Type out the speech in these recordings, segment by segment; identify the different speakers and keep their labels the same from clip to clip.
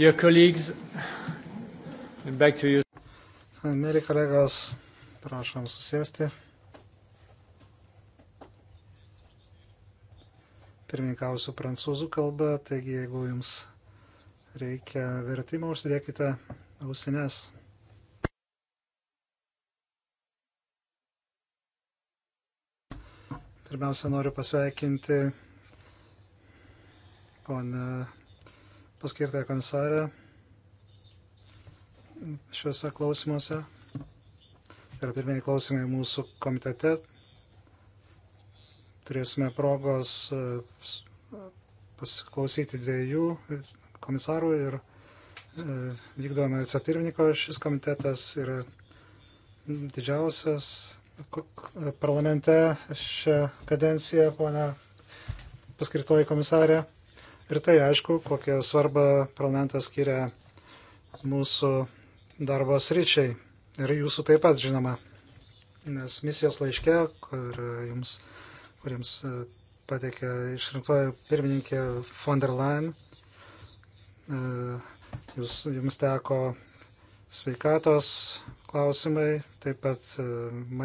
Speaker 1: Dear colleagues, back to you. Mėly kolegos, prašom susėsti. Pirmininkausiu prancūzų kalbą, taigi jeigu jums reikia vertimo, užsidėkite ausines. Pirmiausia, noriu pasveikinti ponę paskirtąją komisarę šiuose klausimuose. Tai yra pirmieji klausimai mūsų komitete. Turėsime progos e, pasiklausyti dviejų komisarų ir e, vykdomo vicepirmininko. Šis komitetas yra didžiausias parlamente šią kadenciją, ponia paskirtoji komisarė. Ir tai aišku, kokią svarbą parlamentas skiria mūsų darbo sričiai ir jūsų taip pat žinoma. Nes misijos laiške, kur jums, kuriems e, pateikė išrinktoji pirmininkė von der Leyen, e, jūs, jums teko sveikatos klausimai, taip pat e,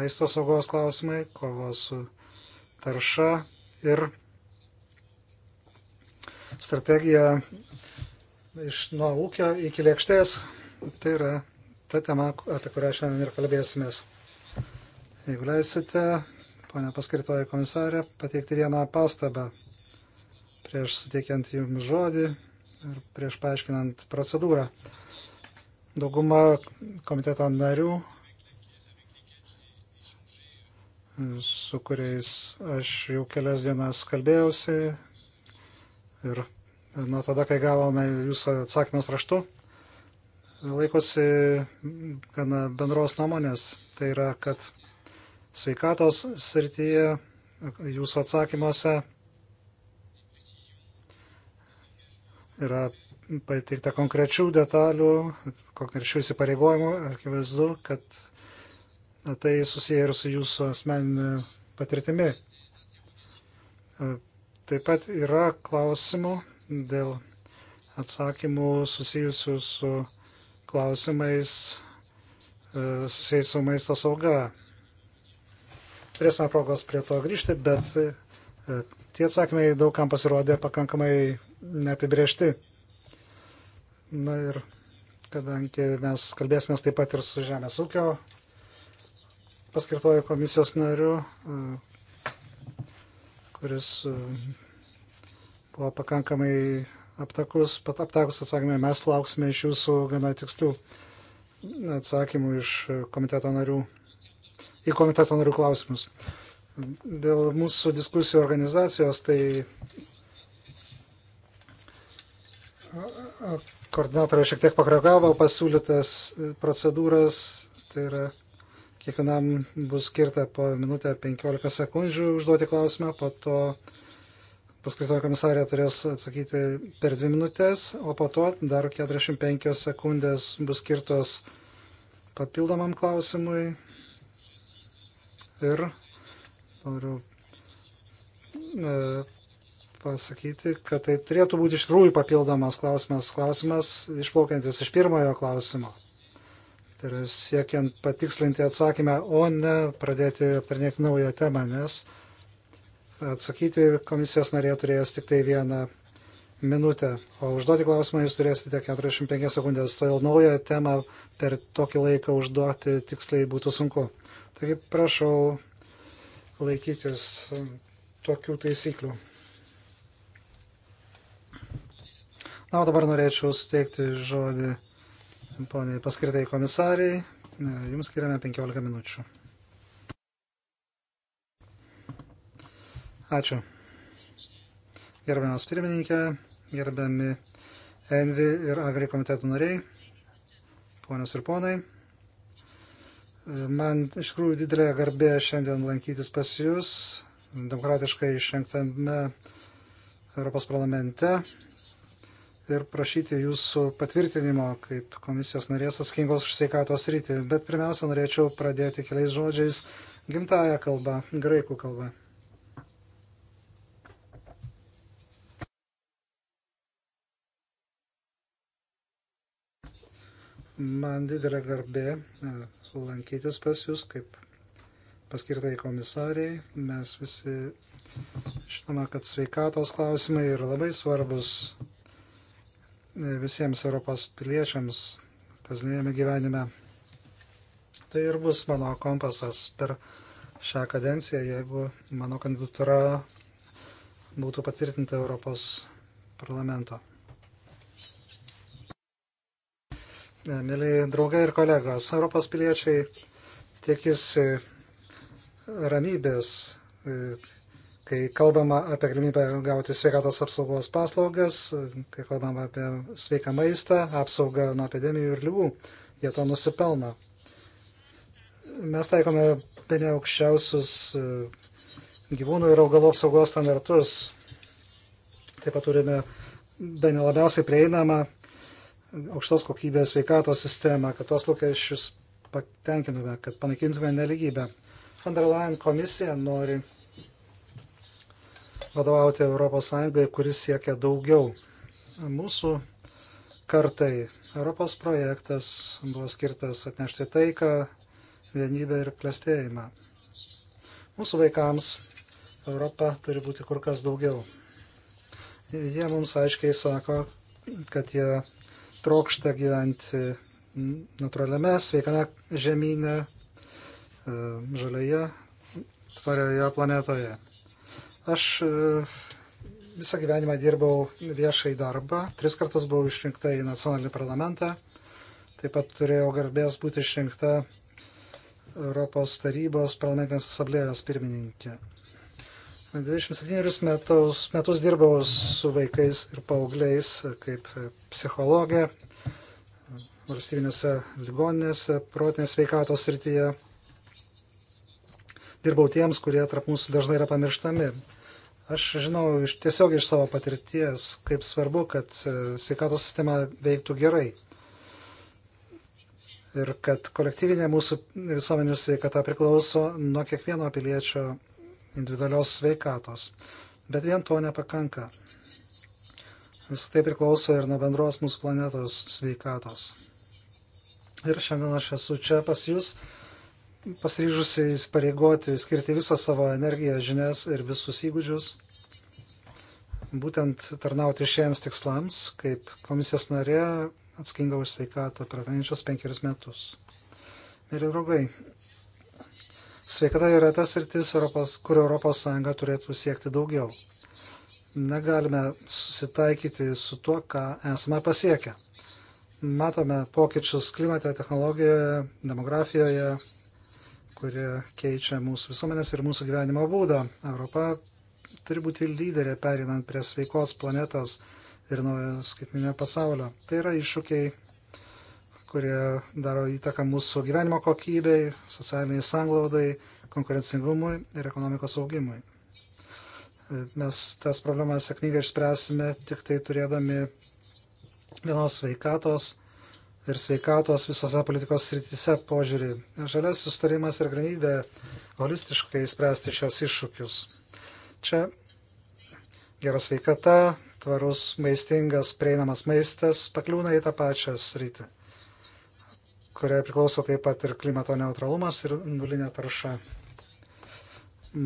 Speaker 1: maisto saugos klausimai, kovos su tarša ir strategija iš nuo ūkio iki lėkštės. Tai yra ta tema, apie kurią šiandien ir kalbėsimės. Jeigu leisite, ponia paskirtoji komisarė, pateikti vieną pastabą prieš suteikiant jums žodį ir prieš paaiškinant procedūrą. Dauguma komiteto narių, su kuriais aš jau kelias dienas kalbėjausi, ir nuo tada, kai gavome jūsų atsakymus raštu, laikosi gana bendros nuomonės. Tai yra, kad sveikatos srityje jūsų atsakymuose yra pateikta konkrečių detalių, konkrečių įsipareigojimų, akivaizdu, kad tai susiję ir su jūsų asmeninė patirtimi. Taip pat yra klausimų dėl atsakymų susijusių su klausimais e, susijęs su maisto sauga. Turėsime progos prie to grįžti, bet e, tie atsakymai daugam pasirodė pakankamai neapibriežti. Na ir kadangi mes kalbėsime taip pat ir su Žemės ūkio paskirtojo komisijos nariu, e, kuris e, buvo pakankamai aptakus, pat aptakus atsakymai. Mes lauksime iš jūsų gana tikslių atsakymų iš komiteto narių, į komiteto narių klausimus. Dėl mūsų diskusijų organizacijos, tai koordinatorė šiek tiek pakoregavo pasiūlytas procedūras, tai yra Kiekvienam bus skirta po minutę 15 sekundžių užduoti klausimą, po to paskaitoja komisarė turės atsakyti per 2 minutės, o po to dar 45 sekundės bus skirtos papildomam klausimui. Ir noriu e, pasakyti, kad tai turėtų būti iš tikrųjų papildomas klausimas, klausimas išplaukiantis iš pirmojo klausimo. Tai yra siekiant patikslinti atsakymą, o ne pradėti aptarnėti naują temą, nes atsakyti komisijos narė turės tik tai vieną minutę, o užduoti klausimą jūs turėsite 45 sekundės, todėl naują temą per tokį laiką užduoti tiksliai būtų sunku. Taigi prašau laikytis tokių taisyklių. Na, o dabar norėčiau suteikti žodį poniai paskirtai komisariai. E, jums skiriame 15 minučių. Ačiū. Gerbiamas pirmininkė, gerbiami Envi ir Agri komitetų nariai, ponios ir ponai. E, man iš tikrųjų didelė garbė šiandien lankytis pas Jūs, demokratiškai išrinktame Europos parlamente ir prašyti jūsų patvirtinimo kaip komisijos narės atsakingos už sveikatos rytį. Bet pirmiausia, norėčiau pradėti keliais žodžiais gimtają kalbą, graikų kalbą. Man didelė garbė e, lankytis pas jūs kaip paskirtai komisariai. Mes visi žinome, kad sveikatos klausimai yra labai svarbus visiems Europos piliečiams kasdienėme gyvenime. Tai ir bus mano kompasas per šią kadenciją, jeigu mano kandidatūra būtų patvirtinta Europos parlamento. Mėly draugai ir kolegos, Europos piliečiai tikisi ramybės Kai kalbama apie galimybę gauti sveikatos apsaugos paslaugas, kai kalbama apie sveiką maistą, apsaugą nuo epidemijų ir lygų, jie to nusipelno. Mes taikome bene aukščiausius e, gyvūnų ir augalų apsaugos standartus. Taip pat turime bene labiausiai prieinamą aukštos kokybės sveikatos sistemą, kad tuos lūkesčius patenkinume, kad panaikintume neligybę. Van der Leyen komisija nori vadovauti Europos Sąjungai, kuris siekia daugiau. Mūsų kartai Europos projektas buvo skirtas atnešti taiką, vienybę ir klestėjimą. Mūsų vaikams Europa turi būti kur kas daugiau. Jie mums aiškiai sako, kad jie trokšta gyventi natūraliame, sveikame žemynė, žalioje, tvarioje planetoje. Aš e, visą gyvenimą dirbau viešai darbą, tris kartus buvau išrinkta į nacionalinį parlamentą, taip pat turėjau garbės būti išrinkta Europos tarybos parlamentinės asamblėjos pirmininkė. 27 metus, metus dirbau su vaikais ir paaugliais kaip psichologė valstybinėse ligoninėse, protinės veikatos srityje. Dirbau tiems, kurie tarp mūsų dažnai yra pamirštami. Aš žinau iš, tiesiog iš savo patirties, kaip svarbu, kad e, sveikatos sistema veiktų gerai. Ir kad kolektyvinė mūsų visuomenių sveikata priklauso nuo kiekvieno piliečio individualios sveikatos. Bet vien to nepakanka. Visą tai priklauso ir nuo bendros mūsų planetos sveikatos. Ir šiandien aš esu čia pas jūs pasiryžusi įsipareigoti skirti visą savo energiją, žinias ir visus įgūdžius, būtent tarnauti šiems tikslams, kaip komisijos narė atsakinga už sveikatą per ateinančius penkerius metus. Mėly draugai, sveikata yra tas rytis, Europos, kur ES turėtų siekti daugiau. Negalime susitaikyti su tuo, ką esame pasiekę. Matome pokyčius klimate, technologijoje, demografijoje, kurie keičia mūsų visuomenės ir mūsų gyvenimo būdą. Europa turi būti lyderė perinant prie sveikos planetos ir naujo skaitminio pasaulio. Tai yra iššūkiai, kurie daro įtaką mūsų gyvenimo kokybei, socialiniai sanglaudai, konkurencingumui ir ekonomikos augimui. Mes tas problemas sėkmingai išspręsime tik tai turėdami vienos sveikatos ir sveikatos visose politikos srityse požiūrį. Žalės sustarimas ir galimybė holistiškai spręsti šios iššūkius. Čia gera sveikata, tvarus maistingas, prieinamas maistas pakliūna į tą pačią sritį, kuriai priklauso taip pat ir klimato neutralumas ir nulinė tarša.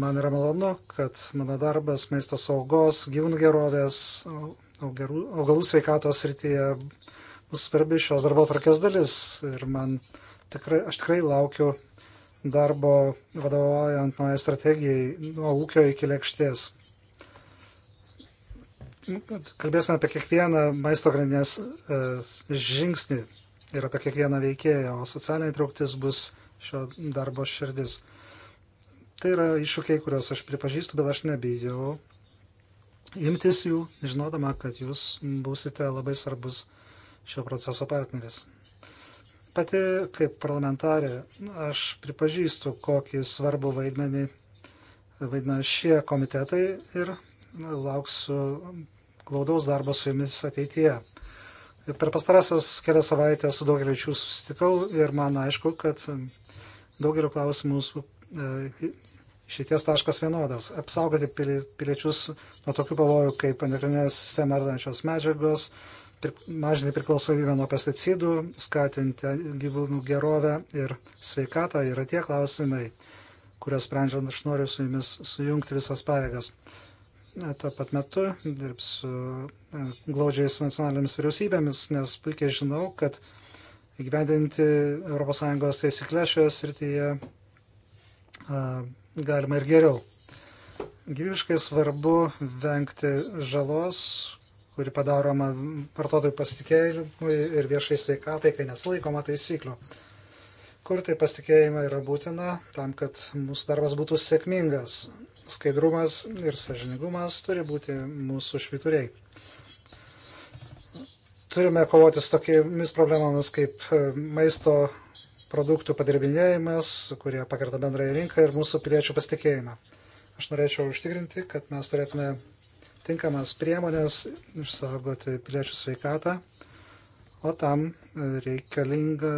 Speaker 1: Man yra malonu, kad mano darbas maisto saugos, gyvūnų gerovės, augalų sveikatos srityje svarbi šios darbo tvarkės dalis ir man tikrai, aš tikrai laukiu darbo vadovaujant naują strategijai nuo ūkio iki lėkštės. Kalbėsime apie kiekvieną maisto grandinės e, žingsnį ir apie kiekvieną veikėją, o socialinė trauktis bus šio darbo širdis. Tai yra iššūkiai, kuriuos aš pripažįstu, bet aš nebijau imtis jų, žinodama, kad jūs būsite labai svarbus šio proceso partneris. Pati kaip parlamentarė, aš pripažįstu, kokį svarbų vaidmenį vaidina šie komitetai ir lauksiu glaudaus darbo su jumis ateityje. Per pastarąsias kelias savaitės su daugeliu iš jų susitikau ir man aišku, kad daugeliu klausimų mūsų e, išeities taškas vienodas - apsaugoti piliečius nuo tokių pavojų kaip endokrininė sistema ardančios medžiagos, mažinti priklausomybę nuo pesticidų, skatinti gyvūnų gerovę ir sveikatą yra tie klausimai, kurios sprendžiant aš noriu su jumis sujungti visas pareigas. Tuo pat metu dirbsiu e, glaudžiai su nacionalinėmis vyriausybėmis, nes puikiai žinau, kad įgyvendinti ES teisiklės šioje srityje e, galima ir geriau. Gyviškai svarbu vengti žalos, kuri padaroma vartotojų pasitikėjimui ir viešai sveikatai, kai nesilaikoma taisyklių. Kur tai pasitikėjimai yra būtina tam, kad mūsų darbas būtų sėkmingas. Skaidrumas ir sažiningumas turi būti mūsų švituriai. Turime kovoti su tokiamis problemomis kaip e, maisto produktų padirbinėjimas, kurie pakerta bendrąją rinką ir mūsų piliečių pasitikėjimą. Aš norėčiau užtikrinti, kad mes turėtume tinkamas priemonės išsaugoti piliečių sveikatą, o tam reikalinga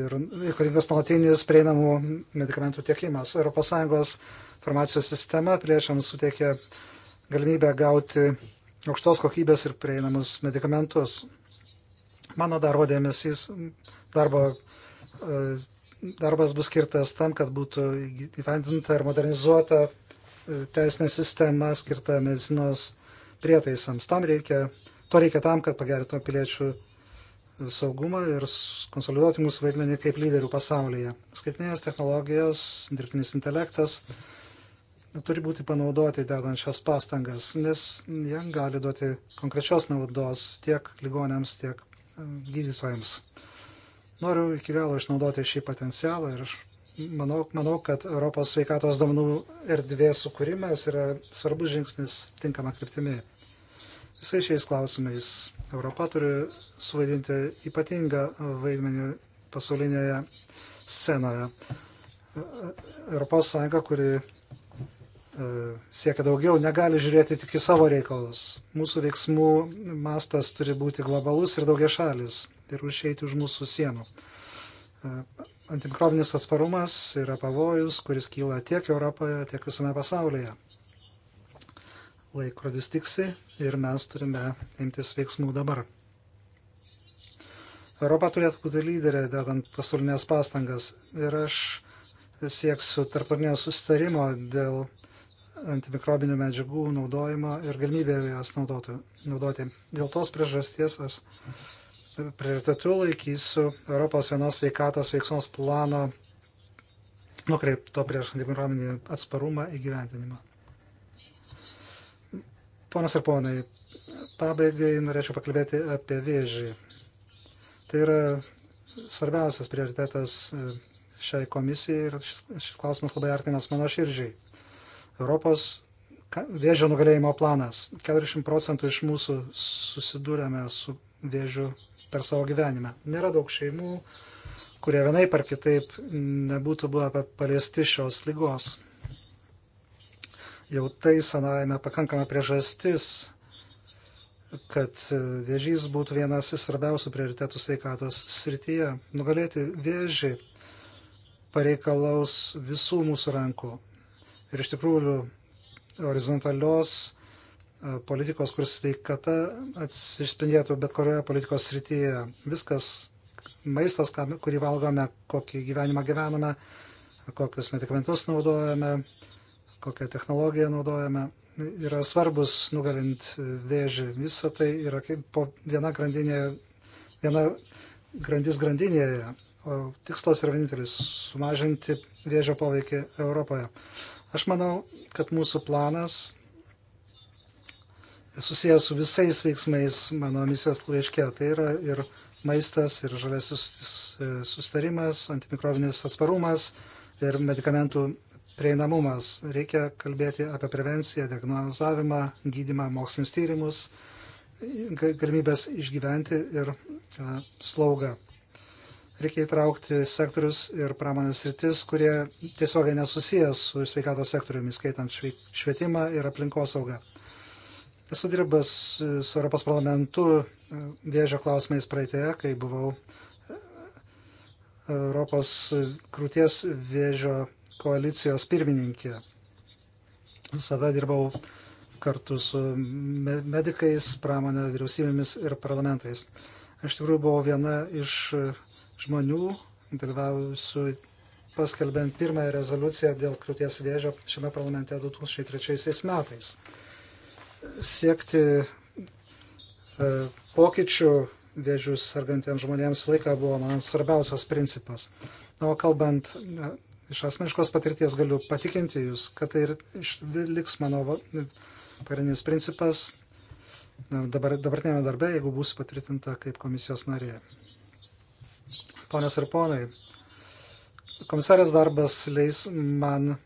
Speaker 1: ir reikalingas nuolatinis prieinamų medikamentų tiekimas. ES farmacijos sistema piliečiams suteikia galimybę gauti aukštos kokybės ir prieinamus medikamentus. Mano darbo dėmesys, darbo, e, darbas bus skirtas tam, kad būtų įgyvendinta ir modernizuota teisinė sistema skirta medicinos prietaisams. Tam reikia, to reikia tam, kad pagerintume piliečių saugumą ir konsoliduoti mūsų vaidmenį kaip lyderių pasaulyje. Skaitinės technologijos, dirbtinis intelektas turi būti panaudoti dedant šias pastangas, nes jie gali duoti konkrečios naudos tiek ligonėms, tiek gydytojams. Noriu iki galo išnaudoti šį potencialą ir aš Manau, manau, kad Europos sveikatos duomenų erdvės sukūrimas yra svarbus žingsnis tinkama kryptimi. Visais šiais klausimais Europa turi suvaidinti ypatingą vaidmenį pasaulinėje scenoje. Europos Sąjunga, kuri e, siekia daugiau, negali žiūrėti tik į savo reikalus. Mūsų veiksmų mastas turi būti globalus ir daugia šalis ir užeiti už mūsų sienų. E, Antimikrobinis atsparumas yra pavojus, kuris kyla tiek Europoje, tiek visame pasaulyje. Laikrodis tiksi ir mes turime imtis veiksmų dabar. Europa turėtų būti lyderė, dedant pasaulinės pastangas. Ir aš sieksiu tarptautinio sustarimo dėl antimikrobinių medžiagų naudojimo ir galimybė jas naudoti. Dėl tos priežasties aš prioritetu laikysiu Europos vienos veikatos veiksmos plano nukreipto prieš antimikrobinį atsparumą įgyventinimą. Ponas ir ponai, pabaigai norėčiau pakalbėti apie vėžį. Tai yra svarbiausias prioritetas e, šiai komisijai ir šis, šis klausimas labai artimas mano širdžiai. Europos vėžio nugalėjimo planas. 40 procentų iš mūsų susidūrėme su vėžiu per savo gyvenimą. Nėra daug šeimų, kurie vienaip ar kitaip nebūtų buvę paliesti šios lygos. Jau tai senajame pakankama priežastis, kad vėžys būtų vienas iš svarbiausių prioritetų sveikatos srityje. Nugalėti vėžį pareikalaus visų mūsų rankų. Ir iš tikrųjų horizontalios politikos, kur sveikata atsispindėtų bet kurioje politikos srityje. Viskas, maistas, kurį valgome, kokį gyvenimą gyvename, kokius medikamentus naudojame, kokią technologiją naudojame, yra svarbus nugalint vėžį. Visą tai yra kaip po viena grandinė, viena grandis grandinėje, o tikslas yra vienintelis - sumažinti vėžio poveikį Europoje. Aš manau, kad mūsų planas susijęs su visais veiksmais mano misijos laiške. Tai yra ir maistas, ir žalėsis e, sustarimas, antimikrobinis atsparumas ir medikamentų prieinamumas. Reikia kalbėti apie prevenciją, diagnozavimą, gydimą, mokslinius tyrimus, galimybės išgyventi ir e, slaugą. Reikia įtraukti sektorius ir pramonės rytis, kurie tiesiogiai nesusijęs su sveikatos sektoriumi, skaitant švietimą ir aplinkosaugą. Esu dirbęs e, su Europos parlamentu e, vėžio klausimais praeitėje, kai buvau e, Europos krūties vėžio koalicijos pirmininkė. Visada dirbau kartu su medikais, pramonė, vyriausybėmis ir parlamentais. Aš tikrųjų buvau viena iš žmonių, dalyvavusių paskelbent pirmąją rezoliuciją dėl krūties vėžio šiame parlamente 2003 metais siekti e, pokyčių vėžius sargantiems žmonėms laiką buvo man svarbiausias principas. Na, o kalbant e, iš asmeniškos patirties galiu patikinti Jūs, kad tai ir liks mano pagrindinis principas e, dabar, dabartinėme darbe, jeigu būsiu patvirtinta kaip komisijos narė. Ponios ir ponai, komisarės darbas leis man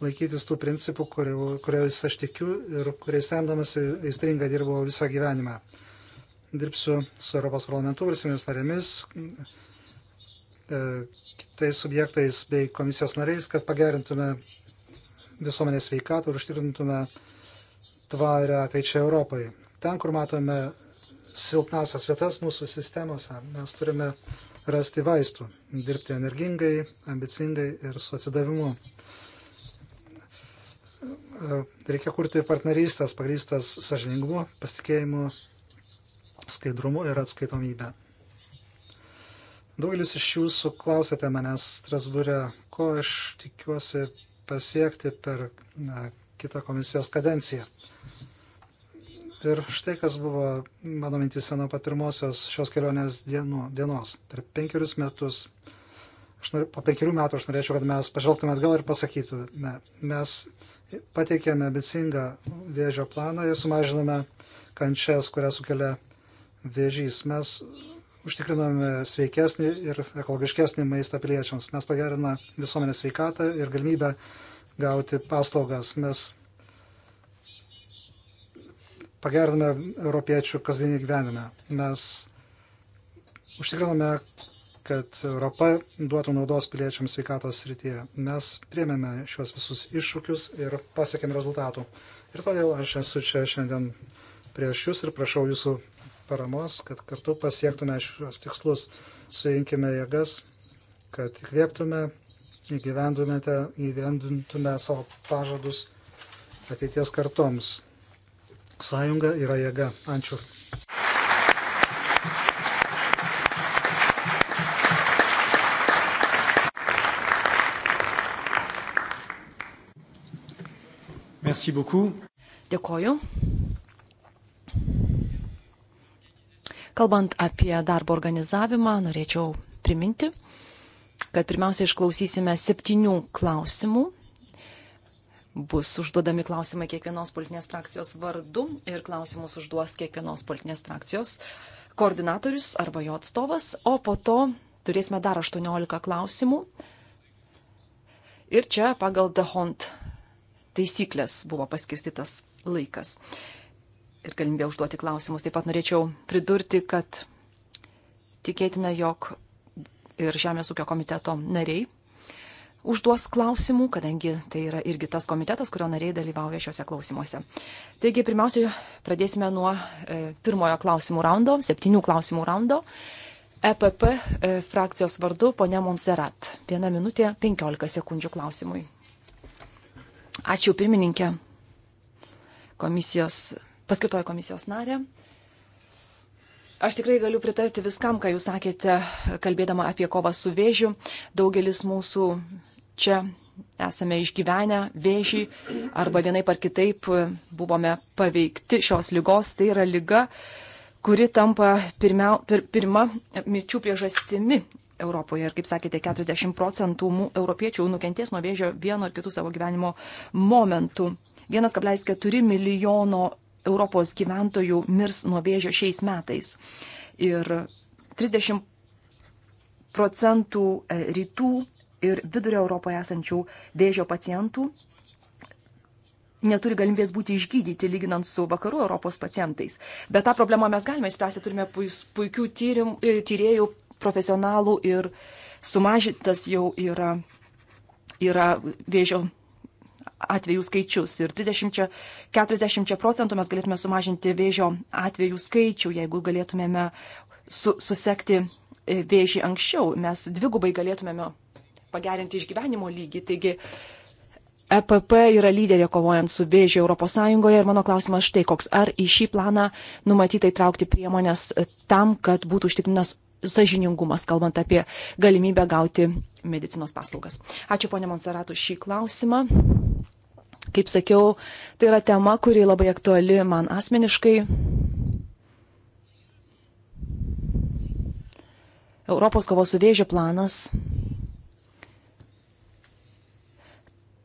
Speaker 1: laikytis tų principų, kuriais aš tikiu ir kuriais remdamas aistringai dirbau visą gyvenimą. Dirbsiu su Europos parlamentu, valstybėmis narėmis, e, kitais subjektais bei komisijos nariais, kad pagerintume visuomenės veikatą ir užtikrintume tvarę ateičią Europai. Ten, kur matome silpnasias vietas mūsų sistemose, mes turime rasti vaistų, dirbti energingai, ambicingai ir su atsidavimu. E, reikia kurti partnerystės pagrystas sažiningumu, pasitikėjimu, skaidrumu ir atskaitomybę. Daugelis iš jūsų klausėte manęs Strasbūre, ko aš tikiuosi pasiekti per na, kitą komisijos kadenciją. Ir štai kas buvo mano mintise nuo pat pirmosios šios kelionės dienų, dienos. Per penkerius metus, nor, po penkerių metų aš norėčiau, kad mes pažvelgtume atgal ir pasakytume, mes pateikėme ambicingą vėžio planą ir sumažinome kančias, kurią sukelia vėžys. Mes užtikrinome sveikesnį ir ekologiškesnį maistą piliečiams. Mes pageriname visuomenės sveikatą ir galimybę gauti paslaugas. Mes pageriname europiečių kasdienį gyvenimą. Mes užtikriname kad Europa duotų naudos piliečiams sveikatos srityje. Mes priemėme šios visus iššūkius ir pasiekėm rezultatų. Ir todėl aš esu čia šiandien prieš Jūs ir prašau Jūsų paramos, kad kartu pasiektume šios tikslus. Suinkime jėgas, kad įkvėptume, įgyvendintume savo pažadus ateities kartoms. Sąjunga yra jėga. Ačiū.
Speaker 2: Merci beaucoup. Dėkoju. Kalbant apie darbo organizavimą, norėčiau priminti, kad pirmiausia išklausysime septynių klausimų. Bus užduodami klausimai kiekvienos politinės frakcijos vardu ir klausimus užduos kiekvienos politinės frakcijos koordinatorius arba jo atstovas, o po to turėsime dar 18 klausimų. Ir čia pagal The Hunt taisyklės buvo paskirstytas laikas ir galimybė užduoti klausimus. Taip pat norėčiau pridurti, kad tikėtina, jog ir Žemės ūkio komiteto nariai užduos klausimų, kadangi tai yra irgi tas komitetas, kurio nariai dalyvauja šiuose klausimuose. Taigi, pirmiausia, pradėsime nuo e, pirmojo klausimų raundo, septynių klausimų raundo. EPP e, frakcijos vardu ponia Monserat. Viena minutė, penkiolika sekundžių klausimui. Ačiū pirmininkė komisijos, paskirtojo komisijos narė. Aš tikrai galiu pritarti viskam, ką jūs sakėte, kalbėdama apie kovą su vėžiu. Daugelis mūsų čia esame išgyvenę vėžį arba vienaip ar kitaip buvome paveikti šios lygos. Tai yra lyga, kuri tampa pirmia, pir, pirma mirčių priežastimi Europoje. Ir kaip sakėte, 40 procentų europiečių nukentės nuo vėžio vienu ar kitu savo gyvenimo momentu. 1,4 milijono Europos gyventojų mirs nuo vėžio šiais metais. Ir 30 procentų e, rytų ir vidurio Europoje esančių vėžio pacientų neturi galimybės būti išgydyti lyginant su vakarų Europos pacientais. Bet tą problemą mes galime išspręsti, turime puikių tyrim, e, tyrėjų, profesionalų ir sumažintas jau yra, yra vėžio atvejų skaičius. Ir 30-40 procentų mes galėtume sumažinti vėžio atvejų skaičių, jeigu galėtumėme su, susekti e, vėžį anksčiau. Mes dvigubai galėtumėme pagerinti išgyvenimo lygį. Taigi EPP yra lyderė kovojant su vėžiu ES ir mano klausimas štai koks. Ar į šį planą numatyta įtraukti priemonės e, tam, kad būtų užtikrintas sažiningumas, kalbant apie galimybę gauti medicinos paslaugas. Ačiū ponė Monseratų šį klausimą. Kaip sakiau, tai yra tema, kuri labai aktuali man asmeniškai. Europos kovos su vėžio planas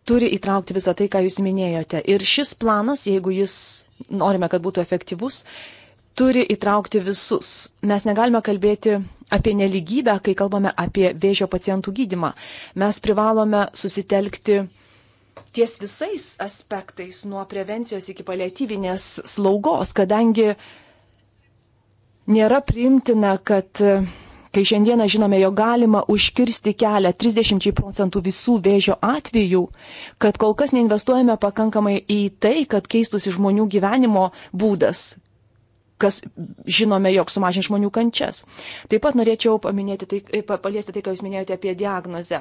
Speaker 2: turi įtraukti visą tai, ką jūs minėjote. Ir šis planas, jeigu jis norime, kad būtų efektyvus, turi įtraukti visus. Mes negalime kalbėti apie neligybę, kai kalbame apie vėžio pacientų gydimą. Mes privalome susitelkti ties visais aspektais, nuo prevencijos iki paliatyvinės slaugos, kadangi nėra priimtina, kad kai šiandieną žinome, jo galima užkirsti kelią 30 procentų visų vėžio atvejų, kad kol kas neinvestuojame pakankamai į tai, kad keistųsi žmonių gyvenimo būdas, kas žinome, jog sumažins žmonių kančias. Taip pat norėčiau tai, e, paliesti tai, ką Jūs minėjote apie diagnozę.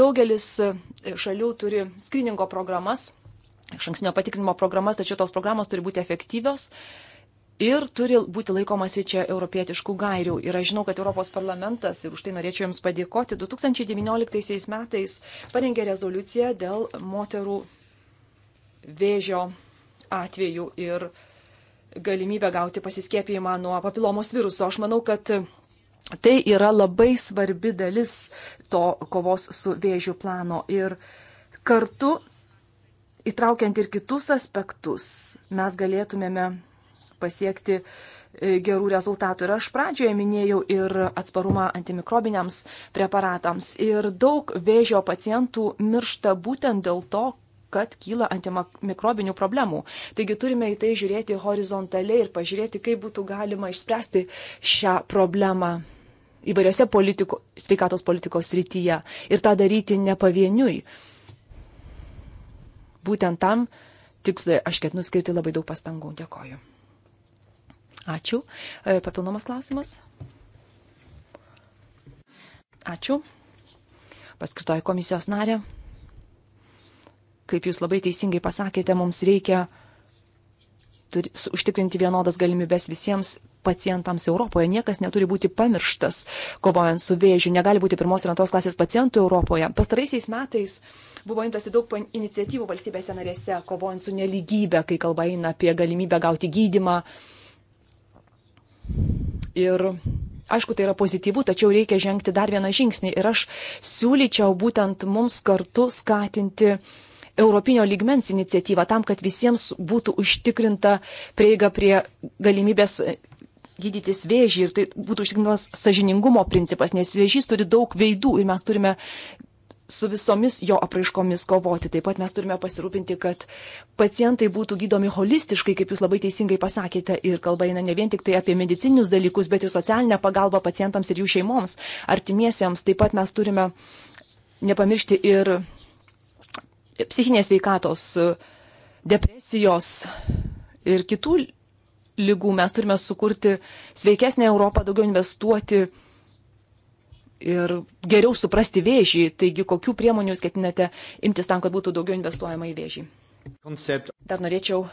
Speaker 2: Daugelis e, šalių turi skriningo programas, šanksnio patikrinimo programas, tačiau tos programos turi būti efektyvios. Ir turi būti laikomasi čia europietiškų gairių. Ir aš žinau, kad Europos parlamentas, ir už tai norėčiau Jums padėkoti, 2019 metais parengė rezoliuciją dėl moterų vėžio atvejų ir uh, galimybę gauti pasiskėpimą nuo papilomos viruso. Aš manau, kad tai yra labai svarbi dalis to kovos su vėžiu plano. Ir kartu, įtraukiant ir kitus aspektus, mes galėtumėme pasiekti e, gerų rezultatų. Ir aš pradžioje minėjau ir atsparumą antimikrobiniams preparatams. Ir daug vėžio pacientų miršta būtent dėl to, kad kyla antimikrobinių problemų. Taigi turime į tai žiūrėti horizontaliai ir pažiūrėti, kaip būtų galima išspręsti šią problemą įvairiose politiko, sveikatos politikos rytyje ir tą daryti ne pavieniui. Būtent tam tikslui aš ketinu skirti labai daug pastangų. Dėkoju. Ačiū. E, papildomas klausimas. Ačiū. Paskirtoji komisijos narė kaip jūs labai teisingai pasakėte, mums reikia turi, užtikrinti vienodas galimybės visiems pacientams Europoje. Niekas neturi būti pamirštas, kovojant su vėžiu. Negali būti pirmos ir antros klasės pacientų Europoje. Pastaraisiais metais buvo imtasi daug iniciatyvų valstybėse narėse, kovojant su neligybė, kai kalba eina apie galimybę gauti gydimą. Ir aišku, tai yra pozityvu, tačiau reikia žengti dar vieną žingsnį. Ir aš siūlyčiau būtent mums kartu skatinti uh, europinio lygmens iniciatyvą tam, kad visiems būtų užtikrinta prieiga prie galimybės gydytis vėžį ir tai būtų užtikrinamas sažiningumo principas, nes vėžys turi daug veidų ir mes turime su visomis jo apraiškomis kovoti. Taip pat mes turime pasirūpinti, kad pacientai būtų gydomi holistiškai, kaip jūs labai teisingai pasakėte, ir kalba eina ne vien tik tai apie medicinius dalykus, bet ir socialinę pagalbą pacientams ir jų šeimoms, artimiesiems. Taip pat mes turime nepamiršti ir psichinės veikatos, depresijos ir kitų lygų. Mes turime sukurti sveikesnę Europą, daugiau investuoti ir geriau suprasti vėžį. Taigi, kokių priemonių jūs ketinate imtis tam, kad būtų daugiau investuojama į vėžį? Koncept. Dar norėčiau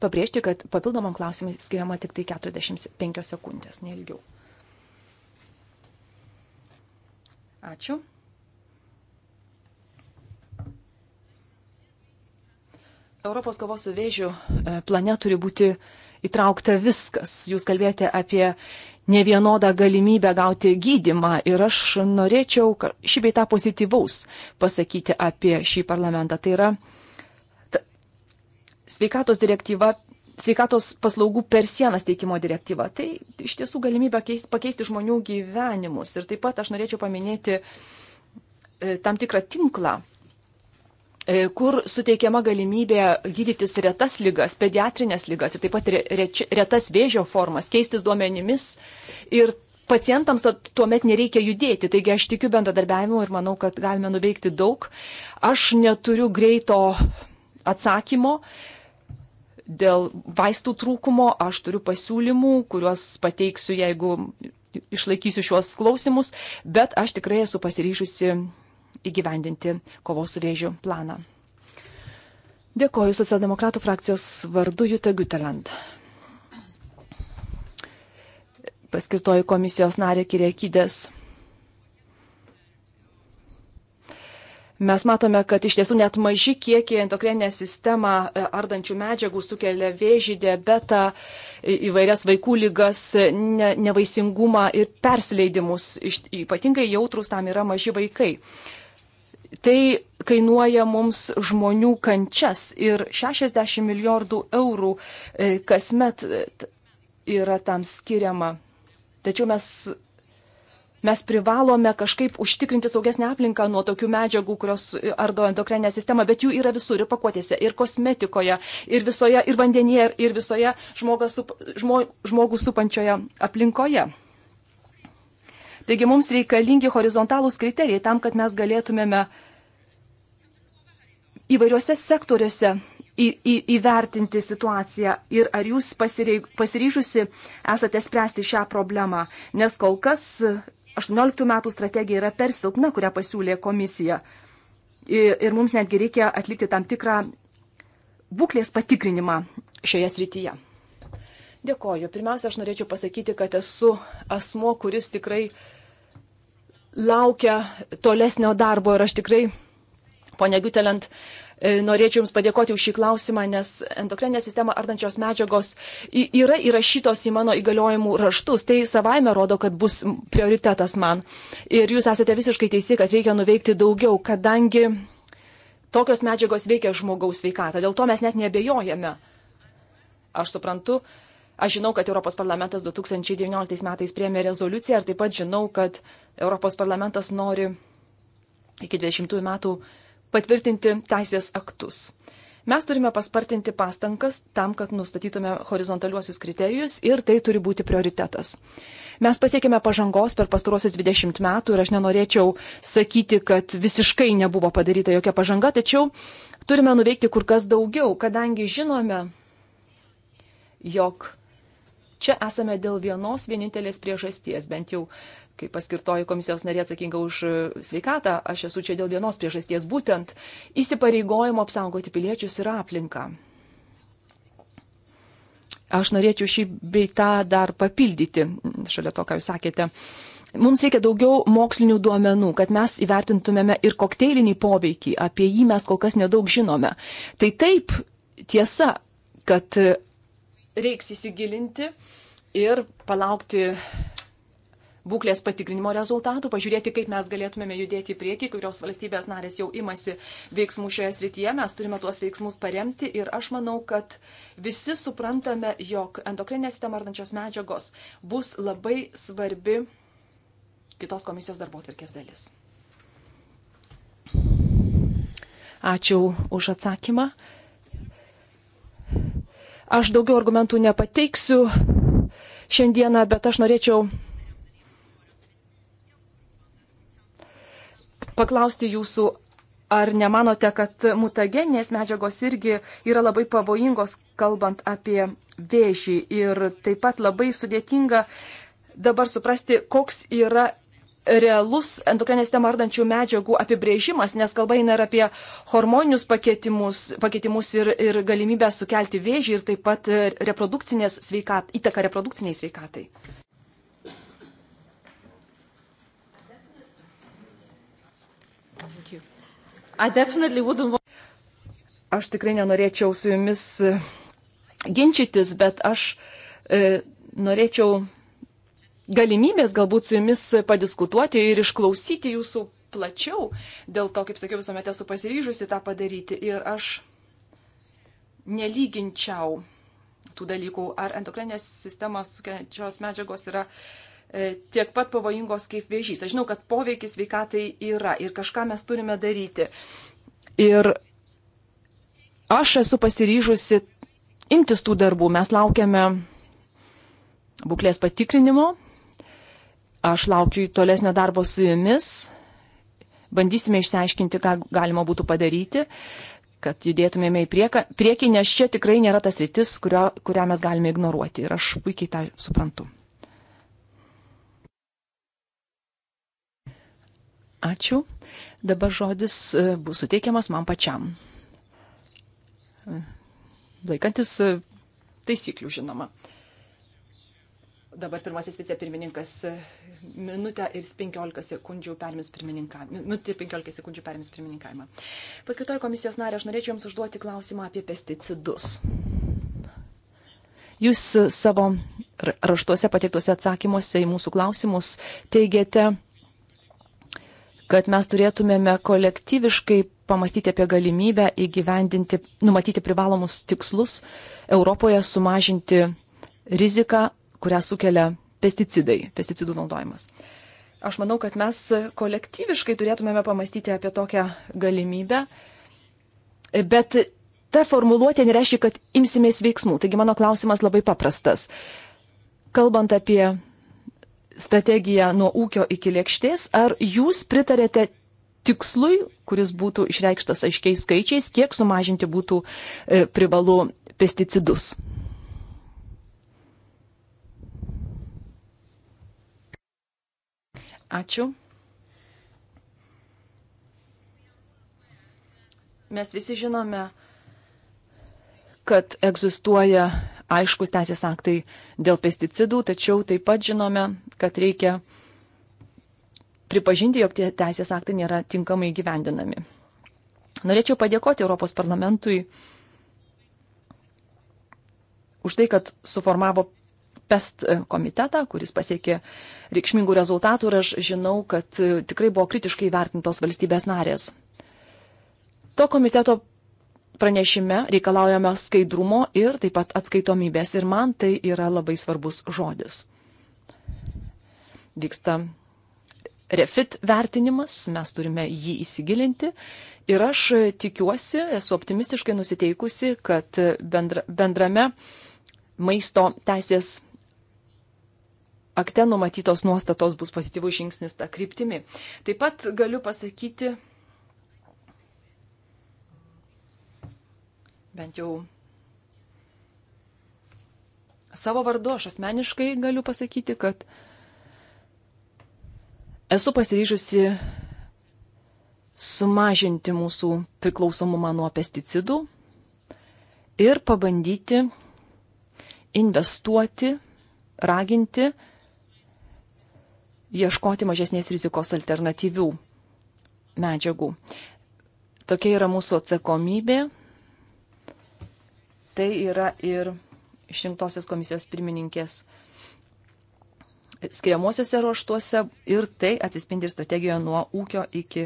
Speaker 2: pabrėžti, kad papildomam klausimui skiriama tik tai 45 sekundės, neilgiau. Ačiū. Europos kovos su vėžiu e, plane turi būti įtraukta viskas. Jūs kalbėjote apie ne vienodą galimybę gauti gydimą ir aš norėčiau šį beitą pozityvaus pasakyti apie šį parlamentą. Tai yra ta, sveikatos direktyva. Sveikatos paslaugų per sienas teikimo direktyva. Tai iš tiesų galimybė keist, pakeisti žmonių gyvenimus. Ir taip pat aš norėčiau paminėti e, tam tikrą tinklą, E, kur suteikiama galimybė gydytis retas lygas, pediatrinės lygas ir taip pat retas vėžio formas, keistis duomenimis ir pacientams tuomet nereikia judėti. Taigi aš tikiu bendradarbiavimu ir manau, kad galime nuveikti daug. Aš neturiu greito atsakymo dėl vaistų trūkumo, aš turiu pasiūlymų, kuriuos pateiksiu, jeigu išlaikysiu šiuos klausimus, bet aš tikrai esu pasiryžusi įgyvendinti kovos su vėžiu planą. Dėkoju Socialdemokratų frakcijos vardu Jutta Guteland. Paskirtoji komisijos narė Kirėkydės. Mes matome, kad iš tiesų net maži kiekiai endokrininę sistemą e, ardančių medžiagų sukelia vėžį, diabetą, įvairias vaikų lygas, ne, nevaisingumą ir persileidimus. Ypatingai jautrus tam yra maži vaikai tai kainuoja mums žmonių kančias ir 60 milijardų eurų e, kasmet e, yra tam skiriama. Tačiau mes, mes privalome kažkaip užtikrinti saugesnę aplinką nuo tokių medžiagų, kurios e, ardo endokrininę sistemą, bet jų yra visur, ir pakuotėse, ir kosmetikoje, ir visoje, ir vandenyje, ir visoje sup, žmo, žmogų supančioje aplinkoje. Taigi mums reikalingi horizontalūs kriterijai tam, kad mes galėtumėme uh, įvairiuose sektoriuose į, į, įvertinti situaciją ir ar jūs pasireig, pasiryžusi esate spręsti šią problemą, nes kol kas 18 metų strategija yra per silpna, kurią pasiūlė komisija. Ir, ir mums netgi reikia atlikti tam tikrą būklės patikrinimą šioje srityje. Dėkoju. Pirmiausia, aš norėčiau pasakyti, kad esu asmo, kuris tikrai laukia tolesnio darbo ir aš tikrai Pone Gutelent, norėčiau Jums padėkoti už šį klausimą, nes endokrininę sistemą ardančios medžiagos yra įrašytos į mano įgaliojimų raštus. Tai savaime rodo, kad bus prioritetas man. Ir Jūs esate visiškai teisi, kad reikia nuveikti daugiau, kadangi tokios medžiagos veikia žmogaus sveikatą. Dėl to mes net nebejojame. Aš suprantu. Aš žinau, kad Europos parlamentas 2019 metais priemė rezoliuciją ir taip pat žinau, kad Europos parlamentas nori iki 20 metų patvirtinti teisės aktus. Mes turime paspartinti pastangas tam, kad nustatytume horizontaliuosius kriterijus ir tai turi būti prioritetas. Mes pasiekėme pažangos per pastarosius 20 metų ir aš nenorėčiau sakyti, kad visiškai nebuvo padaryta jokia pažanga, tačiau turime nuveikti kur kas daugiau, kadangi žinome, jog čia esame dėl vienos vienintelės priežasties, bent jau kaip paskirtoji komisijos narė atsakinga už e, sveikatą, aš esu čia dėl vienos priežasties, būtent įsipareigojimo apsaugoti piliečius ir aplinką. Aš norėčiau šį beitą dar papildyti, šalia to, ką jūs sakėte. Mums reikia daugiau mokslinių duomenų, kad mes įvertintumėme ir kokteilinį poveikį, apie jį mes kol kas nedaug žinome. Tai taip tiesa, kad reiks įsigilinti ir palaukti būklės patikrinimo rezultatų, pažiūrėti, kaip mes galėtumėme judėti į priekį, kurios valstybės narės jau imasi veiksmų šioje srityje, mes turime tuos veiksmus paremti ir aš manau, kad visi suprantame, jog endokrinė sistema ardančios medžiagos bus labai svarbi kitos komisijos darbo tvarkės dalis. Ačiū už atsakymą. Aš daugiau argumentų nepateiksiu šiandieną, bet aš norėčiau paklausti jūsų, ar nemanote, kad mutageninės medžiagos irgi yra labai pavojingos, kalbant apie vėžį ir taip pat labai sudėtinga dabar suprasti, koks yra realus endokrinės sistemą ardančių medžiagų apibrėžimas, nes kalba eina ir apie hormoninius pakeitimus, pakeitimus ir, ir galimybę sukelti vėžį ir taip pat reprodukcinės sveikat, įtaką reprodukciniai sveikatai. Aš tikrai nenorėčiau su jumis e, ginčytis, bet aš e, norėčiau galimybės galbūt su jumis padiskutuoti ir išklausyti jūsų plačiau. Dėl to, kaip sakiau, visuomet esu pasiryžusi tą padaryti. Ir aš nelyginčiau tų dalykų, ar endokrinės sistemas sukeliančios medžiagos yra E, tiek pat pavojingos kaip vėžys. Aš žinau, kad poveikis veikatai yra ir kažką mes turime daryti. Ir aš esu pasiryžusi imtis tų darbų. Mes laukiame būklės patikrinimo. Aš laukiu tolesnio darbo su jumis. Bandysime išsiaiškinti, ką galima būtų padaryti, kad judėtumėme į prieką, priekį, nes čia tikrai nėra tas rytis, kurio, kurią mes galime ignoruoti. Ir aš puikiai tą suprantu. Ačiū. Dabar žodis e, bus suteikiamas man pačiam. E, laikantis e, taisyklių, žinoma. Dabar pirmasis vicepirmininkas minutę ir 15 sekundžių perims pirmininkavimą. Minutę ir 15 sekundžių perims pirmininkavimą. Paskaitoju komisijos narė, aš norėčiau Jums užduoti klausimą apie pesticidus. Jūs savo raštuose pateiktuose atsakymuose į mūsų klausimus teigiate, kad mes turėtumėme kolektyviškai pamastyti apie galimybę įgyvendinti, numatyti privalomus tikslus Europoje sumažinti riziką, kurią sukelia pesticidai, pesticidų naudojimas. Aš manau, kad mes kolektyviškai turėtumėme pamastyti apie tokią galimybę, bet ta formuluotė nereiškia, kad imsimės veiksmų. Taigi mano klausimas labai paprastas. Kalbant apie strategiją nuo ūkio iki lėkštės, ar jūs pritarėte tikslui, kuris būtų išreikštas aiškiais skaičiais, kiek sumažinti būtų e, privalu pesticidus? Ačiū. Mes visi žinome, kad egzistuoja aiškus teisės aktai dėl pesticidų, tačiau taip pat žinome, kad reikia pripažinti, jog tie teisės aktai nėra tinkamai gyvendinami. Norėčiau padėkoti Europos parlamentui už tai, kad suformavo PEST komitetą, kuris pasiekė reikšmingų rezultatų ir aš žinau, kad tikrai buvo kritiškai vertintos valstybės narės. To komiteto pranešime reikalaujame skaidrumo ir taip pat atskaitomybės. Ir man tai yra labai svarbus žodis. Vyksta refit vertinimas, mes turime jį įsigilinti. Ir aš tikiuosi, esu optimistiškai nusiteikusi, kad bendra, bendrame maisto teisės akte numatytos nuostatos bus pozityvus žingsnis tą kryptimį. Taip pat galiu pasakyti, bent jau savo vardu aš asmeniškai galiu pasakyti, kad esu pasiryžusi sumažinti mūsų priklausomumą nuo pesticidų ir pabandyti investuoti, raginti, ieškoti mažesnės rizikos alternatyvių medžiagų. Tokia yra mūsų atsakomybė Tai yra ir išrinktosios komisijos pirmininkės skiriamuosiuose ruoštuose ir tai atsispindi ir strategijoje nuo ūkio iki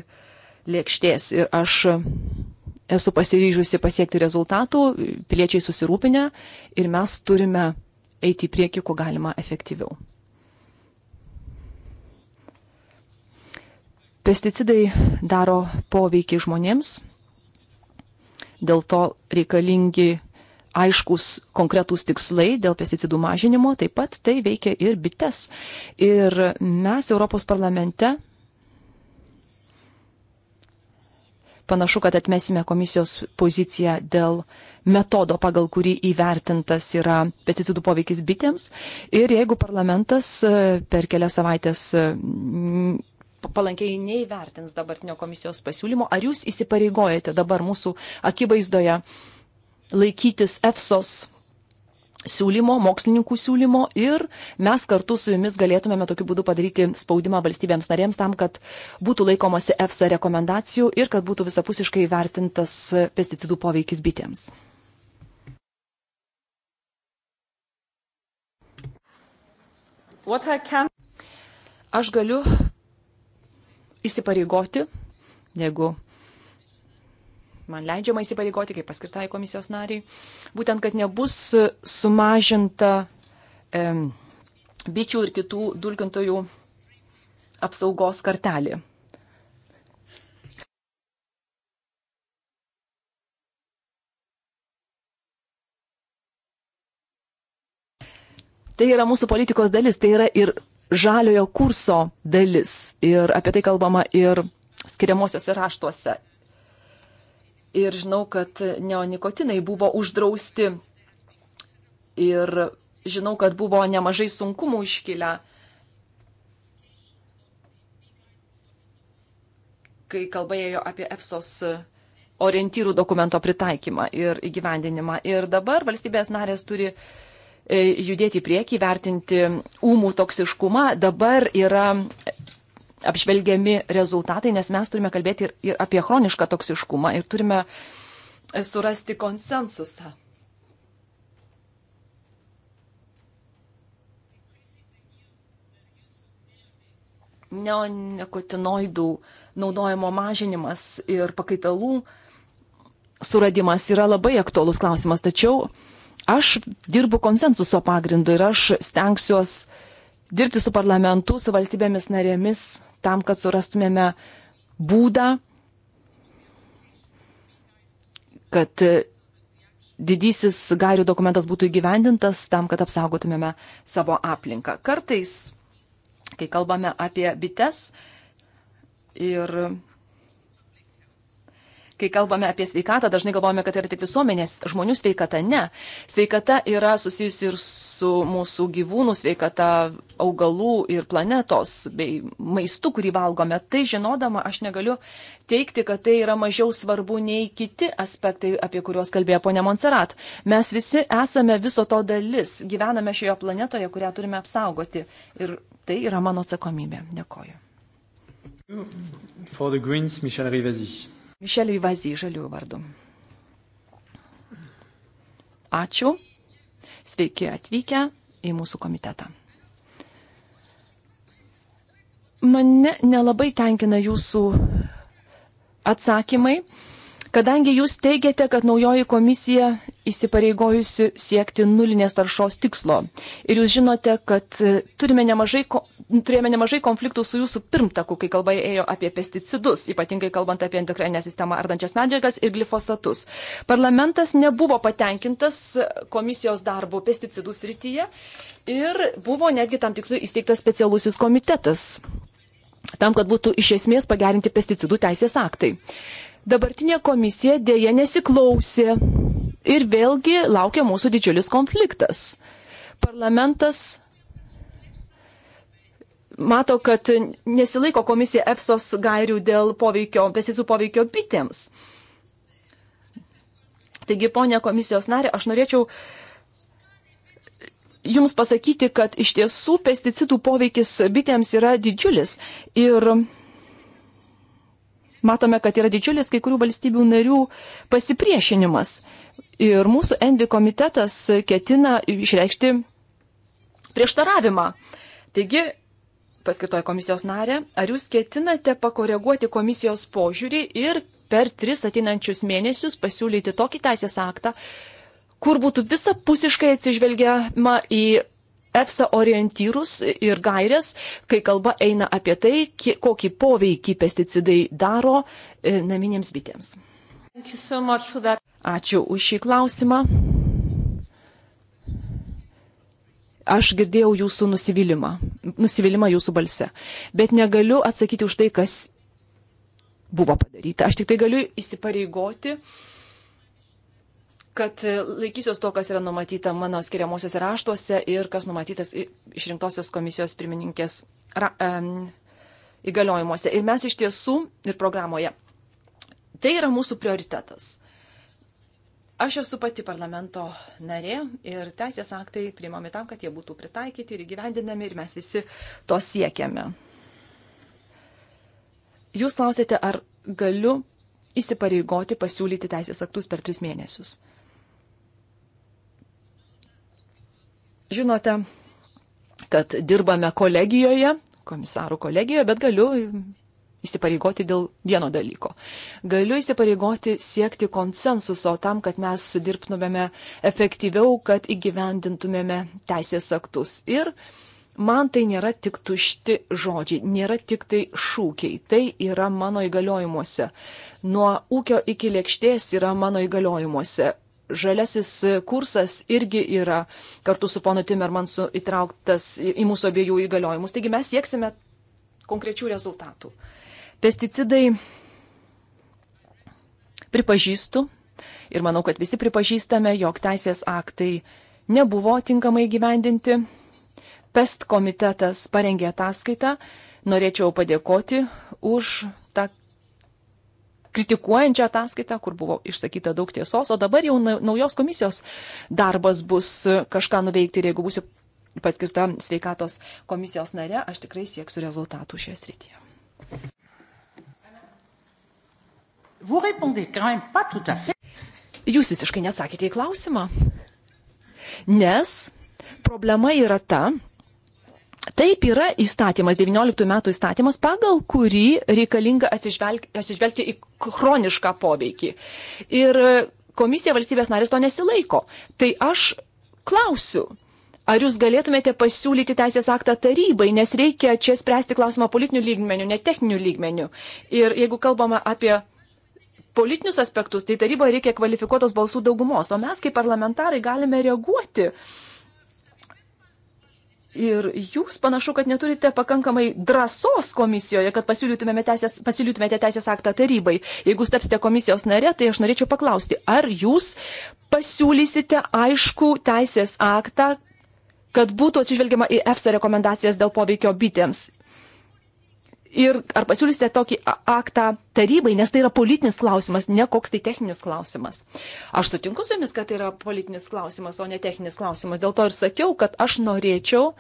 Speaker 2: lėkštės. Ir aš esu pasiryžusi pasiekti rezultatų, piliečiai susirūpinę ir mes turime eiti į priekį, kuo galima efektyviau. Pesticidai daro poveikį žmonėms, dėl to reikalingi aiškus konkretūs tikslai dėl pesticidų mažinimo, taip pat tai veikia ir bites. Ir mes Europos parlamente panašu, kad atmesime komisijos poziciją dėl metodo, pagal kurį įvertintas yra pesticidų poveikis bitėms. Ir jeigu parlamentas e, per kelias savaitės e, palankiai neįvertins dabartinio komisijos pasiūlymo, ar jūs įsipareigojate dabar mūsų akivaizdoje uh, laikytis EFSOS siūlymo, mokslininkų siūlymo ir mes kartu su jumis galėtumėme tokiu būdu padaryti spaudimą valstybėms narėms tam, kad būtų laikomasi EFSA rekomendacijų ir kad būtų visapusiškai vertintas pesticidų poveikis bitėms. Can... Aš galiu įsipareigoti, jeigu man leidžiama įsipareigoti kaip paskirtai komisijos nariai, būtent, kad nebus sumažinta e, bičių ir kitų dulkintojų apsaugos kartelė. Tai yra mūsų politikos dalis, tai yra ir žaliojo kurso dalis. Ir apie tai kalbama ir skiriamosiuose raštuose ir žinau, kad neonikotinai buvo uždrausti ir žinau, kad buvo nemažai sunkumų iškilę. kai kalba ėjo apie EPSOS orientyrų dokumento pritaikymą ir įgyvendinimą. Ir dabar valstybės narės turi e, judėti į priekį, vertinti ūmų toksiškumą. Dabar yra apžvelgiami rezultatai, nes mes turime kalbėti ir, ir apie chronišką toksiškumą ir turime e, surasti konsensusą. Neonikotinoidų naudojimo mažinimas ir pakaitalų suradimas yra labai aktuolus klausimas, tačiau aš dirbu konsensuso pagrindu ir aš stengsiuos dirbti su parlamentu, su valstybėmis narėmis tam, kad surastumėme būdą, kad didysis gairių dokumentas būtų įgyvendintas tam, kad apsaugotumėme savo aplinką. Kartais, kai kalbame apie bites ir kai kalbame apie sveikatą, dažnai galvojame, kad tai yra tik visuomenės žmonių sveikata. Ne. Sveikata yra susijusi ir su mūsų gyvūnų sveikata, augalų ir planetos bei maistu, kurį valgome. Tai žinodama, aš negaliu teikti, kad tai yra mažiau svarbu nei kiti aspektai, apie kuriuos kalbėjo ponė Monserat. Mes visi esame viso to dalis, gyvename šioje planetoje, kurią turime apsaugoti. Ir tai yra mano atsakomybė. Dėkoju. For the Greens, Michel Rivasi. Mišelį Vazį žaliųjų vardu. Ačiū. Sveiki atvykę į mūsų komitetą. Mane nelabai tenkina jūsų atsakymai, kadangi jūs teigiate, kad naujoji komisija įsipareigojusi siekti nulinės taršos tikslo. Ir jūs žinote, kad turime nemažai ko turėjome nemažai konfliktų su jūsų pirmtaku, kai kalba ėjo apie pesticidus, ypatingai kalbant apie endokrininę sistemą ardančias medžiagas ir glifosatus. Parlamentas nebuvo patenkintas komisijos darbu pesticidų srityje ir buvo netgi tam tikslui įsteigtas specialusis komitetas tam, kad būtų iš esmės pagerinti pesticidų teisės aktai. Dabartinė komisija dėja nesiklausė ir vėlgi laukia mūsų didžiulis konfliktas. Parlamentas mato, kad nesilaiko komisija EFSOS gairių dėl poveikio, pesticidų poveikio bitėms. Taigi, ponė komisijos narė, aš norėčiau Jums pasakyti, kad iš tiesų pesticidų poveikis bitėms yra didžiulis. Ir matome, kad yra didžiulis kai kurių valstybių narių pasipriešinimas. Ir mūsų endi komitetas ketina išreikšti prieštaravimą. Taigi, paskirtoje komisijos narė, ar jūs ketinate pakoreguoti komisijos požiūrį ir per tris ateinančius mėnesius pasiūlyti tokį teisės aktą, kur būtų visapusiškai atsižvelgiama į EFSA orientyrus ir gairias, kai kalba eina apie tai, kokį poveikį pesticidai daro e, naminėms bitėms. So Ačiū už šį klausimą. Aš girdėjau jūsų nusivylimą, nusivylimą jūsų balse, bet negaliu atsakyti už tai, kas buvo padaryta. Aš tik tai galiu įsipareigoti, kad laikysiuos to, kas yra numatyta mano skiriamosios raštuose ir kas numatytas išrinktosios komisijos pirmininkės ra, um, įgaliojimuose. Ir mes iš tiesų ir programoje. Tai yra mūsų prioritetas. Aš esu pati parlamento narė ir teisės aktai priimami tam, kad jie būtų pritaikyti ir įgyvendinami ir mes visi to siekiame. Jūs klausėte, ar galiu įsipareigoti pasiūlyti teisės aktus per tris mėnesius. Žinote, kad dirbame kolegijoje, komisarų kolegijoje, bet galiu įsipareigoti dėl vieno dalyko. Galiu įsipareigoti siekti konsensuso tam, kad mes dirbtumėme efektyviau, kad įgyvendintumėme teisės aktus. Ir man tai nėra tik tušti žodžiai, nėra tik tai šūkiai, tai yra mano įgaliojimuose. Nuo ūkio iki lėkštės yra mano įgaliojimuose. Žalesis kursas irgi yra kartu su pono Timermansu įtrauktas į mūsų abiejų įgaliojimus. Taigi mes sieksime konkrečių rezultatų. Pesticidai pripažįstu ir manau, kad visi pripažįstame, jog teisės aktai nebuvo tinkamai gyvendinti. Pest komitetas parengė ataskaitą. Norėčiau padėkoti už tą kritikuojančią ataskaitą, kur buvo išsakyta daug tiesos, o dabar jau naujos komisijos darbas bus kažką nuveikti ir jeigu būsiu paskirta sveikatos komisijos nare, aš tikrai sieksiu rezultatų šioje srityje. Jūs visiškai nesakėte į klausimą. Nes problema yra ta, taip yra įstatymas, 19 metų įstatymas, pagal kurį reikalinga atsižvelgti, atsižvelgti į chronišką poveikį. Ir komisija valstybės narės to nesilaiko. Tai aš klausiu, Ar jūs galėtumėte pasiūlyti teisės aktą tarybai, nes reikia čia spręsti klausimą politinių lygmenių, ne techninių lygmenių. Ir jeigu kalbame apie politinius aspektus, tai taryboje reikia kvalifikuotos balsų daugumos, o mes kaip parlamentarai galime reaguoti. Ir jūs panašu, kad neturite pakankamai drąsos komisijoje, kad pasiūlytumėte teisės, pasiūlytumėte teisės aktą tarybai. Jeigu tapsite komisijos nare, tai aš norėčiau paklausti, ar jūs pasiūlysite aišku teisės aktą, kad būtų atsižvelgiama į EFSA rekomendacijas dėl poveikio bitėms ir ar pasiūlysite tokį aktą tarybai, nes tai yra politinis klausimas, ne koks tai techninis klausimas. Aš sutinku su jumis, kad tai yra politinis klausimas, o ne techninis klausimas. Dėl to ir sakiau, kad aš norėčiau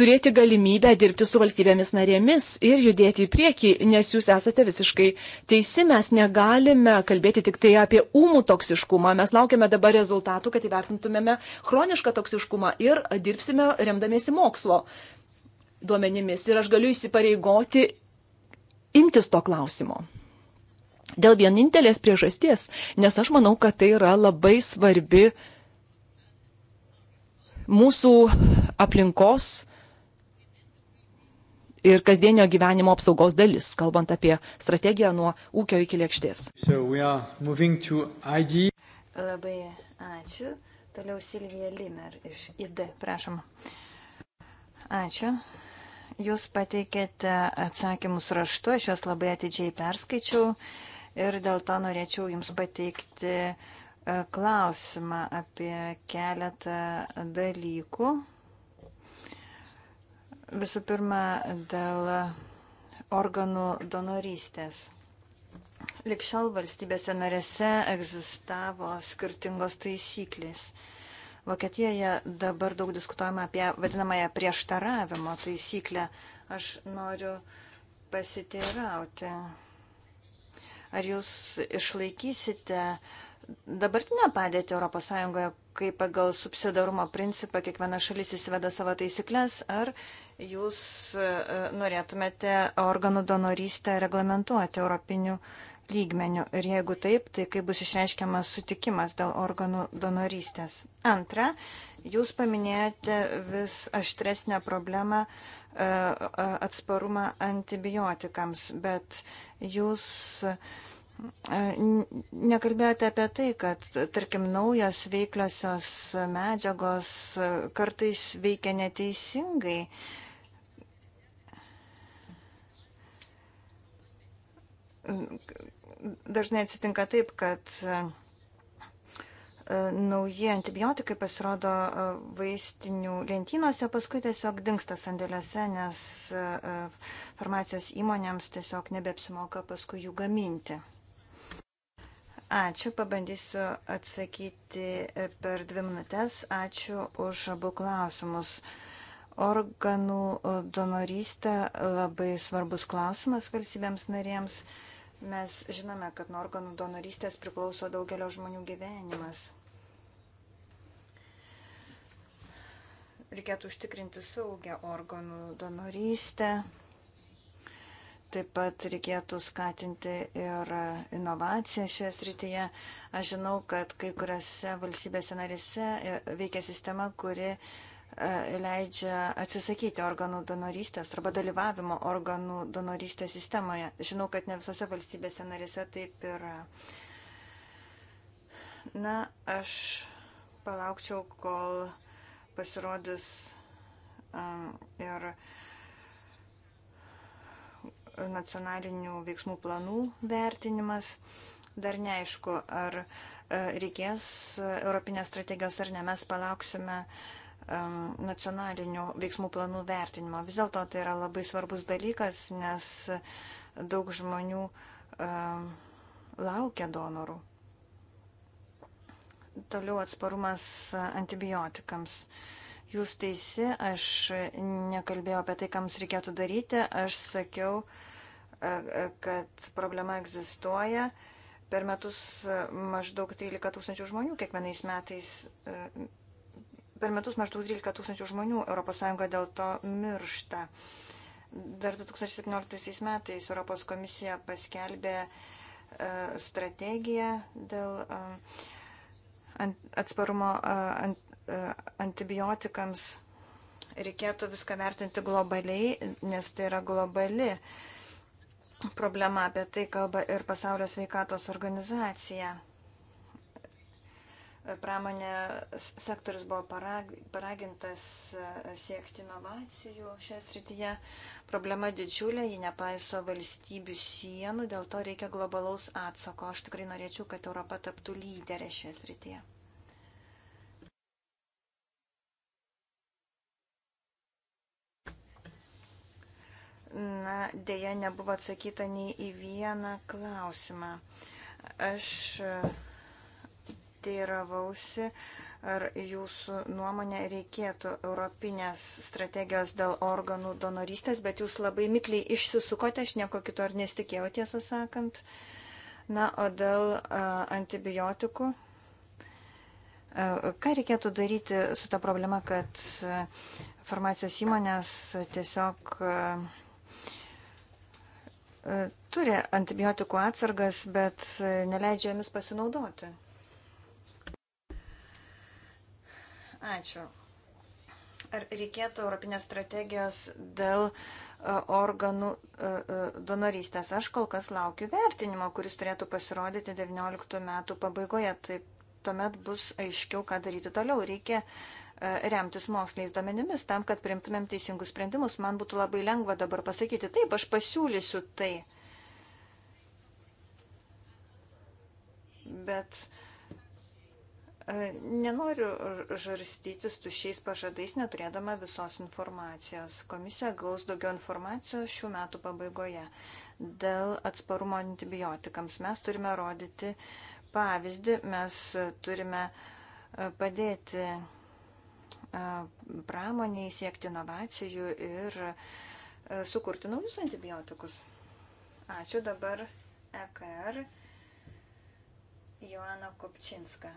Speaker 2: turėti galimybę dirbti su valstybėmis narėmis ir judėti į priekį, nes jūs esate visiškai teisi, mes negalime kalbėti tik tai apie ūmų toksiškumą, mes laukiame dabar rezultatų, kad įvertintumėme chronišką toksiškumą ir dirbsime remdamiesi mokslo duomenimis ir aš galiu įsipareigoti imtis to klausimo. Dėl vienintelės priežasties, nes aš manau, kad tai yra labai svarbi mūsų aplinkos ir kasdienio gyvenimo apsaugos dalis, kalbant apie strategiją nuo ūkio iki lėkštės.
Speaker 1: So
Speaker 3: Labai ačiū. Toliau Silvija Limer iš ID, prašom. Ačiū. Jūs pateikėte atsakymus raštu, aš juos labai atidžiai perskaičiau ir dėl to norėčiau Jums pateikti e, klausimą apie keletą dalykų. Visų pirma, dėl organų donorystės. Likščiol valstybėse narėse egzistavo skirtingos taisyklės. Vokietijoje dabar daug diskutuojama apie vadinamąją prieštaravimo taisyklę. Aš noriu pasiteirauti. Ar jūs išlaikysite dabartinę padėtį ES, kai pagal subsidarumo principą kiekviena šalis įsiveda savo taisyklės, ar jūs e, norėtumėte organų donorystę reglamentuoti europiniu lygmenių ir jeigu taip, tai kaip bus išreiškiamas sutikimas dėl organų donorystės. Antra, jūs paminėjote vis aštresnę problemą e, atsparumą antibiotikams, bet jūs e, nekalbėjote apie tai, kad, tarkim, naujos veikliosios medžiagos e, kartais veikia neteisingai dažnai atsitinka taip, kad e, nauji antibiotikai pasirodo e, vaistinių lentynuose, paskui tiesiog dinksta sandėliuose, nes e, farmacijos įmonėms tiesiog nebepsimoka paskui jų gaminti. Ačiū, pabandysiu atsakyti per dvi minutės. Ačiū už abu klausimus. Organų donorystė labai svarbus klausimas valstybėms narėms. Mes žinome, kad nuo organų donorystės priklauso daugelio žmonių gyvenimas. Reikėtų užtikrinti saugę organų donorystę. Taip pat reikėtų skatinti ir inovaciją šioje srityje. Aš žinau, kad kai kuriuose valstybėse narise e, veikia sistema, kuri uh, E, leidžia atsisakyti organų donorystės arba dalyvavimo organų donorystės sistemoje. Žinau, kad ne visose valstybėse narėse taip yra. Na, aš palaukčiau, kol pasirodys um, ir nacionalinių veiksmų planų vertinimas. Dar neaišku, ar e, reikės Europinės strategijos ar ne. Mes palauksime uh, nacionalinių veiksmų planų vertinimo. Vis dėlto tai yra labai svarbus dalykas, nes daug žmonių laukia donorų. Toliau atsparumas antibiotikams. Jūs teisi, aš nekalbėjau apie tai, kams reikėtų daryti. Aš sakiau, e, e, kad problema egzistuoja. Per metus e, maždaug 13 tūkstančių žmonių kiekvienais metais per metus maždaug 13 tūkstančių žmonių ES dėl to miršta. Dar 2017 metais Europos komisija paskelbė e, strategiją dėl e, atsparumo e, antibiotikams. Reikėtų viską vertinti globaliai, nes tai yra globali problema. Apie tai kalba ir Pasaulio sveikatos organizacija pramonės sektoris buvo paragintas e, siekti inovacijų šioje srityje. Problema didžiulė, ji nepaiso valstybių sienų, dėl to reikia globalaus atsako. Aš tikrai norėčiau, kad Europa taptų lyderė šioje srityje. Na, dėja nebuvo atsakyta nei į vieną klausimą. Aš uh, teiravausi, ar jūsų nuomonė reikėtų europinės strategijos dėl organų donorystės, bet jūs labai mikliai išsisukote, aš nieko kito ir nesitikėjau, tiesą sakant. Na, o dėl a, antibiotikų. A, ką reikėtų daryti su ta problema, kad a, farmacijos įmonės tiesiog a, turi antibiotikų atsargas, bet neleidžia jomis pasinaudoti? Ačiū. Ar reikėtų Europinės strategijos dėl e, organų e, e, donorystės? Aš kol kas laukiu vertinimo, kuris turėtų pasirodyti 19 metų pabaigoje. Taip, tuomet bus aiškiau, ką daryti toliau. Reikia remtis moksliniais domenimis tam, kad primtumėm teisingus sprendimus. Man būtų labai lengva dabar pasakyti, taip, aš pasiūlysiu tai. Bet uh, Nenoriu žarstytis tušiais pažadais, neturėdama visos informacijos. Komisija gaus daugiau informacijos šių metų pabaigoje. Dėl atsparumo antibiotikams mes turime rodyti pavyzdį, mes turime padėti pramoniai siekti inovacijų ir sukurti naujus antibiotikus. Ačiū dabar EKR Joana Kopčinska.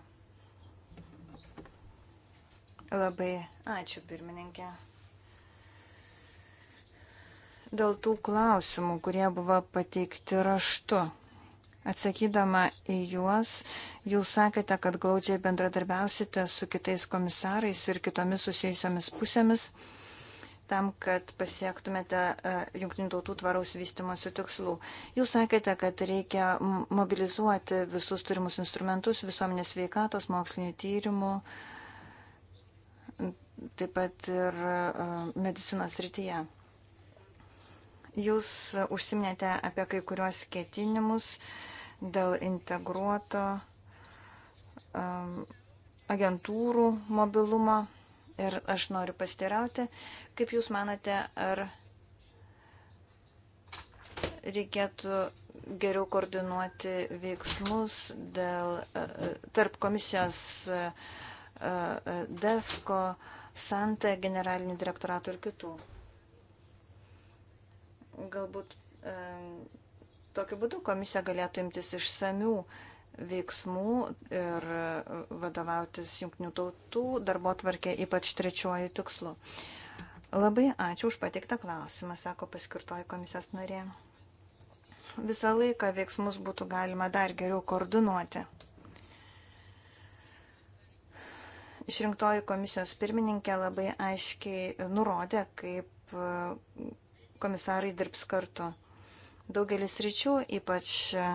Speaker 3: Labai ačiū, pirmininkė. Dėl tų klausimų, kurie buvo pateikti raštu. Atsakydama į juos, jūs sakėte, kad glaudžiai bendradarbiausite su kitais komisarais ir kitomis susijusiamis pusėmis tam, kad pasiektumėte e, jungtinių tautų tvaraus vystimosi tikslų. Jūs sakėte, kad reikia mobilizuoti visus turimus instrumentus, visuomenės veikatos, mokslinio tyrimų, uh, taip pat ir e, medicinos rytyje. Jūs užsiminėte apie kai kuriuos ketinimus dėl integruoto e, agentūrų mobilumo ir aš noriu pasiteirauti, kaip Jūs manote, ar reikėtų geriau koordinuoti veiksmus dėl, e, tarp komisijos DEFCO, Santa generalinių direktoratų ir kitų. Galbūt e, tokiu būdu komisija galėtų imtis išsamių veiksmų ir e, vadovautis jungtinių tautų darbo tvarkė, ypač trečiuoju tikslu. Labai ačiū už pateiktą klausimą, sako paskirtoji komisijos narė. Visą laiką veiksmus būtų galima dar geriau koordinuoti. Išrinktoji komisijos pirmininkė labai aiškiai nurodė, kaip e, komisarai dirbs kartu. Daugelis ryčių, ypač e,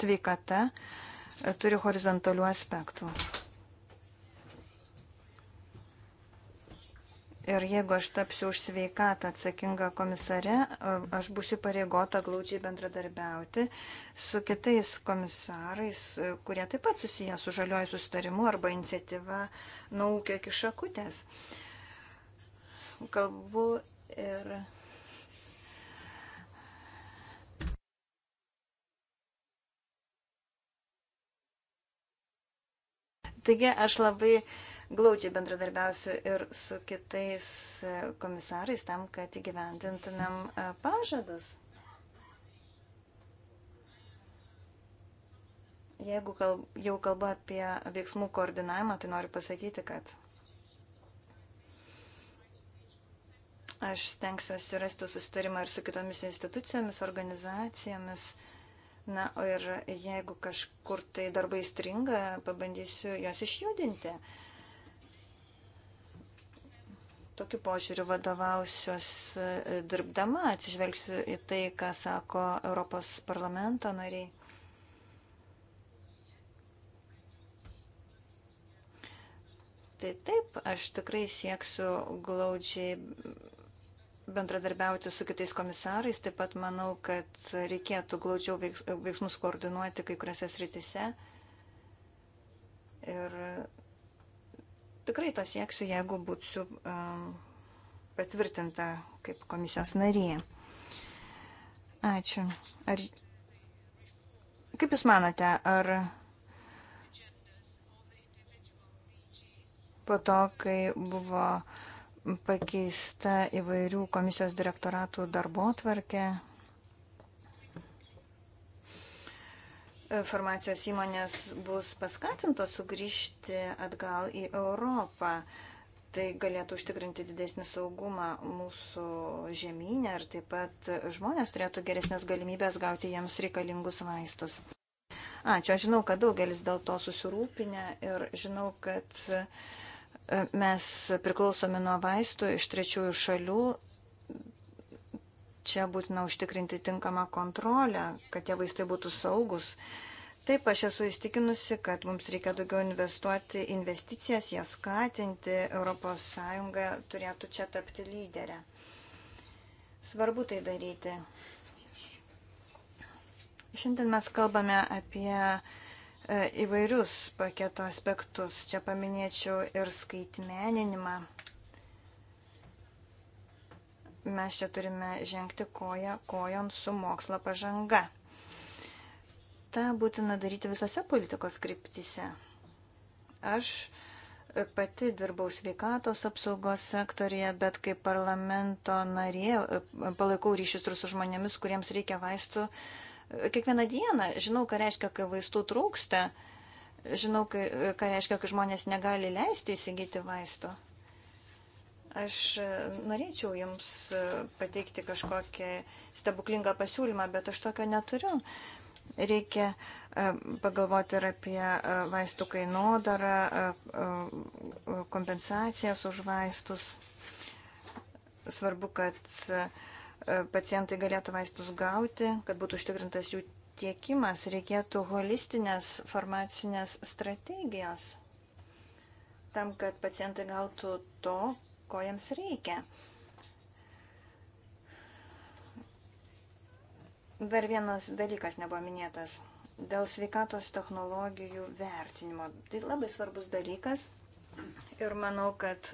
Speaker 3: sveikata, e, turi horizontalių aspektų. Ir jeigu aš tapsiu už sveikatą atsakinga komisare, aš būsiu pareigota glaudžiai bendradarbiauti su kitais komisarais, kurie taip pat susiję su žaliuoju sustarimu arba iniciatyva nuo ūkio iki šakutės. Kalbu ir. Taigi aš labai uh, Glaudžiai bendradarbiausiu ir su kitais e, komisarais tam, kad įgyvendintumėm e, pažadus. Jeigu kalb, jau kalba apie veiksmų koordinavimą, tai noriu pasakyti, kad aš stengsiuosi rasti susitarimą ir su kitomis institucijomis, organizacijomis. Na, ir jeigu kažkur tai darbai stringa, pabandysiu juos išjudinti. Uh, tokiu požiūriu vadovausios e, dirbdama, atsižvelgsiu į tai, ką sako Europos parlamento nariai. Tai taip, aš tikrai sieksiu glaudžiai bendradarbiauti su kitais komisarais, taip pat manau, kad reikėtų glaudžiau veiksmus koordinuoti kai kuriuose sritise. Ir Tikrai to sieksiu, jeigu būsiu patvirtinta kaip komisijos narė. Ačiū. Ar... Kaip Jūs manote, ar po to, kai buvo pakeista įvairių komisijos direktoratų darbo tvarkė, farmacijos įmonės bus paskatintos sugrįžti atgal į Europą. Tai galėtų užtikrinti didesnį saugumą mūsų žemynę ir taip pat žmonės turėtų geresnės galimybės gauti jiems reikalingus vaistus. Ačiū, aš žinau, kad daugelis dėl to susirūpinę ir žinau, kad e, mes priklausomi nuo vaistų iš trečiųjų šalių, Čia būtina užtikrinti tinkamą kontrolę, kad tie vaistai būtų saugus. Taip, aš esu įstikinusi, kad mums reikia daugiau investuoti investicijas, jas skatinti, ES turėtų čia tapti lyderę. Svarbu tai daryti. Šiandien mes kalbame apie e, įvairius paketo aspektus. Čia paminėčiau ir skaitmeninimą mes čia turime žengti koją kojon su mokslo pažanga. Ta būtina daryti visose politikos kryptise. Aš pati dirbau sveikatos apsaugos sektorija, bet kaip parlamento narė e, palaikau ryšius su žmonėmis, kuriems reikia vaistų e, kiekvieną dieną. Žinau, ką reiškia, kai vaistų trūksta. Žinau, e, ką reiškia, kai žmonės negali leisti įsigyti vaisto. Aš e, norėčiau Jums e, pateikti kažkokią stebuklingą pasiūlymą, bet aš tokio neturiu. Reikia e, pagalvoti ir apie vaistų kainodarą, kompensacijas už vaistus. Svarbu, kad pacientai galėtų vaistus gauti, kad būtų užtikrintas jų tiekimas, reikėtų holistinės farmacinės strategijos tam, kad pacientai gautų to, ko jiems reikia. Dar vienas dalykas nebuvo minėtas dėl sveikatos technologijų vertinimo. Tai labai svarbus dalykas ir manau, kad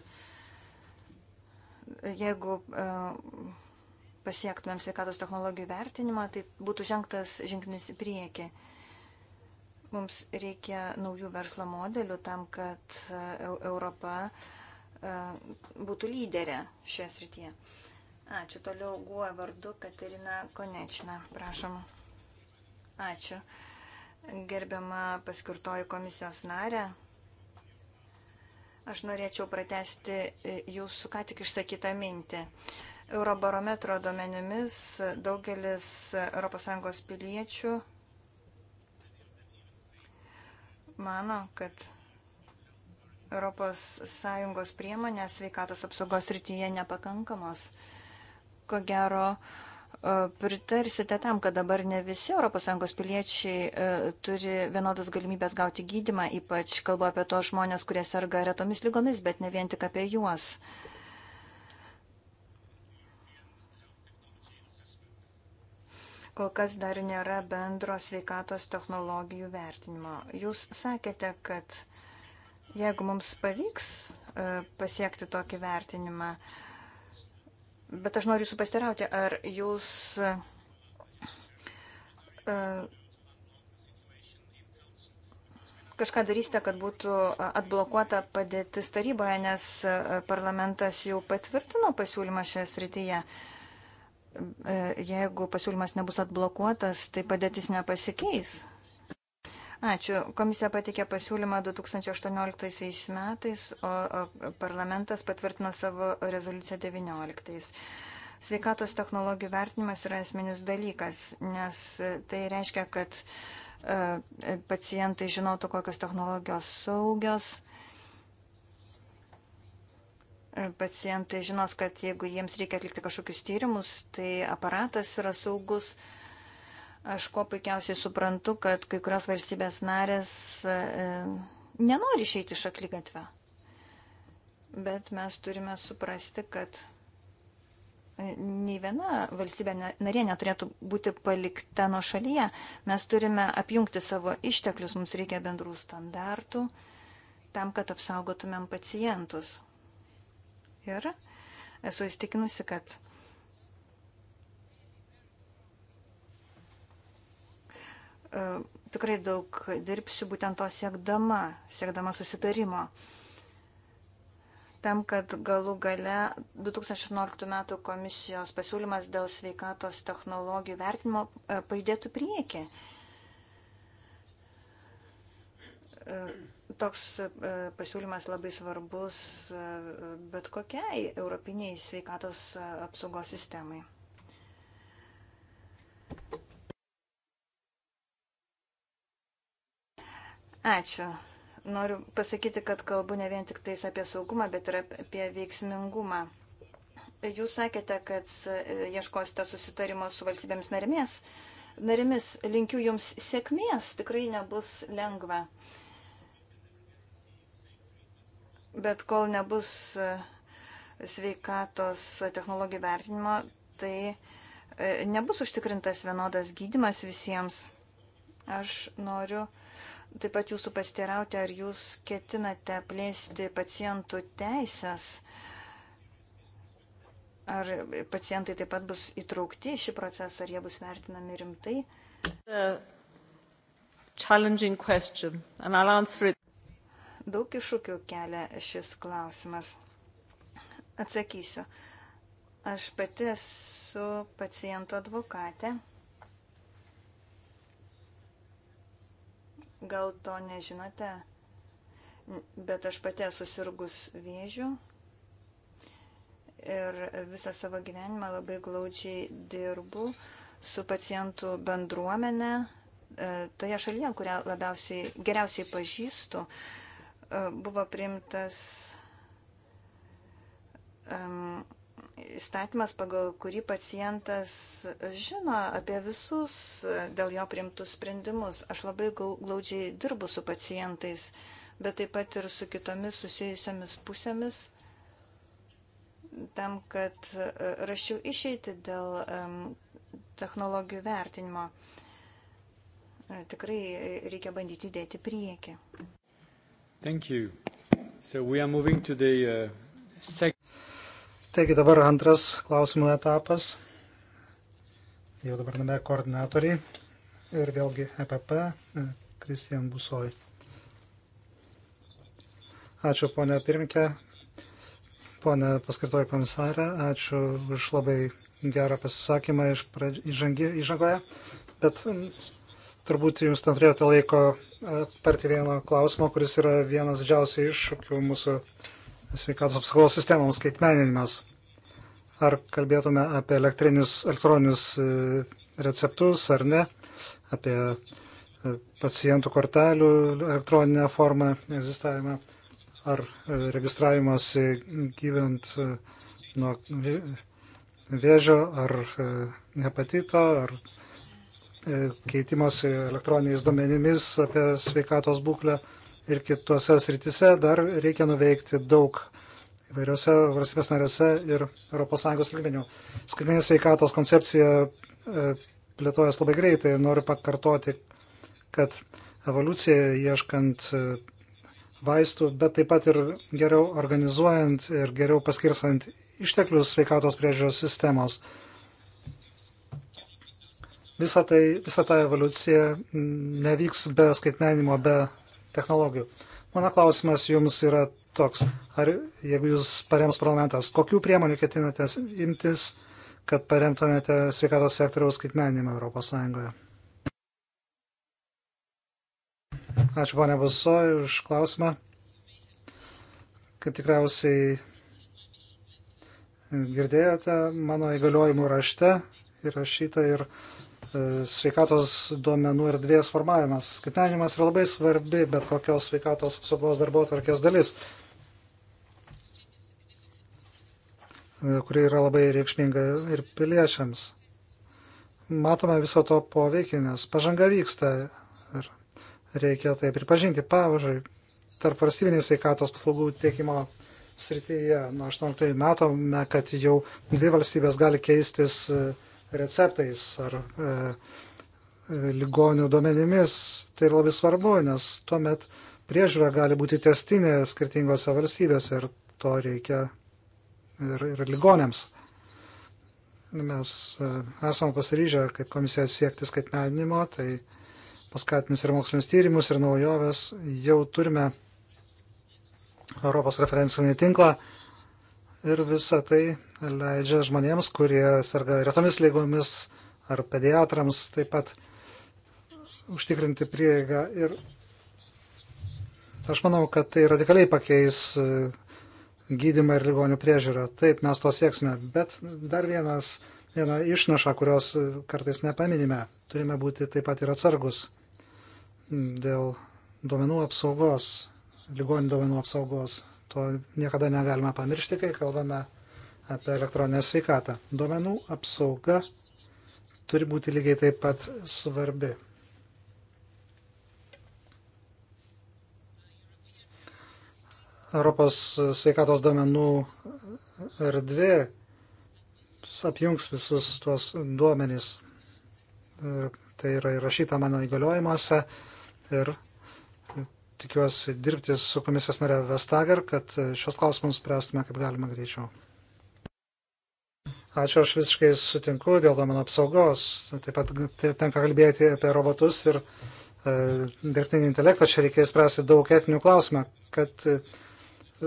Speaker 3: jeigu e, pasiektumėm sveikatos technologijų vertinimą, tai būtų žengtas žingsnis į priekį. Mums reikia naujų verslo modelių tam, kad e, Europa E, būtų lyderė šioje srityje. Ačiū. Toliau guo vardu Katerina Konečna. Prašom. Ačiū. Gerbiama paskirtoji komisijos narė. Aš norėčiau pratesti e, jūsų ką tik išsakytą mintį. Eurobarometro duomenimis daugelis ES piliečių mano, kad ES priemonės sveikatos apsaugos rytyje nepakankamos. Ko gero, e, pritarsite tam, kad dabar ne visi ES piliečiai e, turi vienodas galimybės gauti gydimą, ypač kalbu apie tos žmonės, kurie serga retomis lygomis, bet ne vien tik apie juos. kol kas dar nėra bendro sveikatos technologijų vertinimo. Jūs sakėte, kad uh, Jeigu mums pavyks e, pasiekti tokį vertinimą, bet aš noriu jūsų pastirauti, ar jūs e, kažką darysite, kad būtų atblokuota padėtis taryboje, nes e, parlamentas jau patvirtino pasiūlymą šioje srityje. Jeigu pasiūlymas nebus atblokuotas, tai padėtis nepasikeis. Ačiū. Komisija patikė pasiūlymą 2018 metais, o, o parlamentas patvirtino savo rezoliuciją 2019. Sveikatos technologijų vertinimas yra esminis dalykas, nes tai reiškia, kad e, pacientai žinotų, kokios technologijos saugios, e, pacientai žinos, kad jeigu jiems reikia atlikti kažkokius tyrimus, tai aparatas yra saugus. E, Aš kuo puikiausiai suprantu, kad kai kurios valstybės narės e, nenori išeiti iš aklygatvę. Bet mes turime suprasti, kad e, nei viena valstybė narė neturėtų būti palikta nuo šalyje. Mes turime apjungti savo išteklius, mums reikia bendrų standartų tam, kad apsaugotumėm pacientus. Ir esu įstikinusi, kad E, tikrai daug dirbsiu būtent to siekdama, siekdama susitarimo. Tam, kad galų gale 2011 metų komisijos pasiūlymas dėl sveikatos technologijų vertinimo e, pajudėtų priekį e, toks pasiūlymas labai svarbus bet kokiai europiniai sveikatos apsaugos sistemai. Ačiū. Noriu pasakyti, kad kalbu ne vien tik tais apie saugumą, bet ir apie veiksmingumą. Jūs sakėte, kad ieškosite susitarimo su valstybėms narėmės. Narėmis linkiu jums sėkmės, tikrai nebus lengva. Bet kol nebus e, sveikatos technologijų vertinimo, tai e, nebus užtikrintas vienodas gydimas visiems. Aš noriu uh, Taip pat jūsų pasiteirauti, ar jūs ketinate plėsti pacientų teisės, ar pacientai taip pat bus įtraukti į šį procesą, ar jie bus vertinami rimtai. Daug iššūkių kelia šis klausimas. Atsakysiu. Aš pati esu paciento advokatė. Gal to nežinote, bet aš pati esu sirgus vėžių ir visą savo gyvenimą labai glaudžiai dirbu su pacientų bendruomenė e, toje šalyje, kurią labiausiai, geriausiai pažįstu, e, buvo priimtas um, įstatymas, pagal kurį pacientas žino apie visus dėl jo priimtus sprendimus. Aš labai glaudžiai dirbu su pacientais, bet taip pat ir su kitomis susijusiamis pusėmis, tam, kad e, rašiau išeiti dėl technologijų vertinimo. E, tikrai reikia bandyti judėti prieki.
Speaker 1: Thank you. So we are moving to the uh, second. Taigi dabar antras klausimų etapas. Jau dabar name koordinatoriai ir vėlgi EPP e, Kristijan Busoj. Ačiū ponia pirmininkė, ponia paskirtoji komisarė, ačiū už labai gerą pasisakymą iš pradž... įžangoje, bet turbūt jums ten turėjote laiko aptarti e, vieno klausimo, kuris yra vienas didžiausių iššūkių mūsų sveikatos apsaugos sistemoms skaitmeninimas. Ar kalbėtume apie elektroninius e, receptus ar ne, apie e, pacientų kortelių elektroninę formą egzistavimą ar e, registravimosi gyvent nuo vėžio ar hepatito ar keitimosi elektroniniais duomenimis apie sveikatos būklę ir kitose sritise dar reikia nuveikti daug įvairiose valstybės narėse ir ES lygmenių. Skaitmeninės sveikatos koncepcija e, plėtojas labai greitai. Noriu pakartoti, kad evoliucija ieškant e, vaistų, bet taip pat ir geriau organizuojant ir geriau paskirsant išteklius sveikatos priežiūros sistemos. Visa, tai, visa ta evoliucija nevyks be skaitmenimo, be technologijų. Mano klausimas jums yra toks, ar jeigu jūs parems parlamentas, kokių priemonių ketinate imtis, kad paremtumėte sveikatos sektoriaus skaitmenimą ES? Ačiū ponia Busoj už klausimą. Kaip tikriausiai girdėjote, mano įgaliojimų rašte įrašyta ir, ir E, sveikatos duomenų erdvės formavimas. Skaitmeninimas yra labai svarbi bet kokios sveikatos apsaugos darbo atvarkės dalis, e, kuri yra labai reikšminga ir piliečiams. Matome viso to poveikį, nes pažanga vyksta ir reikia tai pripažinti. Pavyzdžiui, tarp valstybinės sveikatos paslaugų tiekimo srityje nuo 18 metų, kad jau dvi valstybės gali keistis uh, receptais ar e, e, ligonių duomenimis. Tai labai svarbu, nes tuomet priežiūra gali būti testinė skirtingose valstybėse ir to reikia ir, ir ligonėms. Mes e, esame pasiryžę, kaip komisija, siekti skaitmeninimo, tai paskatinis ir mokslinius tyrimus, ir naujoves. Jau turime Europos referencinį tinklą, Ir visa tai leidžia žmonėms, kurie serga retomis lygomis ar pediatrams taip pat užtikrinti prieigą. Ir aš manau, kad tai radikaliai pakeis e, gydimą ir ligonių priežiūrą. Taip, mes to sieksime. Bet dar vienas, viena išnaša, kurios e, kartais nepaminime. Turime būti taip pat ir atsargus dėl duomenų apsaugos, ligonių duomenų apsaugos to niekada negalime pamiršti, kai kalbame apie elektroninę sveikatą. Duomenų apsauga turi būti lygiai taip pat svarbi. Europos sveikatos duomenų erdvė apjungs visus tuos duomenys. Ir tai yra įrašyta mano įgaliojimuose ir tikiuosi dirbti su komisijos nare Vestager, kad šios klausimus spręstume kaip galima greičiau. Ačiū, aš visiškai sutinku dėl domenų apsaugos. Taip pat tenka kalbėti apie robotus ir e, dirbtinį intelektą. Čia reikės spręsti daug etinių klausimą, kad e,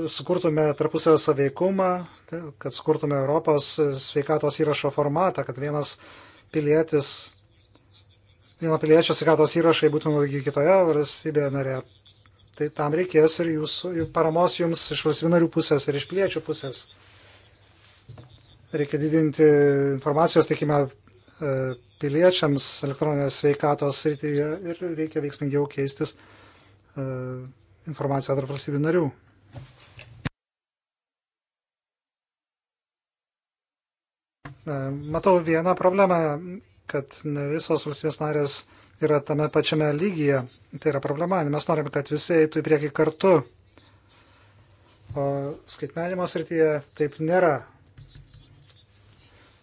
Speaker 1: sukurtume tarpusavio saveikumą, kad sukurtume Europos sveikatos įrašo formatą, kad vienas pilietis, vieno piliečio sveikatos įrašai būtų nuogi kitoje valstybėje narėje tai tam reikės ir jūsų paramos jums iš valstybinarių pusės ir iš piliečių pusės. Reikia didinti informacijos teikimą e, piliečiams elektroninės sveikatos srityje ir reikia veiksmingiau keistis e, informaciją tarp valstybių narių. E, matau vieną problemą, kad ne visos valstybės narės yra tame pačiame lygyje. Tai yra problema. Mes norime, kad visi eitų į priekį kartu. O skaitmenimo srityje taip nėra.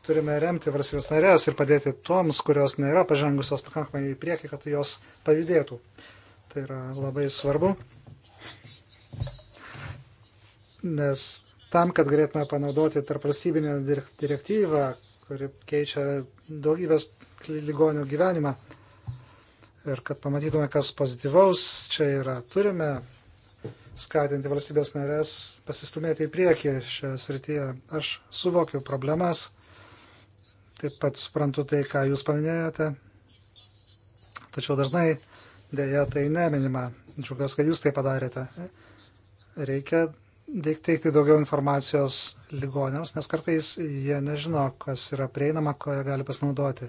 Speaker 1: Turime remti valstybės narės ir padėti toms, kurios nėra pažengusios pakankamai į priekį, kad jos pajudėtų. Tai yra labai svarbu. Nes tam, kad galėtume panaudoti tarpvalstybinę direktyvą, kuri keičia daugybės ligonių gyvenimą, ir kad pamatytume, kas pozityvaus čia yra. Turime skatinti valstybės narės pasistumėti į priekį šioje srityje. Aš suvokiu problemas, taip pat suprantu tai, ką jūs paminėjote, tačiau dažnai dėja tai neminima. Džiugas, kad jūs tai padarėte. Reikia teikti daugiau informacijos ligonėms, nes kartais jie nežino, kas yra prieinama, ko jie gali pasinaudoti.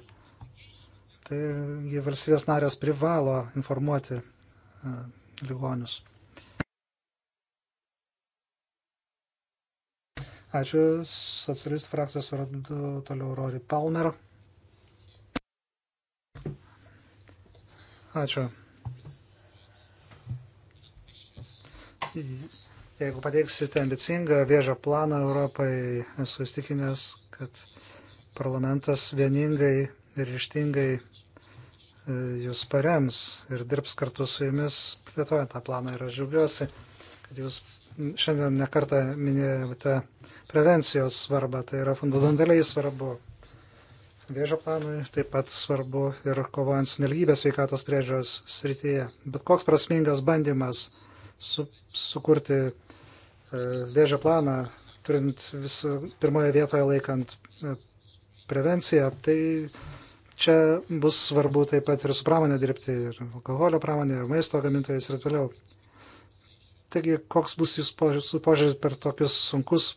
Speaker 1: Tai valstybės narės privalo informuoti e, ligonius. Ačiū socialistų frakcijos vardu toliau Rory Palmer. Ačiū. Jeigu pateiksite ambicingą vėžio planą Europai, esu įstikinęs, kad parlamentas vieningai ir ištingai E, jūs parems ir dirbs kartu su jumis, plėtojant tą planą. Ir aš džiaugiuosi, kad jūs šiandien nekartą minėjote prevencijos svarbą, tai yra fundamentaliai svarbu vėžio planui, taip pat svarbu ir kovojant su nelgybės veikatos priežiūros srityje. Bet koks prasmingas bandymas su, sukurti e, vėžio planą, turint visų pirmoje vietoje laikant e, prevenciją, tai čia bus svarbu taip pat ir su pramonė dirbti, ir alkoholio pramonė, ir maisto gamintojais ir toliau. Taigi, koks bus jūsų požiūris per tokius sunkus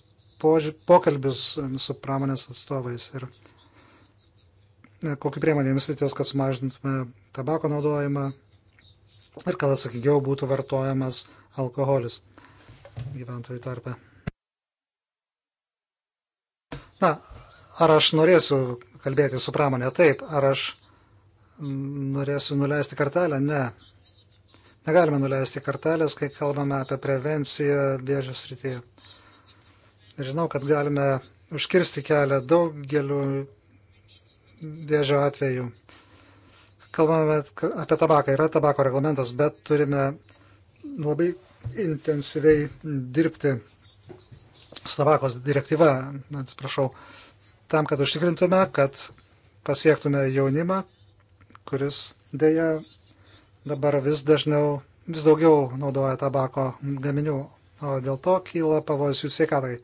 Speaker 1: poži... pokalbius su pramonės atstovais ir kokį priemonę jums reikės, kad sumažintume tabako naudojimą ir kad atsakingiau būtų vartojamas alkoholis gyventojų tarpe. Na, ar aš norėsiu kalbėti su pramonė. Taip, ar aš norėsiu nuleisti kartelę? Ne. Negalime nuleisti kartelės, kai kalbame apie prevenciją vėžio srityje. Žinau, kad galime užkirsti kelią daugeliu vėžio atveju. Kalbame apie tabaką. Yra tabako reglamentas, bet turime labai intensyviai dirbti su tabakos direktyva, atsiprašau, tam, kad užtikrintume, kad pasiektume jaunimą, kuris dėja dabar vis dažniau, vis daugiau naudoja tabako gaminių, o dėl to kyla pavojus jų sveikatai.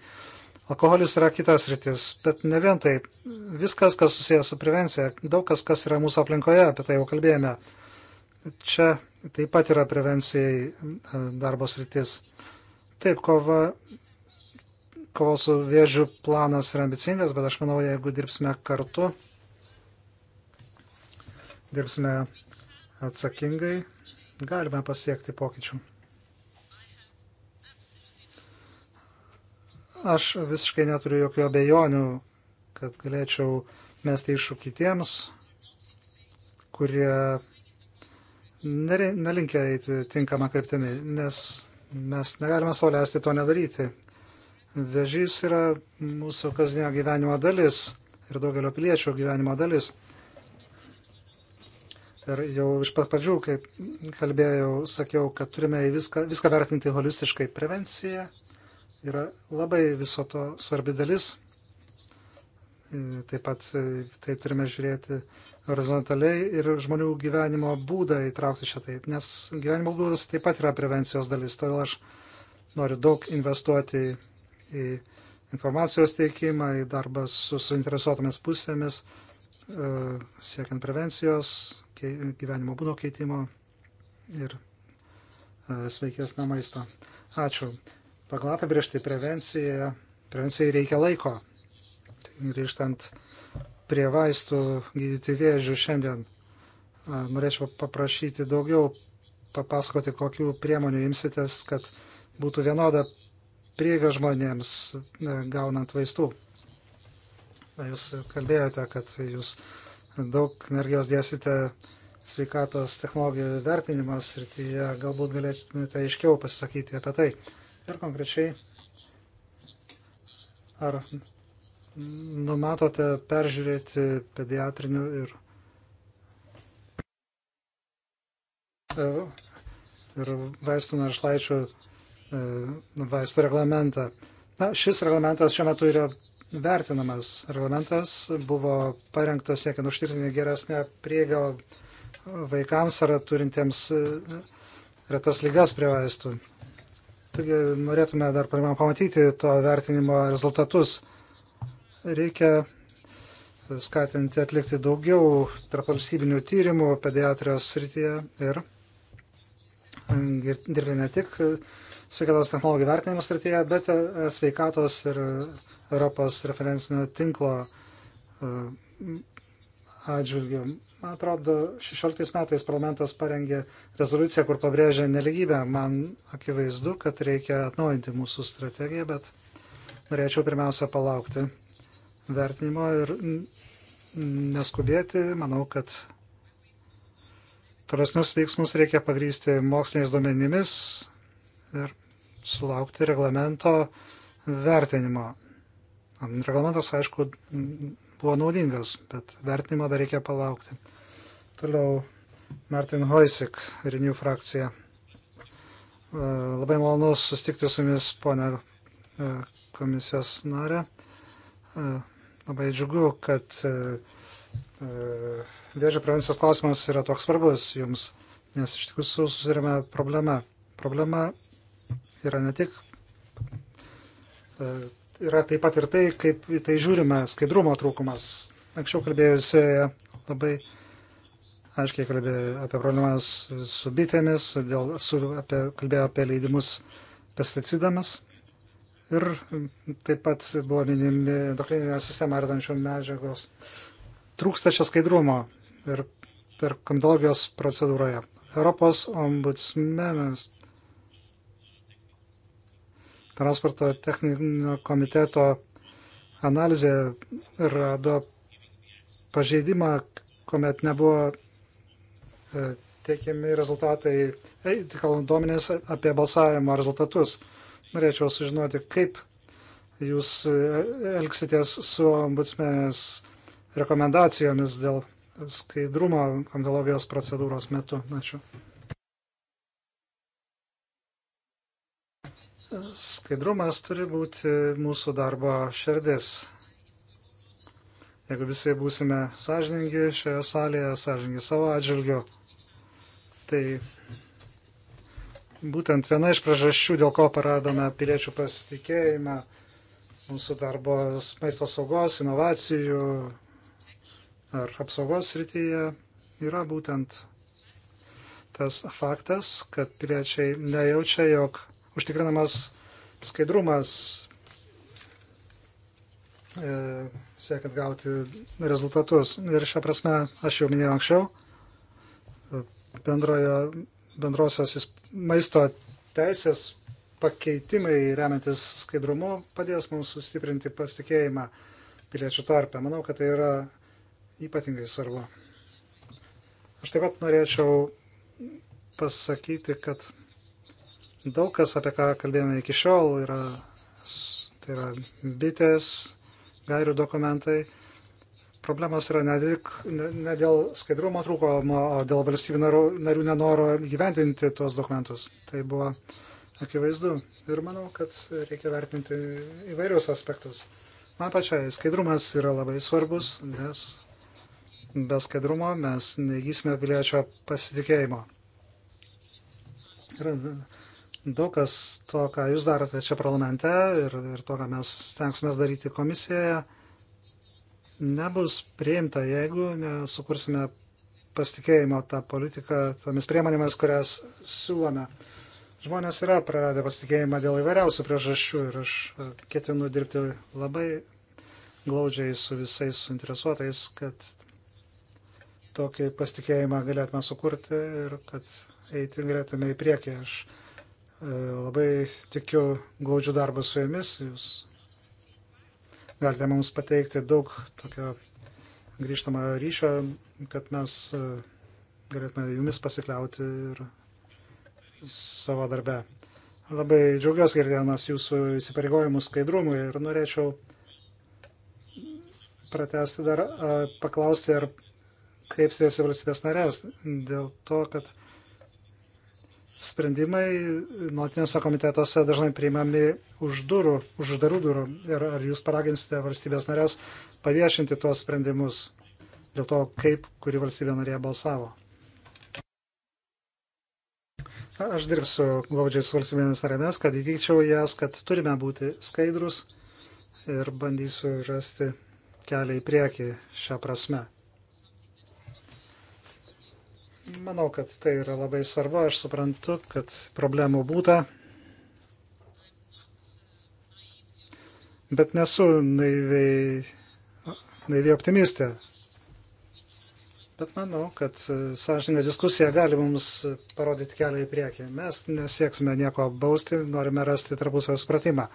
Speaker 1: Alkoholis yra kitas rytis, bet ne vien tai. Viskas, kas susijęs su prevencija, daug kas, kas yra mūsų aplinkoje, apie tai jau kalbėjome. Čia taip pat yra prevencijai e, darbos rytis. Taip, kova kovos su vėžiu planas yra ambicingas, bet aš manau, jeigu dirbsime kartu, dirbsime atsakingai, galime pasiekti pokyčių. Aš visiškai neturiu jokių abejonių, kad galėčiau mesti iššūkį tiems, kurie nelinkia eiti tinkamą kryptimį, nes mes negalime sauliaisti to nedaryti. Vežys yra mūsų kasdienio gyvenimo dalis ir daugelio piliečių gyvenimo dalis. Ir jau iš pat pradžių, kai kalbėjau, sakiau, kad turime viską, viską vertinti holistiškai. Prevencija yra labai viso to svarbi dalis. E, taip pat e, tai turime žiūrėti horizontaliai ir žmonių gyvenimo būdą įtraukti čia taip, nes gyvenimo būdas taip pat yra prevencijos dalis. Todėl aš noriu daug investuoti į informacijos teikimą, į darbą su suinteresuotomis pusėmis, e, siekiant prevencijos, gyvenimo būdo keitimo ir e, sveikesnio maisto. Ačiū. Pagal apibriežtai prevenciją, prevencijai reikia laiko. Grįžtant prie vaistų gydyti vėžių šiandien, e, norėčiau paprašyti daugiau papasakoti, kokiu priemoniu imsitės, kad būtų vienoda prieigą žmonėms gaunant vaistų. Jūs kalbėjote, kad jūs daug energijos dėsite sveikatos technologijų vertinimo srityje, galbūt galėtumėte aiškiau pasisakyti apie tai. Ir konkrečiai, ar numatote peržiūrėti pediatrinių ir, ir vaistų našlaičių E, vaistų reglamentą. Na, šis reglamentas šiuo metu yra vertinamas. Reglamentas buvo parengtas siekiant užtikrinti geresnę prieigą vaikams ar turintiems e, retas lygas prie vaistų. Taigi norėtume dar pamatyti to vertinimo rezultatus. Reikia skatinti atlikti daugiau tarpvalstybinių tyrimų pediatrijos srityje ir e, dirbti ne tik sveikatos technologijų vertinimo srityje, bet e, sveikatos ir Europos referencinio tinklo e, atžvilgių. Man atrodo, 16 metais parlamentas parengė rezoliuciją, kur pabrėžė neligybę. Man akivaizdu, kad reikia atnaujinti mūsų strategiją, bet norėčiau pirmiausia palaukti vertinimo ir neskubėti. Manau, kad tolesnius veiksmus reikia pagrysti moksliniais duomenimis, ir sulaukti reglamento vertinimo. Reglamentas, aišku, buvo naudingas, bet vertinimo dar reikia palaukti. Toliau Martin Hoisik, Renew frakcija. E, labai malonu sustikti su jumis, ponia e, komisijos narė. E, labai džiugu, kad vėžio prevencijos klausimas yra toks svarbus jums, nes iš tikrųjų susirėmė problema. Problema yra ne tik, e, yra taip pat ir tai, kaip į tai žiūrime, skaidrumo trūkumas. Anksčiau kalbėjusi labai aiškiai kalbėjo apie problemas su bitėmis, dėl, su, apie, kalbėjo apie leidimus pesticidams ir taip pat buvo minimi endokrininę sistemą ardančių medžiagos. Trūksta čia skaidrumo ir per kondologijos procedūroje. Europos ombudsmenas transporto techninio komiteto analizė rado pažeidimą, kuomet nebuvo e, teikiami rezultatai, kalbant duomenės apie balsavimo rezultatus. Norėčiau sužinoti, kaip jūs e, elgsitės su ombudsmenės rekomendacijomis dėl skaidrumo komitologijos procedūros metu. Ačiū. Skaidrumas turi būti mūsų darbo širdis. Jeigu visi būsime sąžiningi šioje salėje, sąžiningi savo atžvilgiu, tai būtent viena iš priežasčių, dėl ko paradome piliečių pasitikėjimą mūsų darbo maisto saugos, inovacijų ar apsaugos srityje, yra būtent tas faktas, kad piliečiai nejaučia, jog užtikrinamas skaidrumas, e, siekiant gauti rezultatus. Ir šią prasme, aš jau minėjau anksčiau, bendrojo, bendrosios maisto teisės pakeitimai remiantis skaidrumu padės mums sustiprinti pasitikėjimą piliečių tarpę. Manau, kad tai yra ypatingai svarbu. Aš taip pat norėčiau pasakyti, kad Daug kas, apie ką kalbėjome iki šiol, yra, tai yra bitės, gairių dokumentai. Problemos yra ne, tik, ne, ne dėl skaidrumo trūkumo, o dėl valstybių narių, narių nenoro gyventinti tuos dokumentus. Tai buvo akivaizdu. Ir manau, kad reikia vertinti įvairius aspektus. Man pačiai skaidrumas yra labai svarbus, nes be skaidrumo mes neįgysime piliečio pasitikėjimo. Ir Daug kas to, ką jūs darote čia parlamente ir, ir to, ką mes stengsime daryti komisijoje, nebus priimta, jeigu nesukursime pasitikėjimo tą politiką, tomis priemonėmis, kurias siūlome. Žmonės yra praradę pasitikėjimą dėl įvairiausių priežasčių ir aš e, ketinu dirbti labai glaudžiai su visais suinteresuotais, kad tokį pasitikėjimą galėtume sukurti ir kad eiti galėtume į priekį. Aš E, labai tikiu glaudžiu darbą su jumis. Jūs galite mums pateikti daug tokio grįžtamą ryšio, kad mes e, galėtume jumis pasikliauti ir savo darbę. Labai džiaugiuosi girdėdamas jūsų įsipareigojimus skaidrumui ir norėčiau pratesti dar, e, paklausti, ar kreipsitės į valstybės narės dėl to, kad sprendimai nuolatiniuose komitetuose dažnai priimami už durų, už uždarų durų. Ir ar jūs paraginsite valstybės narės paviešinti tuos sprendimus dėl to, kaip kuri valstybė narė balsavo? Na, aš dirbsiu glaudžiai su valstybėmis narėmis, kad įtikčiau jas, kad turime būti skaidrus ir bandysiu rasti kelią į priekį šią prasme. Manau, kad tai yra labai svarbu. Aš suprantu, kad problemų būta. Bet nesu naiviai, naiviai optimistė. Bet manau, kad e, sąžininė diskusija gali mums parodyti kelią į priekį. Mes nesieksime nieko bausti, norime rasti tarpusavio supratimą.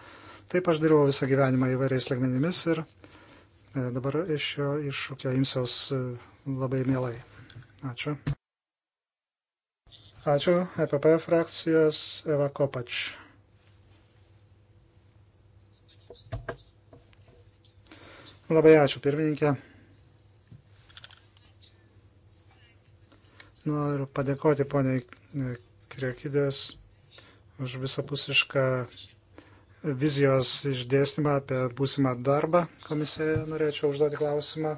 Speaker 1: Taip aš dirbau visą gyvenimą įvairiais lygmenimis ir e, dabar iš šio iššūkio imsiaus e, labai mielai. Ačiū. Ačiū. EPP frakcijos Eva Kopač. Labai ačiū, pirmininkė. Noriu padėkoti poniai e, Kriekidės už visapusišką vizijos išdėstymą apie būsimą darbą komisijoje. Norėčiau užduoti klausimą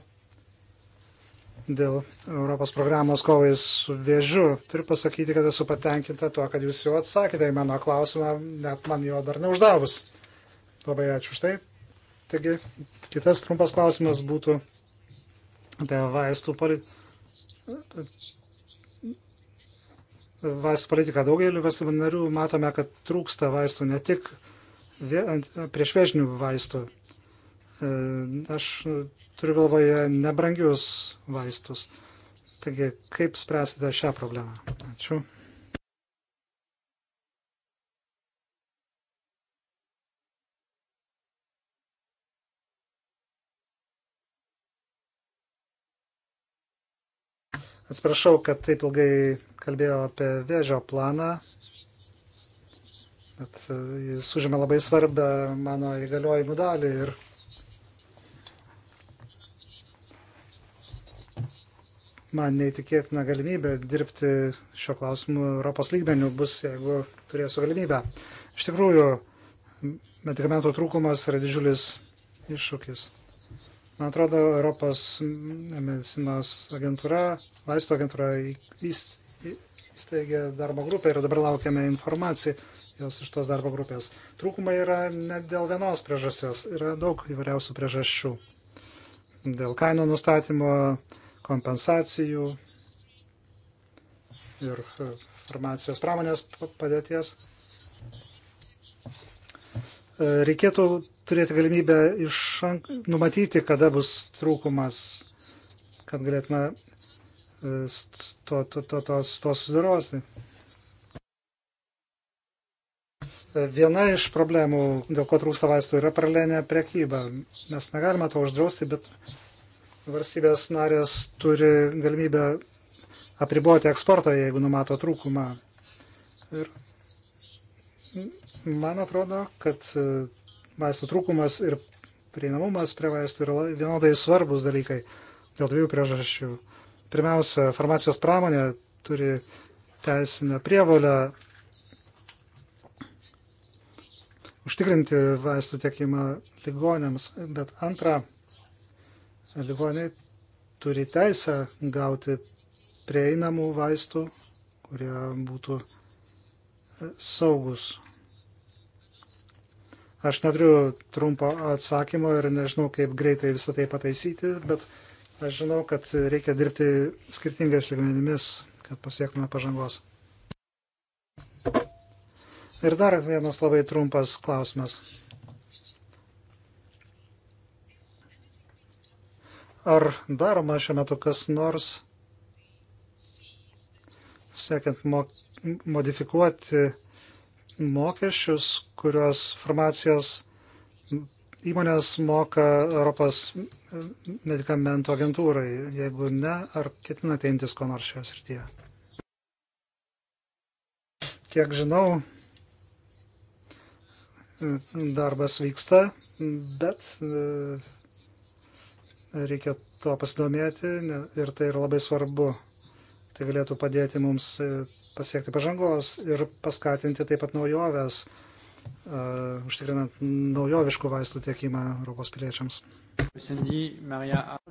Speaker 1: dėl Europos programos kovai su vėžiu. Turiu pasakyti, kad esu patenkinta tuo, kad jūs jau atsakėte į mano klausimą, net man jo dar neuždavus. Labai ačiū už tai. Taigi, kitas trumpas klausimas būtų apie vaistų politiką. Vaistų politika. Daugelį valstybių narių matome, kad trūksta vaistų ne tik priešvežinių vaistų. E, aš turiu galvoje nebrangius vaistus. Taigi, kaip spręsite šią problemą? Ačiū. Atsiprašau, kad taip ilgai kalbėjau apie vėžio planą, bet jis užima labai svarbę mano įgaliojimų dalį ir man neįtikėtina galimybė dirbti šio klausimu Europos lygmenių bus, jeigu turėsiu galimybę. Iš tikrųjų, medikamentų trūkumas yra didžiulis iššūkis. Man atrodo, Europos medicinos agentūra, vaisto agentūra įsteigė darbo grupę ir dabar laukiame informaciją jos iš tos darbo grupės. Trūkumai yra ne dėl vienos priežasties, yra daug įvairiausių priežasčių. Dėl kainų nustatymo, kompensacijų ir farmacijos pramonės padėties. Reikėtų turėti galimybę iš numatyti, kada bus trūkumas, kad galėtume to, to, to, to, to susidarosni. Viena iš problemų, dėl ko trūksta vaistų, yra paralelinė prekyba. Mes negalime to uždrausti, bet valstybės narės turi galimybę apriboti eksportą, jeigu numato trūkumą. Ir man atrodo, kad e, vaistų trūkumas ir prieinamumas prie vaistų yra vienodai svarbus dalykai dėl dviejų priežasčių. Pirmiausia, farmacijos pramonė turi teisinę prievalę užtikrinti vaistų tiekimą ligonėms, bet antra, ligoniai turi teisę gauti prieinamų vaistų, kurie būtų e, saugus. Aš neturiu trumpo atsakymo ir nežinau, kaip greitai visą tai pataisyti, bet aš žinau, kad reikia dirbti skirtingais lygmenimis, kad pasiektume pažangos. Ir dar vienas labai trumpas klausimas. Ar daroma šiuo metu kas nors, siekiant mo modifikuoti mokesčius, kuriuos farmacijos įmonės moka Europos medikamentų agentūrai? Jeigu ne, ar ketinate imtis ko nors šioje srityje? Kiek žinau, darbas vyksta, bet reikia tuo pasidomėti ir tai yra labai svarbu. Tai galėtų padėti mums e, pasiekti pažangos ir paskatinti taip pat naujoves, e, užtikrinant naujoviškų vaistų tiekimą Europos piliečiams.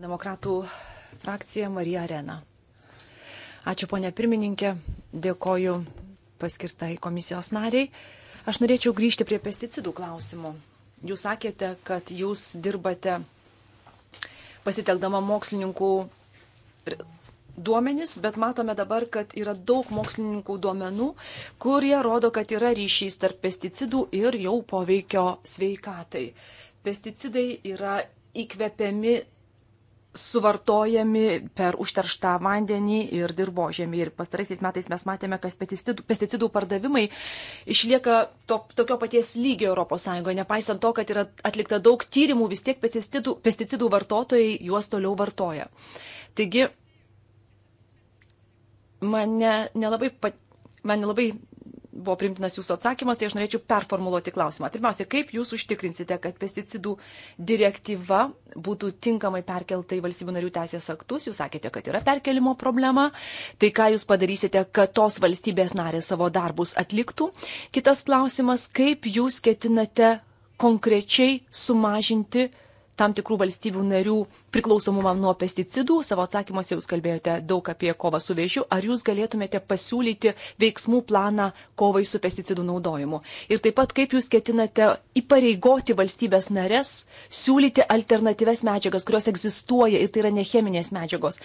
Speaker 2: Demokratų frakcija Marija Arena. Ačiū ponė pirmininkė, dėkoju paskirtai komisijos nariai. Aš norėčiau grįžti prie pesticidų klausimų. Jūs sakėte, kad jūs dirbate pasitelkdama mokslininkų duomenis, bet matome dabar, kad yra daug mokslininkų duomenų, kurie rodo, kad yra ryšys tarp pesticidų ir jau poveikio sveikatai. Pesticidai yra įkvepiami suvartojami per užterštą vandenį ir dirbožėmį. Ir pastaraisiais metais mes matėme, kad pesticidų, pesticidų pardavimai išlieka to, tokio paties lygio ES. Nepaisant to, kad yra atlikta daug tyrimų, vis tiek pesticidų, pesticidų vartotojai juos toliau vartoja. Taigi, mane nelabai, man nelabai buvo primtinas jūsų atsakymas, tai aš norėčiau performuluoti klausimą. Pirmiausia, kaip jūs užtikrinsite, kad pesticidų direktyva būtų tinkamai perkelta į valstybių narių teisės aktus? Jūs sakėte, kad yra perkelimo problema. Tai ką jūs padarysite, kad tos valstybės narės savo darbus atliktų? Kitas klausimas, kaip jūs ketinate konkrečiai sumažinti pesticidų tam tikrų valstybių narių priklausomumą nuo pesticidų. Savo atsakymuose jūs kalbėjote daug apie kovą su vėžiu. Ar jūs galėtumėte pasiūlyti veiksmų planą kovai su pesticidų naudojimu? Ir taip pat, kaip jūs ketinate įpareigoti valstybės nares siūlyti alternatyves medžiagas, kurios egzistuoja ir tai yra necheminės medžiagos?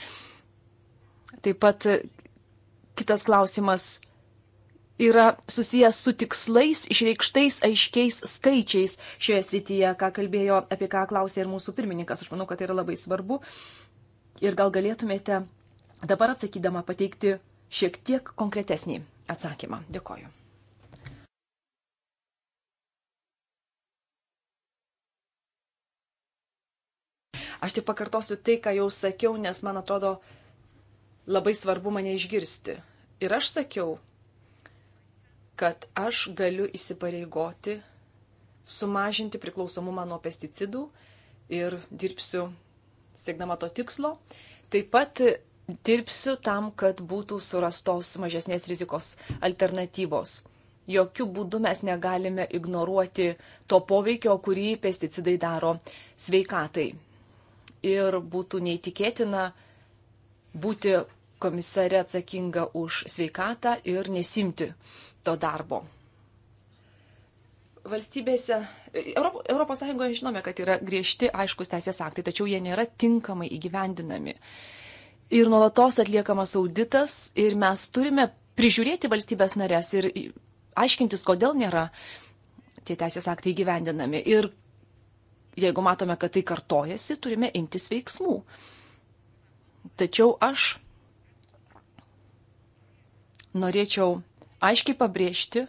Speaker 2: Taip pat kitas klausimas yra susijęs su tikslais išreikštais aiškiais skaičiais šioje srityje, ką kalbėjo, apie ką klausė ir mūsų pirmininkas. Aš manau, kad tai yra labai svarbu. Ir gal galėtumėte dabar atsakydama pateikti šiek tiek konkretesnį atsakymą. Dėkoju. Aš tik pakartosiu tai, ką jau sakiau, nes man atrodo labai svarbu mane išgirsti. Ir aš sakiau, kad aš galiu įsipareigoti sumažinti priklausomumą nuo pesticidų ir dirbsiu siekdama to tikslo. Taip pat dirbsiu tam, kad būtų surastos mažesnės rizikos alternatyvos. Jokių būdų mes negalime ignoruoti to poveikio, kurį pesticidai daro sveikatai. Ir būtų neįtikėtina būti komisare atsakinga už sveikatą ir nesimti to darbo. Valstybėse, Europos Sąjungoje žinome, kad yra griežti aiškus teisės aktai, tačiau jie nėra tinkamai įgyvendinami. Ir nuolatos atliekamas auditas ir mes turime prižiūrėti valstybės narės ir aiškintis, kodėl nėra tie teisės aktai įgyvendinami. Ir jeigu matome, kad tai kartojasi, turime imtis veiksmų. Tačiau aš norėčiau aiškiai pabrėžti,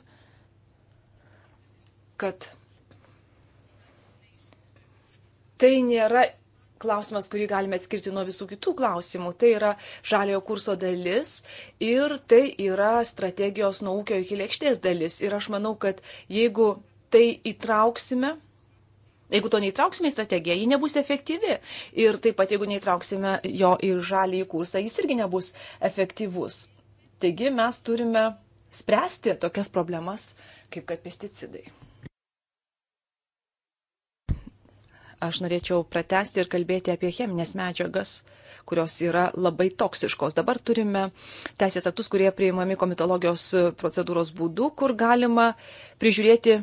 Speaker 2: kad tai nėra klausimas, kurį galime atskirti nuo visų kitų klausimų. Tai yra žaliojo kurso dalis ir tai yra strategijos nuo ūkio iki lėkštės dalis. Ir aš manau, kad jeigu tai įtrauksime, jeigu to neįtrauksime į strategiją, ji nebus efektyvi. Ir taip pat, jeigu neįtrauksime jo į žalį į kursą, jis irgi nebus efektyvus. Taigi mes turime spręsti tokias problemas, kaip kad pesticidai. Aš norėčiau pratesti ir kalbėti apie cheminės medžiagas, kurios yra labai toksiškos. Dabar turime teisės aktus, kurie priimami komitologijos procedūros būdu, kur galima prižiūrėti,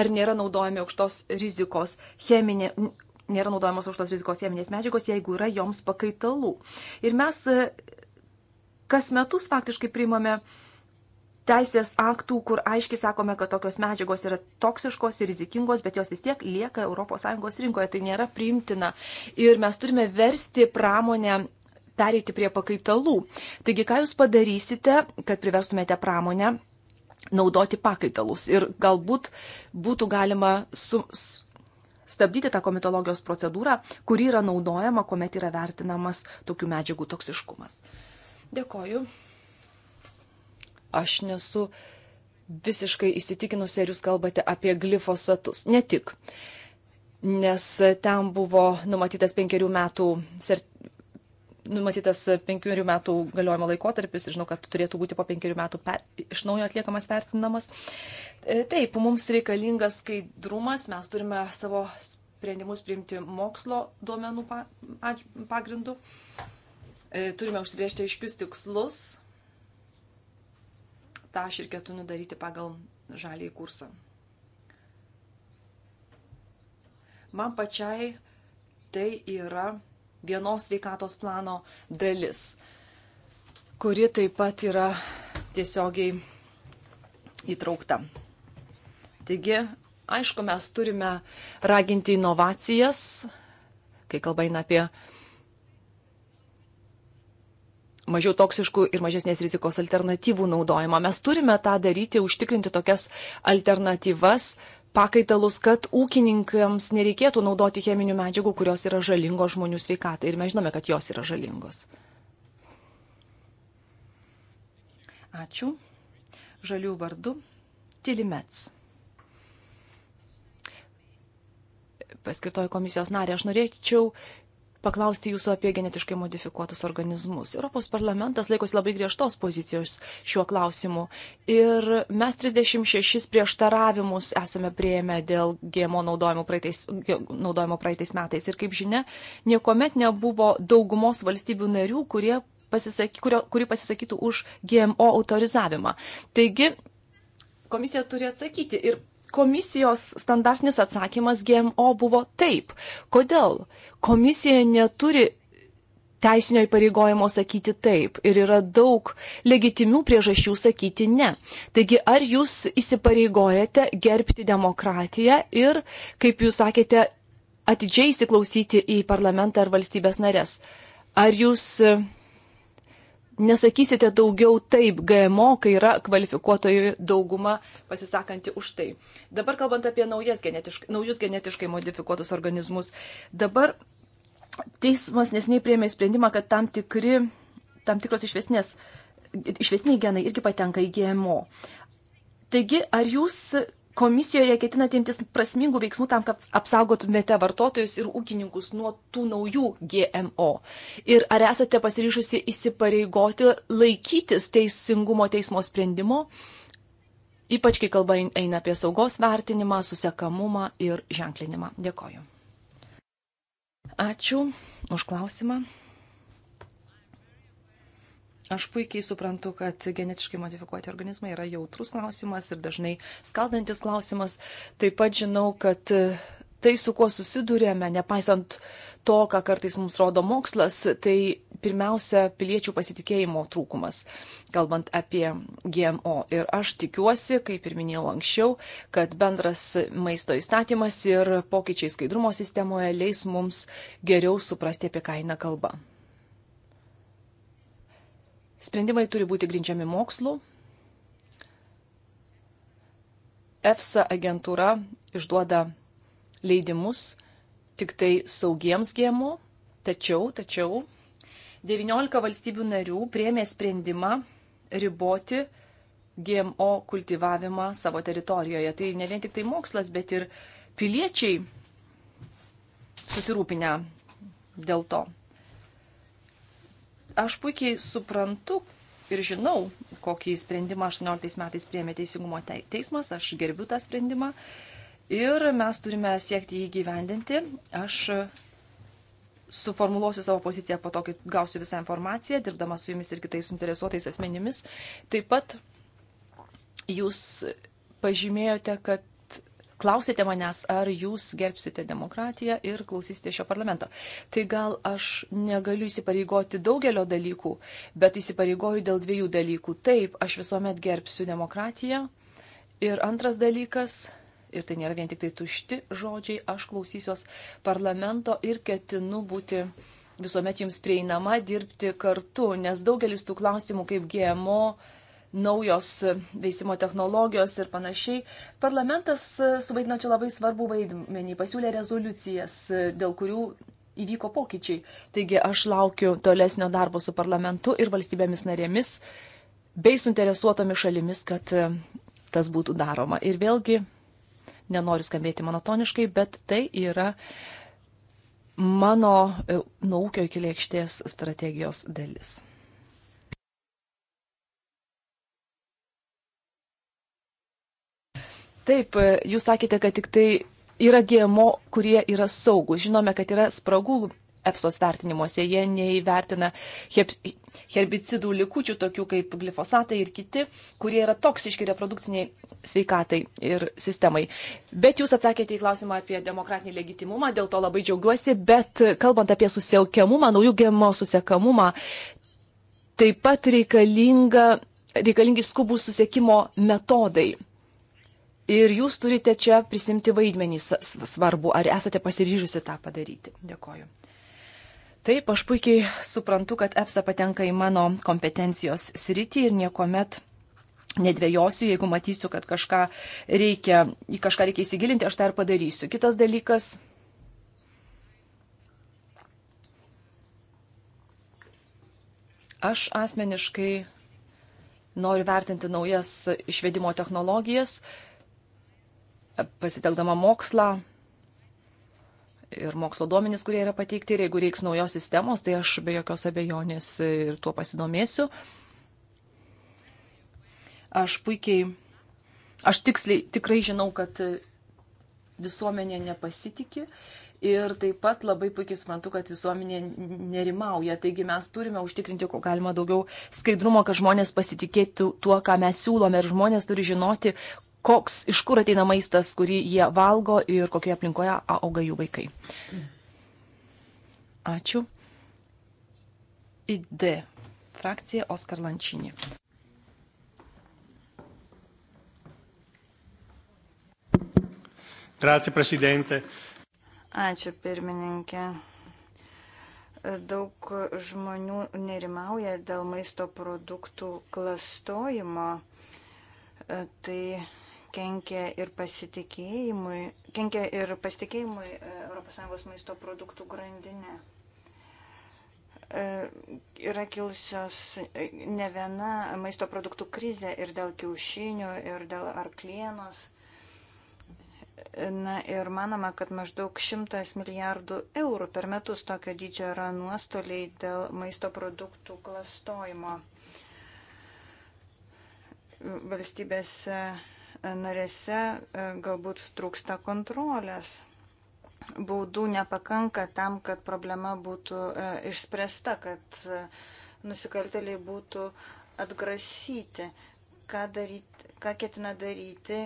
Speaker 2: ar nėra naudojami aukštos rizikos cheminė, nėra naudojamos aukštos rizikos cheminės medžiagos, jeigu yra joms pakaitalų. Ir mes kas metus faktiškai priimame teisės aktų, kur aiškiai sakome, kad tokios medžiagos yra toksiškos ir rizikingos, bet jos vis tiek lieka ES rinkoje, tai nėra priimtina. Ir mes turime versti pramonę pereiti prie pakaitalų. Taigi, ką jūs padarysite, kad priverstumėte pramonę naudoti pakaitalus ir galbūt būtų galima su, stabdyti tą komitologijos procedūrą, kuri yra naudojama, kuomet yra vertinamas tokių medžiagų toksiškumas. Dėkoju. Aš nesu visiškai įsitikinusi, ar jūs kalbate apie glifosatus. Ne tik. Nes ten buvo numatytas penkerių metų sert numatytas penkerių metų galiojimo laikotarpis ir žinau, kad turėtų būti po penkerių metų per, iš naujo atliekamas vertinamas. E, taip, mums reikalingas skaidrumas, mes turime savo sprendimus priimti mokslo duomenų pagrindu. Pa E, turime užsibriežti aiškius tikslus. Ta aš ir ketinu daryti pagal žalį kursą. Man pačiai tai yra vienos veikatos plano dalis, kuri taip pat yra tiesiogiai įtraukta. Taigi, aišku, mes turime raginti inovacijas, kai kalba eina apie mažiau toksiškų ir mažesnės rizikos alternatyvų naudojimą. Mes turime tą daryti, užtikrinti tokias alternatyvas pakaitalus, kad ūkininkams nereikėtų naudoti cheminių medžiagų, kurios yra žalingos žmonių sveikatai. Ir mes žinome, kad jos yra žalingos. Ačiū. Žalių vardu Tilimets. Paskirtoji komisijos narė, aš norėčiau paklausti jūsų apie genetiškai modifikuotus organizmus. Europos parlamentas laikosi labai griežtos pozicijos šiuo klausimu. Ir mes 36 prieštaravimus esame prieėmę dėl GMO naudojimo praeitais, naudojimo praeitais metais. Ir kaip žinia, niekuomet nebuvo daugumos valstybių narių, kurie pasisaky, kurio, kuri pasisakytų už GMO autorizavimą. Taigi, komisija turi atsakyti ir komisijos standartinis atsakymas GMO buvo taip. Kodėl? Komisija neturi teisinio įpareigojimo sakyti taip ir yra daug legitimių priežasčių sakyti ne. Taigi, ar jūs įsipareigojate gerbti demokratiją ir, kaip jūs sakėte, atidžiai įsiklausyti į parlamentą ar valstybės narės? Ar jūs nesakysite daugiau taip GMO, kai yra kvalifikuotojų dauguma pasisakanti už tai. Dabar kalbant apie genetiškai, naujus genetiškai modifikuotus organizmus, dabar teismas nesiniai priėmė sprendimą, kad tam, tikri, tam tikros išvesnės, išvesniai genai irgi patenka į GMO. Taigi, ar jūs komisijoje ketinate imtis prasmingų veiksmų tam, kad apsaugotumėte vartotojus ir ūkininkus nuo tų naujų GMO? Ir ar esate pasiryšusi įsipareigoti laikytis teisingumo teismo sprendimo, ypač kai kalba eina apie saugos vertinimą, susekamumą ir ženklinimą? Dėkoju. Ačiū už klausimą. Aš puikiai suprantu, kad genetiškai modifikuoti organizmai yra jautrus klausimas ir dažnai skaldantis klausimas. Taip pat žinau, kad tai, su kuo susidurėme, nepaisant to, ką kartais mums rodo mokslas, tai pirmiausia piliečių pasitikėjimo trūkumas, kalbant apie GMO. Ir aš tikiuosi, kaip ir minėjau anksčiau, kad bendras maisto įstatymas ir pokyčiai skaidrumo sistemoje leis mums geriau suprasti, apie ką eina kalba. Sprendimai turi būti grindžiami mokslu. EFSA agentūra išduoda leidimus tik tai saugiems gėmų, tačiau, tačiau 19 valstybių narių priemė sprendimą riboti GMO kultivavimą savo teritorijoje. Tai ne vien tik tai mokslas, bet ir piliečiai susirūpinę dėl to. Aš puikiai suprantu ir žinau, kokį sprendimą 18 metais priemė Teisingumo teismas, aš gerbiu tą sprendimą ir mes turime siekti jį gyvendinti. Aš suformuluosiu savo poziciją po to, kai gausiu visą informaciją, dirbdama su jumis ir kitais suinteresuotais asmenimis. Taip pat jūs pažymėjote, kad klausėte manęs, ar jūs gerbsite demokratiją ir klausysite šio parlamento. Tai gal aš negaliu įsipareigoti daugelio dalykų, bet įsipareigoju dėl dviejų dalykų. Taip, aš visuomet gerbsiu demokratiją. Ir antras dalykas, ir tai nėra vien tik tai tušti žodžiai, aš klausysiuos parlamento ir ketinu būti visuomet jums prieinama dirbti kartu, nes daugelis tų klausimų kaip GMO, naujos veisimo technologijos ir panašiai. Parlamentas e, suvaidino čia labai svarbu vaidmenį, pasiūlė rezoliucijas, e, dėl kurių įvyko pokyčiai. Taigi aš laukiu tolesnio darbo su parlamentu ir valstybėmis narėmis bei suinteresuotomis šalimis, kad e, tas būtų daroma. Ir vėlgi, nenoriu skambėti monotoniškai, bet tai yra mano naukio iki lėkštės strategijos dalis. Taip, e, jūs sakėte, kad tik tai yra GMO, kurie yra saugus. Žinome, kad yra spragų EFSOS vertinimuose. Jie neįvertina herbicidų likučių, tokių kaip glifosatai ir kiti, kurie yra toksiški reprodukciniai sveikatai ir sistemai. Bet jūs atsakėte į klausimą apie demokratinį legitimumą, dėl to labai džiaugiuosi, bet kalbant apie susiekiamumą, naujų GMO susiekamumą, taip pat reikalinga, reikalingi skubų susiekimo metodai Ir jūs turite čia prisimti vaidmenį svarbu, ar esate pasiryžusi tą padaryti. Dėkoju. Taip, aš puikiai suprantu, kad EFSA patenka į mano kompetencijos sritį ir niekuomet nedvėjosiu, jeigu matysiu, kad kažką reikia, į kažką reikia įsigilinti, aš tą ir padarysiu. Kitas dalykas. Aš asmeniškai noriu vertinti naujas išvedimo technologijas pasitelkdama mokslą ir mokslo duomenys, kurie yra pateikti. Ir jeigu reiks naujos sistemos, tai aš be jokios abejonės ir tuo pasidomėsiu. Aš puikiai, aš tiksliai, tikrai žinau, kad visuomenė nepasitikė. Ir taip pat labai puikiai suprantu, kad visuomenė nerimauja. Taigi mes turime užtikrinti, kuo galima daugiau skaidrumo, kad žmonės pasitikėtų tuo, ką mes siūlome. Ir žmonės turi žinoti, koks, iš kur ateina maistas, kurį jie valgo ir kokioje aplinkoje auga jų vaikai. Ačiū. ID frakcija Oskar Lančinė.
Speaker 1: Grazie, Presidente.
Speaker 3: Ačiū, pirmininkė. Daug žmonių nerimauja dėl maisto produktų klastojimo tai kenkia ir pasitikėjimui, kenkia ir pasitikėjimui ES maisto produktų grandinė. E, yra kilusios e, ne viena maisto produktų krizė ir dėl kiaušinių, ir dėl arklienos. E, na ir manoma, kad maždaug 100 milijardų eurų per metus tokio dydžio yra nuostoliai dėl maisto produktų klastojimo valstybėse narėse e, galbūt trūksta kontrolės. Baudų nepakanka tam, kad problema būtų e, išspręsta, kad e, nusikalteliai būtų atgrasyti. Ką, daryti, ką ketina daryti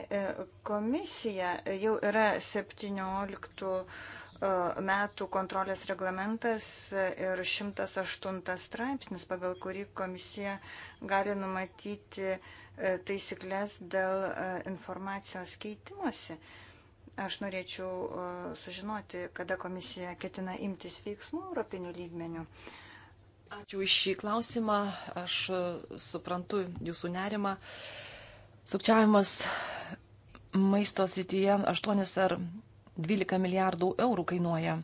Speaker 3: komisija? Jau yra 17 E, metų kontrolės reglamentas ir 108 straipsnis, pagal kurį komisija gali numatyti e, taisyklės dėl e, informacijos keitimosi. Aš norėčiau sužinoti, kada komisija
Speaker 2: ketina imtis veiksmų europinių lygmenių. Ačiū iš šį klausimą. Aš suprantu jūsų nerimą. Sukčiavimas maisto srityje 8 ar 12 milijardų eurų kainuoja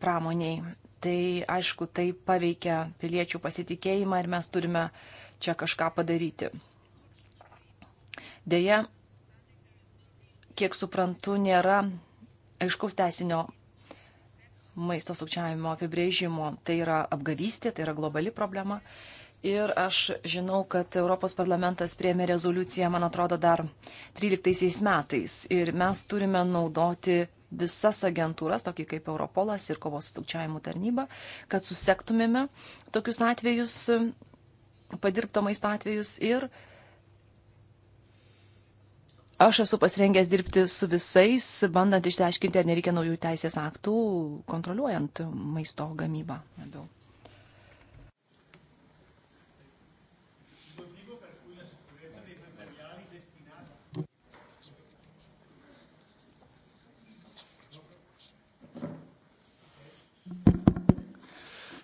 Speaker 2: pramoniai. Tai aišku, tai paveikia piliečių pasitikėjimą ir mes turime čia kažką padaryti. Deja, kiek suprantu, nėra aiškaus teisinio maisto sukčiavimo apibrėžimo. Tai yra apgavystė, tai yra globali problema. Ir aš žinau, kad Europos parlamentas priemė rezoliuciją, man atrodo, dar 13 metais. Ir mes turime naudoti visas agentūras, tokį kaip Europolas ir kovos su sukčiavimu tarnyba, kad susektumėme tokius atvejus, padirbto maisto atvejus. Ir aš esu pasirengęs dirbti su visais, bandant išsiaiškinti, ar nereikia naujų teisės aktų, kontroliuojant maisto gamybą labiau.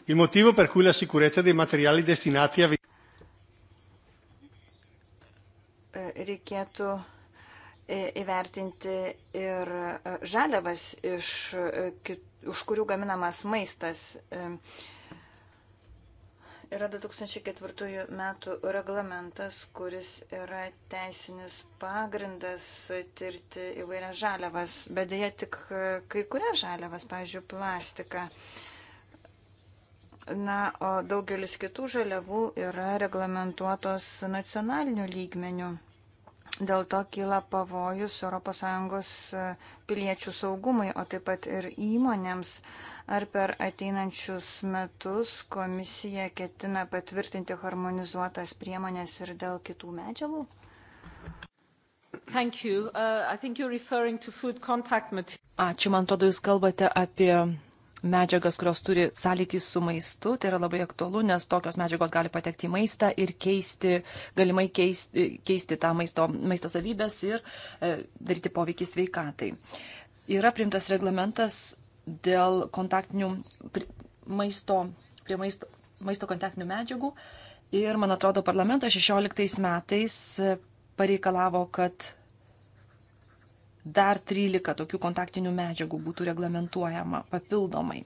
Speaker 1: Il motivo per cui la sicurezza dei materiali destinati a e,
Speaker 3: reikėtų e, įvertinti ir e, žaliavas, iš, iš kurių gaminamas maistas. Yra 2004 metų reglamentas, kuris yra teisinis pagrindas tirti įvairias žaliavas, bet dėja tik kai kurias žaliavas, pavyzdžiui, plastiką. Uh, Na, o daugelis kitų žaliavų yra reglamentuotos nacionaliniu lygmeniu. Dėl to kyla pavojus ES e, piliečių saugumai, o taip pat ir įmonėms. Ar per ateinančius metus komisija ketina patvirtinti harmonizuotas priemonės ir dėl kitų medžiagų?
Speaker 2: Uh, Ačiū, man atrodo, jūs kalbate apie medžiagas, kurios turi sąlytį su maistu. Tai yra labai aktualu, nes tokios medžiagos gali patekti į maistą ir keisti, galimai keisti, keisti tą maisto, maisto savybės ir e, daryti poveikį sveikatai. Yra primtas reglamentas dėl kontaktinių maisto, prie maisto, maisto kontaktinių medžiagų. Ir, man atrodo, parlamentas 16 metais pareikalavo, kad dar 13 tokių kontaktinių medžiagų būtų reglamentuojama papildomai.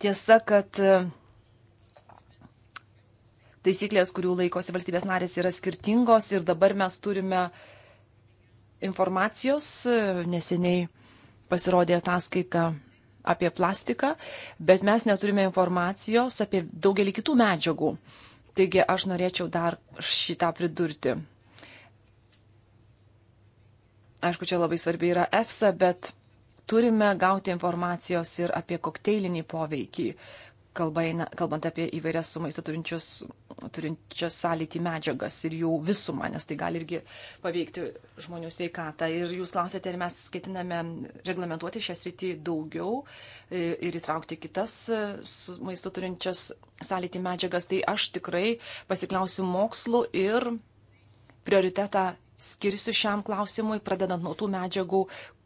Speaker 2: Tiesa, kad e, taisyklės, kurių laikosi valstybės narės, yra skirtingos ir dabar mes turime informacijos, e, neseniai pasirodė ataskaita apie plastiką, bet mes neturime informacijos apie daugelį kitų medžiagų. Taigi aš norėčiau dar šitą pridurti. Aišku, čia labai svarbi yra EFSA, bet turime gauti informacijos ir apie kokteilinį poveikį, kalbaina, kalbant apie įvairias su maistu turinčias sąlytį medžiagas ir jų visumą, nes tai gali irgi paveikti žmonių sveikatą. Ir jūs klausėte, ar mes ketiname reglamentuoti šią sritį daugiau e, ir įtraukti kitas e, su maistu turinčias sąlytį medžiagas, tai aš tikrai pasikliausiu mokslu ir prioritetą skirsiu šiam klausimui, pradedant nuo tų medžiagų,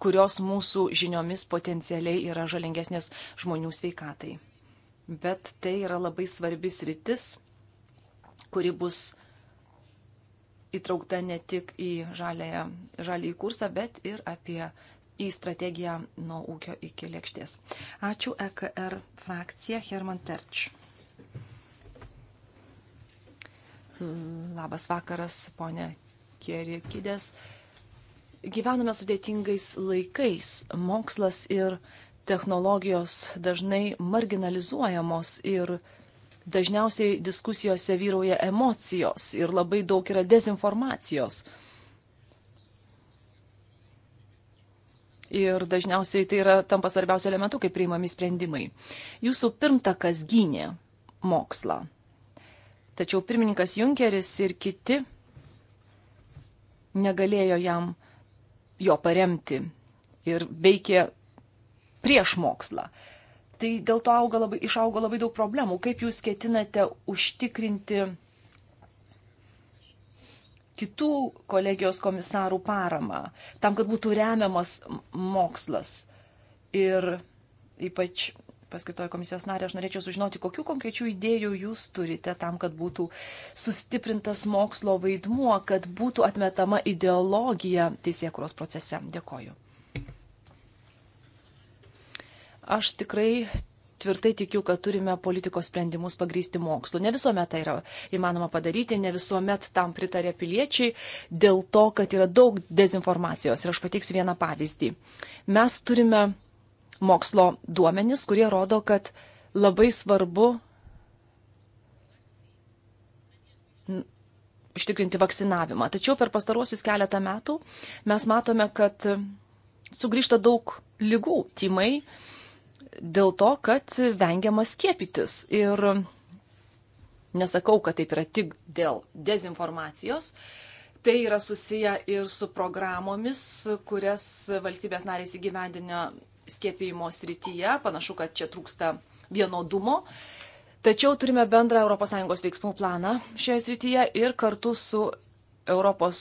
Speaker 2: kurios mūsų žiniomis potencialiai yra žalingesnės žmonių sveikatai. Bet tai yra labai svarbi sritis, kuri bus įtraukta ne tik į žalėje, žalį kursą, bet ir apie į strategiją nuo ūkio iki lėkštės. Ačiū EKR frakcija Herman Terč. Labas vakaras, ponė Kierikidės. Gyvename sudėtingais laikais. Mokslas ir technologijos dažnai marginalizuojamos ir dažniausiai diskusijose vyrauja emocijos ir labai daug yra dezinformacijos. Ir dažniausiai tai yra tampa svarbiausiu elementu, kai priimami sprendimai. Jūsų pirmtakas gynė mokslą. Tačiau pirmininkas Junkeris ir kiti negalėjo jam jo paremti ir veikė prieš mokslą. Tai dėl to auga labai, išaugo labai daug problemų. Kaip jūs ketinate užtikrinti kitų kolegijos komisarų paramą, tam, kad būtų remiamas mokslas ir ypač paskirtojo komisijos narė, aš norėčiau sužinoti, kokiu konkrečiu idėjų jūs turite tam, kad būtų sustiprintas mokslo vaidmuo, kad būtų atmetama ideologija teisėkuros procese. Dėkoju. Aš tikrai tvirtai tikiu, kad turime politikos sprendimus pagrysti mokslu. Ne visuomet tai yra įmanoma padaryti, ne visuomet tam pritarė piliečiai, dėl to, kad yra daug dezinformacijos. Ir aš pateiksiu vieną pavyzdį. Mes turime mokslo duomenys, kurie rodo, kad labai svarbu užtikrinti vakcinavimą. Tačiau per pastaruosius keletą metų mes matome, kad sugrįžta daug lygų timai dėl to, kad vengiama skiepytis. Ir nesakau, kad taip yra tik dėl dezinformacijos. Tai yra susiję ir su programomis, kurias valstybės narės įgyvendina skiepijimo srityje. Panašu, kad čia trūksta vienodumo. Tačiau turime bendrą ES veiksmų planą šioje srityje ir kartu su Europos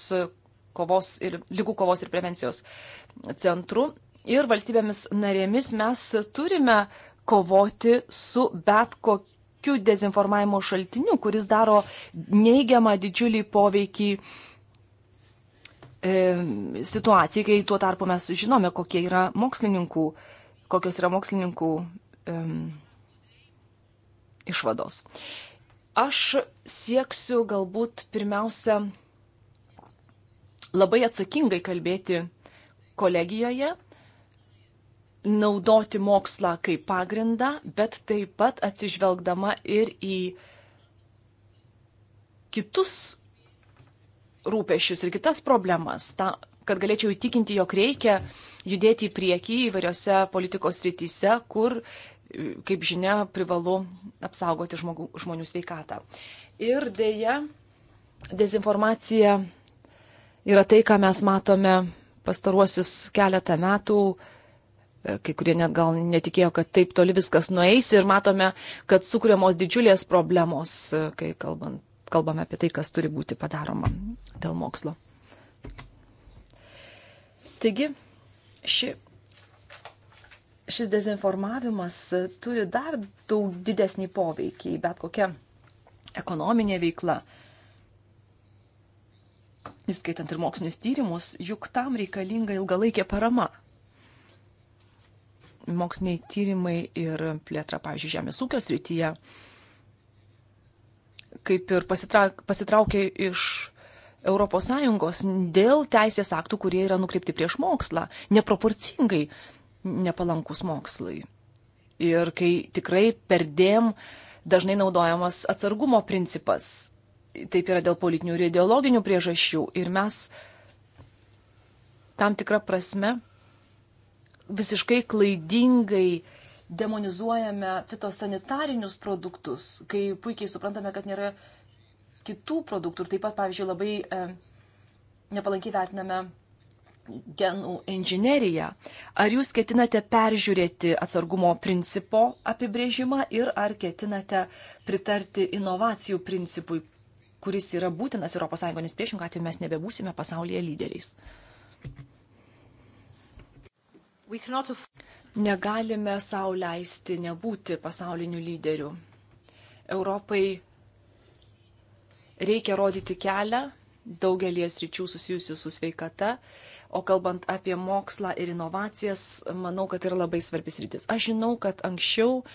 Speaker 2: kovos ir, lygų kovos ir prevencijos centru ir valstybėmis narėmis mes turime kovoti su bet kokiu dezinformavimo šaltiniu, kuris daro neigiamą didžiulį poveikį uh, E, situacijai, kai tuo tarpu mes žinome, kokie yra mokslininkų, kokios yra mokslininkų um, išvados. Aš sieksiu galbūt pirmiausia labai atsakingai kalbėti kolegijoje, naudoti mokslą kaip pagrindą, bet taip pat atsižvelgdama ir į kitus rūpešius ir kitas problemas, ta, kad galėčiau įtikinti, jog reikia judėti į priekį įvairiose politikos rytise, kur, kaip žinia, privalu apsaugoti žmogų, žmonių sveikatą. Ir dėja, dezinformacija yra tai, ką mes matome pastaruosius keletą metų. Kai kurie net gal netikėjo, kad taip toli viskas nueis ir matome, kad sukūriamos didžiulės problemos, kai kalbant kalbame apie tai, kas turi būti padaroma dėl mokslo. Taigi, ši, šis dezinformavimas turi dar daug didesnį poveikį, bet kokia ekonominė veikla, įskaitant ir mokslinius tyrimus, juk tam reikalinga ilgalaikė parama. Moksliniai tyrimai ir plėtra, pavyzdžiui, žemės ūkio srityje kaip ir pasitrauk, pasitraukė iš ES dėl teisės aktų, kurie yra nukreipti prieš mokslą, neproporcingai nepalankus mokslai. Ir kai tikrai perdėm dažnai naudojamas atsargumo principas, taip yra dėl politinių ir ideologinių priežasčių. Ir mes tam tikrą prasme visiškai klaidingai uh, demonizuojame fitosanitarinius produktus, kai puikiai suprantame, kad nėra kitų produktų. Ir taip pat, pavyzdžiui, labai e, nepalankiai vertiname genų inžineriją. Ar jūs ketinate peržiūrėti atsargumo principo apibrėžimą ir ar ketinate pritarti inovacijų principui, kuris yra būtinas ES, nes priešingą atveju mes nebebūsime pasaulyje lyderiais? Negalime sau leisti nebūti pasauliniu lyderiu. Europai reikia rodyti kelią daugelį sričių susijusių su sveikata, o kalbant apie mokslą ir inovacijas, manau, kad tai yra labai svarbis rytis. Aš žinau, kad anksčiau uh,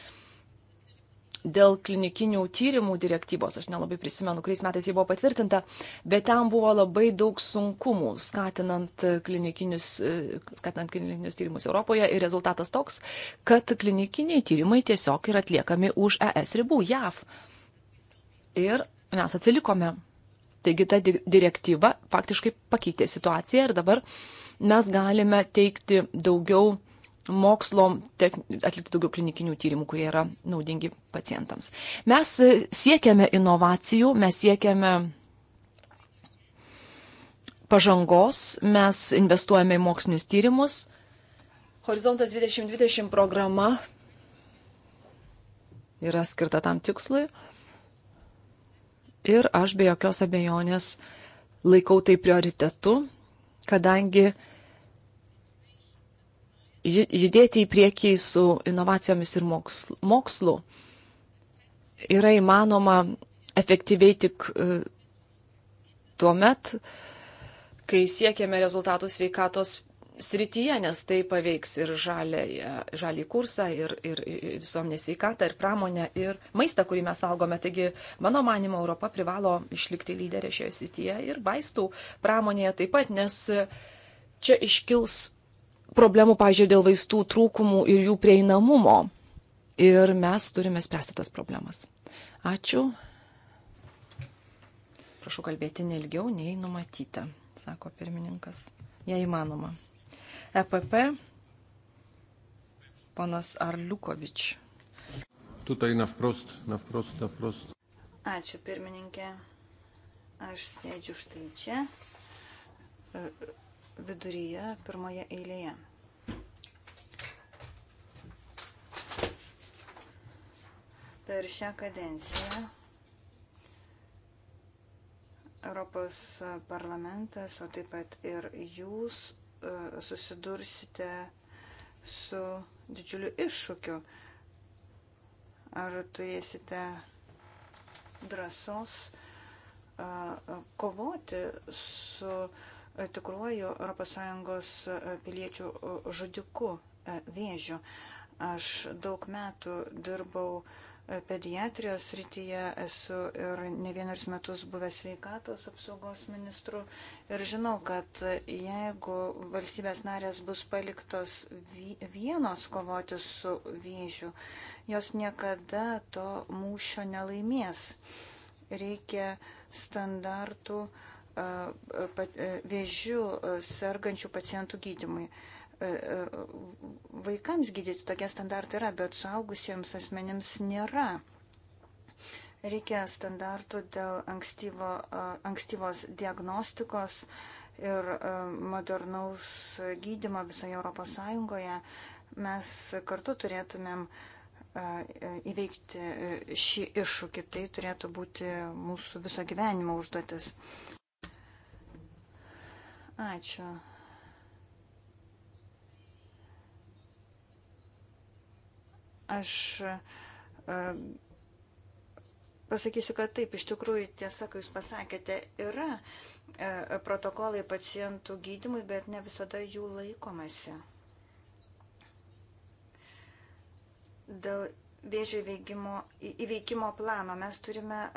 Speaker 2: dėl klinikinių tyrimų direktyvos, aš nelabai prisimenu, kuriais metais jie buvo patvirtinta, bet ten buvo labai daug sunkumų skatinant klinikinius, skatinant klinikinius tyrimus Europoje ir rezultatas toks, kad klinikiniai tyrimai tiesiog yra atliekami už ES ribų JAV. Ir mes atsilikome. Taigi ta di direktyva faktiškai pakeitė situaciją ir dabar mes galime teikti daugiau mokslo, tek, atlikti daugiau klinikinių tyrimų, kurie yra naudingi pacientams. Mes e, siekiame inovacijų, mes siekiame pažangos, mes investuojame į mokslinius tyrimus. Horizontas 2020 programa yra skirta tam tikslui. Ir aš be jokios abejonės laikau tai prioritetu, kadangi judėti į priekį su inovacijomis ir mokslu, mokslu yra įmanoma efektyviai tik e, tuo met, kai siekiame rezultatų sveikatos srityje, nes tai paveiks ir žalę, žalį kursą, ir, ir visuomenės sveikatą, ir pramonę, ir maistą, kurį mes valgome. Taigi, mano manimo, Europa privalo išlikti lyderė šioje srityje ir vaistų pramonėje taip pat, nes čia iškils problemų, pažiūrėjau, dėl vaistų trūkumų ir jų prieinamumo. Ir mes turime spręsti tas problemas. Ačiū. Prašau kalbėti nelgiau nei numatyta, sako pirmininkas. Jei įmanoma. EPP, ponas Arliukovič.
Speaker 3: Tutaj navprost, navprost, navprost. Ačiū pirmininkė. Aš sėdžiu štai čia viduryje, pirmoje eilėje. Per šią kadenciją Europos parlamentas, o taip pat ir jūs e, susidursite su didžiuliu iššūkiu. Ar turėsite drąsos e, kovoti su uh, tikruoju ES piliečių žudiku e, vėžiu. Aš daug metų dirbau e, pediatrijos srityje, esu ir ne vienerius metus buvęs sveikatos apsaugos ministru ir žinau, kad jeigu valstybės narės bus paliktos vienos kovoti su vėžiu, jos niekada to mūšio nelaimės. Reikia standartų uh, vėžių sergančių pacientų gydimui. Vaikams gydyti tokie standartai yra, bet suaugusiems asmenims nėra. Reikia standartų dėl ankstyvo, ankstyvos diagnostikos ir modernaus gydimo visoje Europos Sąjungoje. Mes kartu turėtumėm įveikti šį iššūkį. Tai turėtų būti mūsų viso gyvenimo užduotis. Ačiū. Aš e, pasakysiu, kad taip, iš tikrųjų tiesa, kai jūs pasakėte, yra e, protokolai pacientų gydimui, bet ne visada jų laikomasi. Dėl vėžio įveikimo, įveikimo plano mes turime e,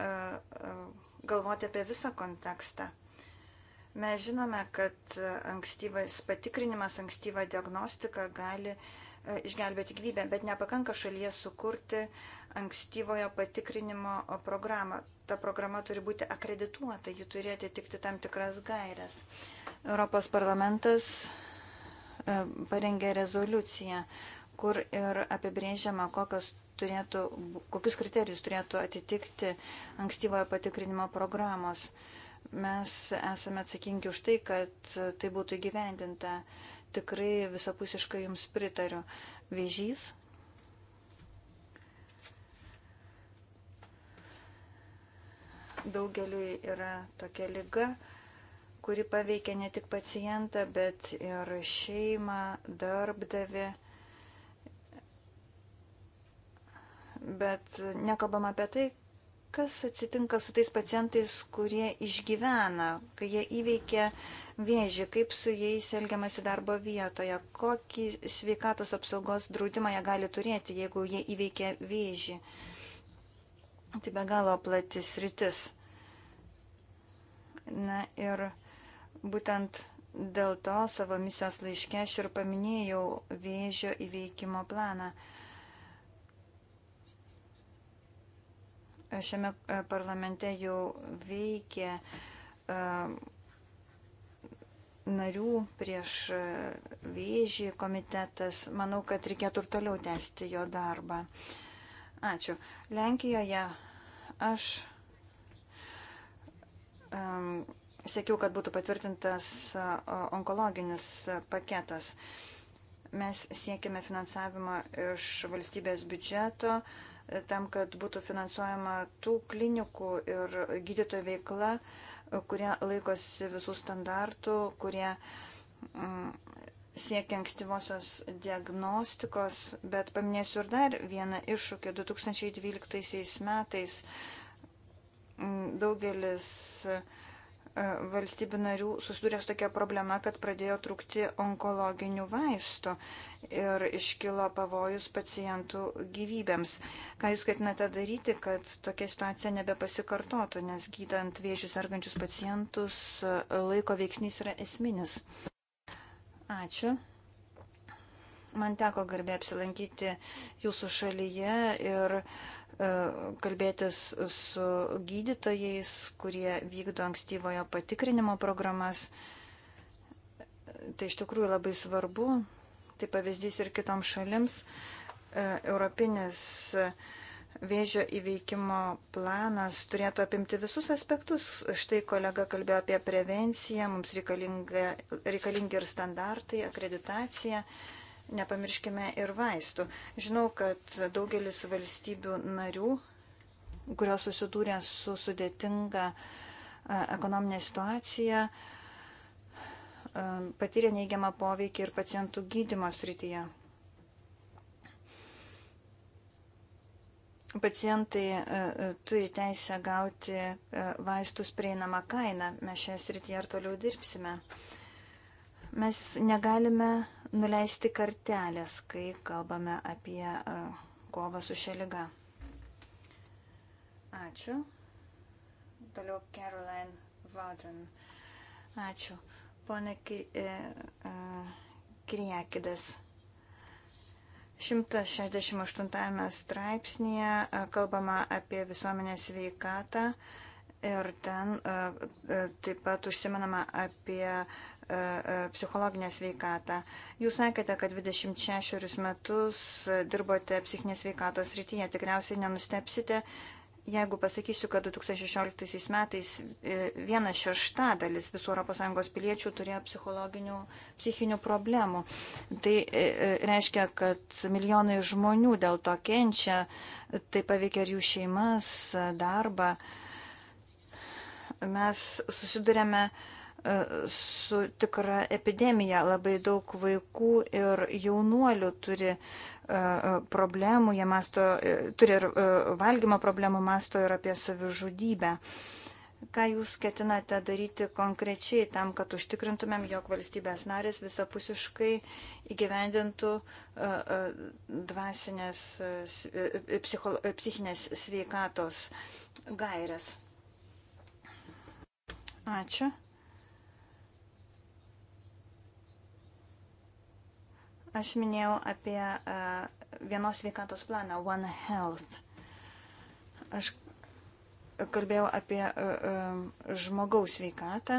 Speaker 3: galvoti apie visą kontekstą. Mes žinome, kad ankstyvas patikrinimas, ankstyva diagnostika gali e, išgelbėti gyvybę, bet nepakanka šalyje sukurti ankstyvojo patikrinimo programą. Ta programa turi būti akredituota, ji turi atitikti tam tikras gairias. Europos parlamentas e, parengė rezoliuciją, kur ir apibrėžiama, kokios turėtų, kokius kriterijus turėtų atitikti ankstyvojo patikrinimo programos mes esame atsakingi už tai, kad tai būtų įgyvendinta. Tikrai visapusiškai Jums pritariu. Vėžys. Daugeliui yra tokia lyga, kuri paveikia ne tik pacientą, bet ir šeimą, darbdavį. bet nekalbam apie tai, Kas atsitinka su tais pacientais, kurie išgyvena, kai jie įveikia vėžį, kaip su jais elgiamasi darbo vietoje, kokį sveikatos apsaugos draudimą jie gali turėti, jeigu jie įveikia vėžį. Tai be galo platis rytis. Na ir būtent dėl to savo misijos laiške aš ir paminėjau vėžio įveikimo planą. šiame e, parlamente jau veikė e, narių prieš e, vėžį komitetas. Manau, kad reikėtų ir toliau tęsti jo darbą. Ačiū. Lenkijoje aš um, sėkiau, kad būtų patvirtintas onkologinis paketas. Mes siekime finansavimo iš valstybės biudžeto. Uh, tam, kad būtų finansuojama tų klinikų ir gydytojų veikla, kurie laikosi visų standartų, kurie mm, siekia ankstyvosios diagnostikos, bet paminėsiu ir dar vieną iššūkį. 2012 metais mm, daugelis uh, E, valstybių narių susidūrė su tokia problema, kad pradėjo trūkti onkologinių vaistų ir iškilo pavojus pacientų gyvybėms. Ką jūs ketinate daryti, kad tokia situacija nebepasikartotų, nes gydant viešius argančius pacientus e, laiko veiksnys yra esminis? Ačiū. Man teko garbė apsilankyti jūsų šalyje ir e, kalbėtis su gydytojais, kurie vykdo ankstyvojo patikrinimo programas. Tai iš tikrųjų labai svarbu. Tai pavyzdys ir kitoms šalims. E, Europinis vėžio įveikimo planas turėtų apimti visus aspektus. Štai kolega kalbėjo apie prevenciją, mums reikalingi ir standartai, akreditacija. Uh, nepamirškime ir vaistų. Žinau, kad daugelis valstybių narių, kurios susidūrė su sudėtinga e, ekonominė situacija, e, patyrė neigiamą poveikį ir pacientų gydymo srityje. Pacientai e, turi teisę gauti vaistus prieinamą kainą. Mes šioje srityje ir toliau dirbsime. Mes negalime nuleisti kartelės, kai kalbame apie e, kovą su šia lyga. Ačiū. Toliau Caroline Vauden. Ačiū. Pone e, e, Kirjakidas. 168 straipsnėje kalbama apie visuomenės veikatą ir ten taip pat užsimenama apie E, e, psichologinę sveikatą. Jūs sakėte, kad 26 metus dirbote psichinės sveikatos rytyje. Tikriausiai nenustepsite, jeigu pasakysiu, kad 2016 metais e, vienas šeštadalis visų ES piliečių turėjo psichologinių, psichinių problemų. Tai reiškia, kad milijonai žmonių dėl to kenčia, tai paveikia ir jų šeimas, darbą. Mes susidurėme uh, E, su tikra epidemija. Labai daug vaikų ir jaunuolių turi e, e, problemų, jie masto, turi ir valgymo problemų, masto ir apie savižudybę. Ką jūs ketinate daryti konkrečiai tam, kad užtikrintumėm, jog valstybės narės visapusiškai įgyvendintų dvasinės, psicho, psichinės sveikatos gairias? Ačiū. Aš minėjau apie uh, vienos sveikatos planą One Health. Aš kalbėjau apie uh, uh, žmogaus sveikatą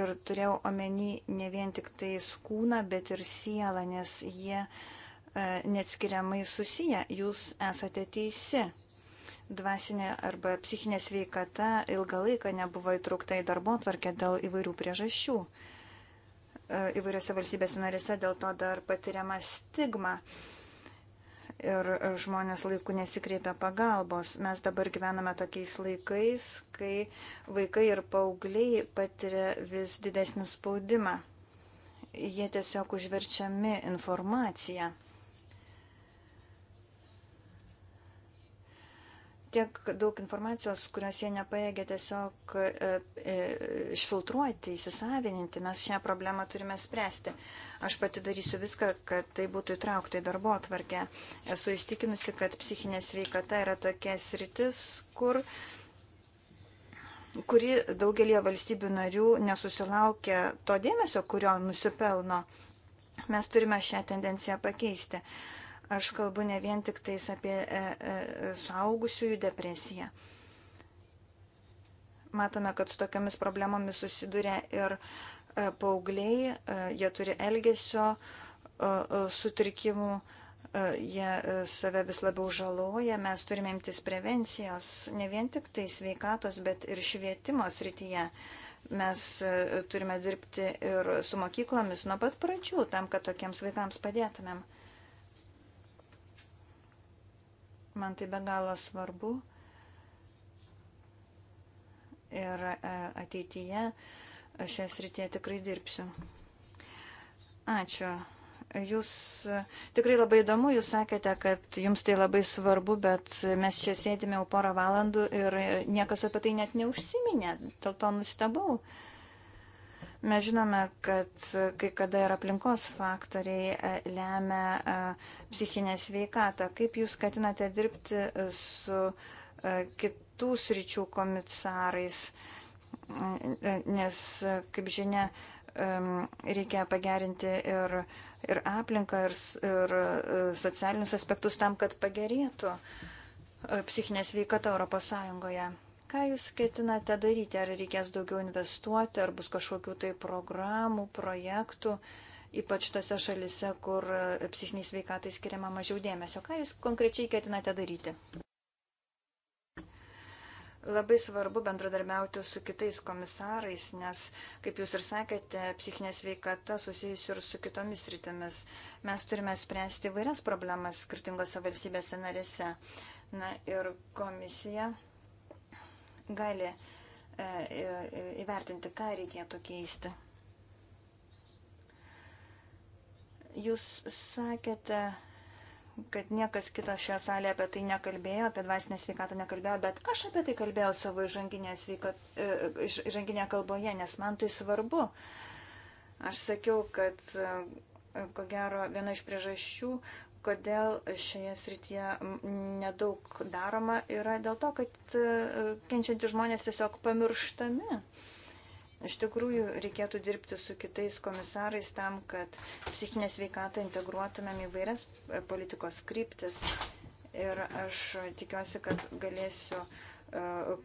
Speaker 3: ir turėjau omeny ne vien tik tais kūną, bet ir sielą, nes jie uh, neatskiriamai susiję. Jūs esate teisi. Dvasinė arba psichinė sveikata ilgą laiką nebuvo įtraukta į darbo tvarkę dėl įvairių priežasčių. Uh, E, įvairiose valstybėse narėse, dėl to dar patiriama stigma ir e, žmonės laiku nesikreipia pagalbos. Mes dabar gyvename tokiais laikais, kai vaikai ir paaugliai patiria vis didesnį spaudimą. Jie tiesiog užverčiami informaciją. tiek daug informacijos, kurios jie nepaėgė tiesiog e, e, išfiltruoti, įsisavininti. Mes šią problemą turime spręsti. Aš pati darysiu viską, kad tai būtų įtraukta į darbo atvarkę. Esu įstikinusi, kad psichinė sveikata yra tokia sritis, kur kuri daugelie valstybių narių nesusilaukia to dėmesio, kurio nusipelno. Mes turime šią tendenciją pakeisti. Uh, Aš kalbu ne vien tik tais apie e, e, suaugusiųjų depresiją. Matome, kad su tokiamis problemomis susiduria ir e, paaugliai, e, jie turi elgesio e, e sutrikimų, e, jie e, save vis labiau žaloja, mes turime imtis prevencijos ne vien tik tai sveikatos, bet ir švietimo srityje mes e, turime dirbti ir su mokyklomis nuo pat pradžių, tam, kad tokiems vaikams padėtumėm. Man tai be galo svarbu. Ir e, ateityje aš šią srityje tikrai dirbsiu. Ačiū. Jūs tikrai labai įdomu, jūs sakėte, kad jums tai labai svarbu, bet mes čia sėdime jau porą valandų ir niekas apie tai net neužsiminė, dėl to nustebau. Uh, Mes žinome, kad kai kada ir aplinkos faktoriai e, lemia e, psichinę sveikatą. Kaip jūs skatinate dirbti su e, kitų sričių komisarais? Nes, kaip žinia, reikia pagerinti ir, ir aplinką, ir, ir socialinius aspektus tam, kad pagerėtų psichinė sveikata Europos Sąjungoje. Ką jūs ketinate daryti? Ar reikės daugiau investuoti, ar bus kažkokių tai programų, projektų, ypač tose šalise, kur e, psichiniai sveikatai skiriama mažiau dėmesio? Ką jūs konkrečiai ketinate daryti? Labai svarbu bendradarbiauti su kitais komisarais, nes, kaip jūs ir sakėte, psichinė sveikata susijusi ir su kitomis rytimis. Mes turime spręsti vairias problemas skirtingose valstybėse narėse. Na ir komisija gali e, įvertinti, ką reikėtų keisti. Jūs sakėte, kad niekas kitas šioje salėje apie tai nekalbėjo, apie dvasinę sveikatą nekalbėjo, bet aš apie tai kalbėjau savo įžanginėje e, kalboje, nes man tai svarbu. Aš sakiau, kad e, ko gero viena iš priežasčių, kodėl šioje srityje nedaug daroma, yra dėl to, kad e, kenčiantys žmonės tiesiog pamirštami. Iš tikrųjų, reikėtų dirbti su kitais komisarais tam, kad psichinę sveikatą integruotumėm į vairias e, politikos kryptis. Ir aš tikiuosi, kad galėsiu e,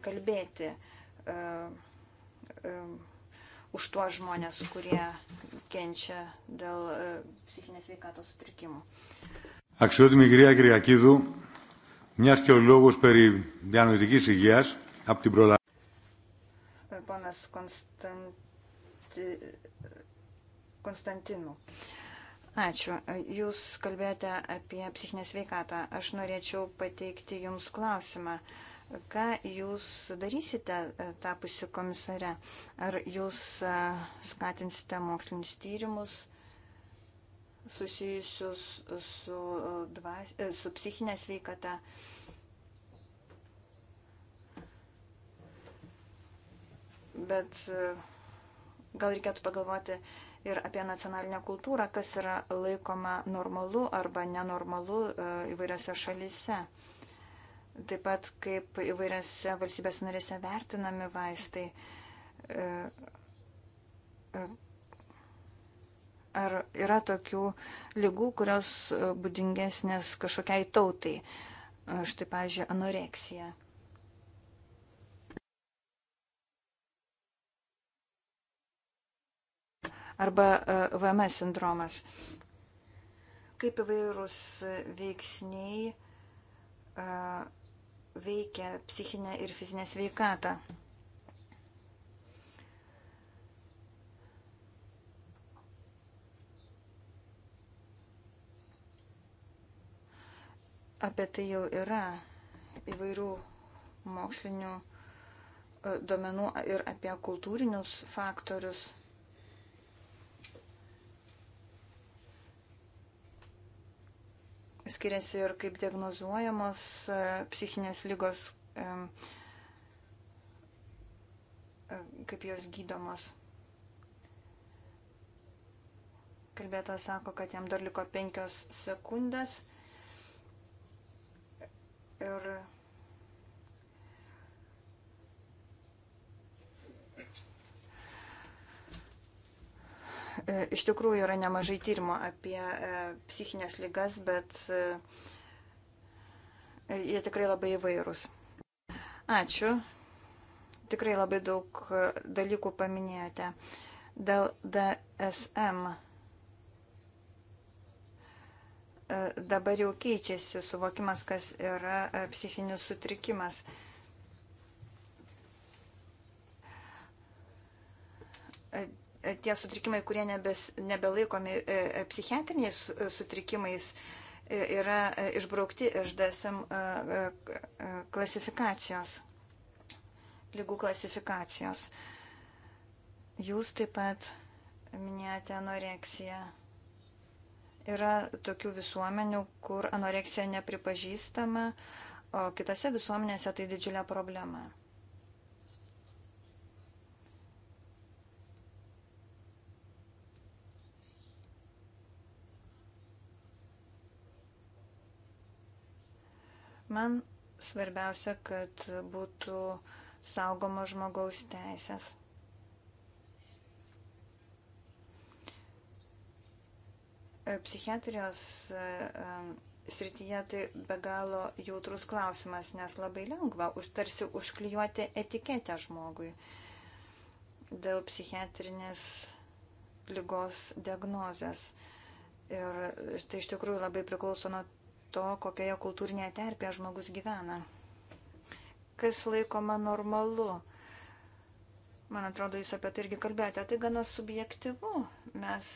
Speaker 3: kalbėti už tuos žmonės, kurie kenčia dėl psichinės sveikatos sutrikimų.
Speaker 1: Αξιότιμη κυρία Κυριακίδου, μιας και ο λόγος περί διανοητικής υγείας από την προλαβή.
Speaker 3: Ponas Konstanti... Konstantinų. Ačiū. Jūs kalbėjote apie psichinę sveikatą. Aš norėčiau pateikti Jums klausimą. Ką Jūs darysite e, tapusi komisare? Ar Jūs e, skatinsite mokslinius tyrimus? susijusius su, e, dvas, e, su psichinė sveikata. Bet e, gal reikėtų pagalvoti ir apie nacionalinę kultūrą, kas yra laikoma normalu arba nenormalu įvairiose šalise. Taip pat kaip įvairiose valstybės narėse vertinami vaistai ar yra tokių lygų, kurios e, būdingesnės kažkokiai tautai. E, štai, pavyzdžiui, anoreksija. Arba e, VMS sindromas. Kaip įvairūs veiksniai veikia psichinę ir fizinę sveikatą. Apie tai jau yra įvairių mokslinių e, duomenų ir apie kultūrinius faktorius. Skiriasi ir kaip diagnozuojamos e, psichinės lygos, e, kaip jos gydomos. Kalbėtojas sako, kad jam dar liko penkios sekundės. Ir e, iš tikrųjų yra nemažai tyrimo apie e, psichinės lygas, bet e, jie tikrai labai įvairūs. Ačiū. Tikrai labai daug dalykų paminėjote. Dėl DSM E, dabar jau keičiasi suvokimas, kas yra e, psichinis sutrikimas. E, tie sutrikimai, kurie nebes, nebelaikomi psichiatriniais sutrikimais, yra išbraukti iš DSM klasifikacijos, lygų klasifikacijos. Jūs taip pat minėjote anoreksiją. Yra tokių visuomenių, kur anoreksija nepripažįstama, o kitose visuomenėse tai didžiulė problema. Man svarbiausia, kad būtų saugoma žmogaus teisės. E, psichiatrijos e, e, srityje tai be galo jautrus klausimas, nes labai lengva už, tarsi užklijuoti etiketę žmogui dėl psichiatrinės lygos diagnozės. Ir tai iš tikrųjų labai priklauso nuo to, kokioje kultūrinėje terpėje žmogus gyvena. Kas laikoma normalu? Man atrodo, jūs apie tai irgi kalbėjote. Tai gana subjektivu. Mes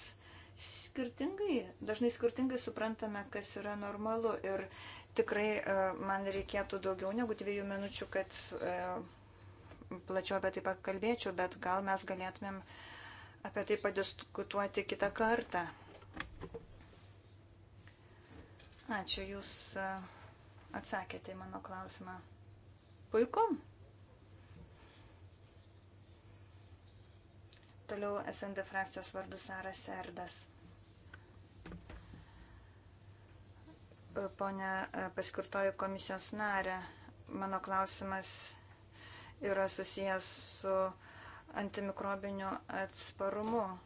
Speaker 3: skirtingai, dažnai skirtingai suprantame, kas yra normalu ir tikrai e, man reikėtų daugiau negu dviejų minučių, kad e, plačiau apie tai pakalbėčiau, bet gal mes galėtumėm apie tai padiskutuoti kitą kartą. Ačiū, jūs e, atsakėte į mano klausimą. Puiku. Toliau SND frakcijos vardu Saras Erdas. E, Pone paskirtoju komisijos narė, mano klausimas yra susijęs su antimikrobiniu atsparumu e,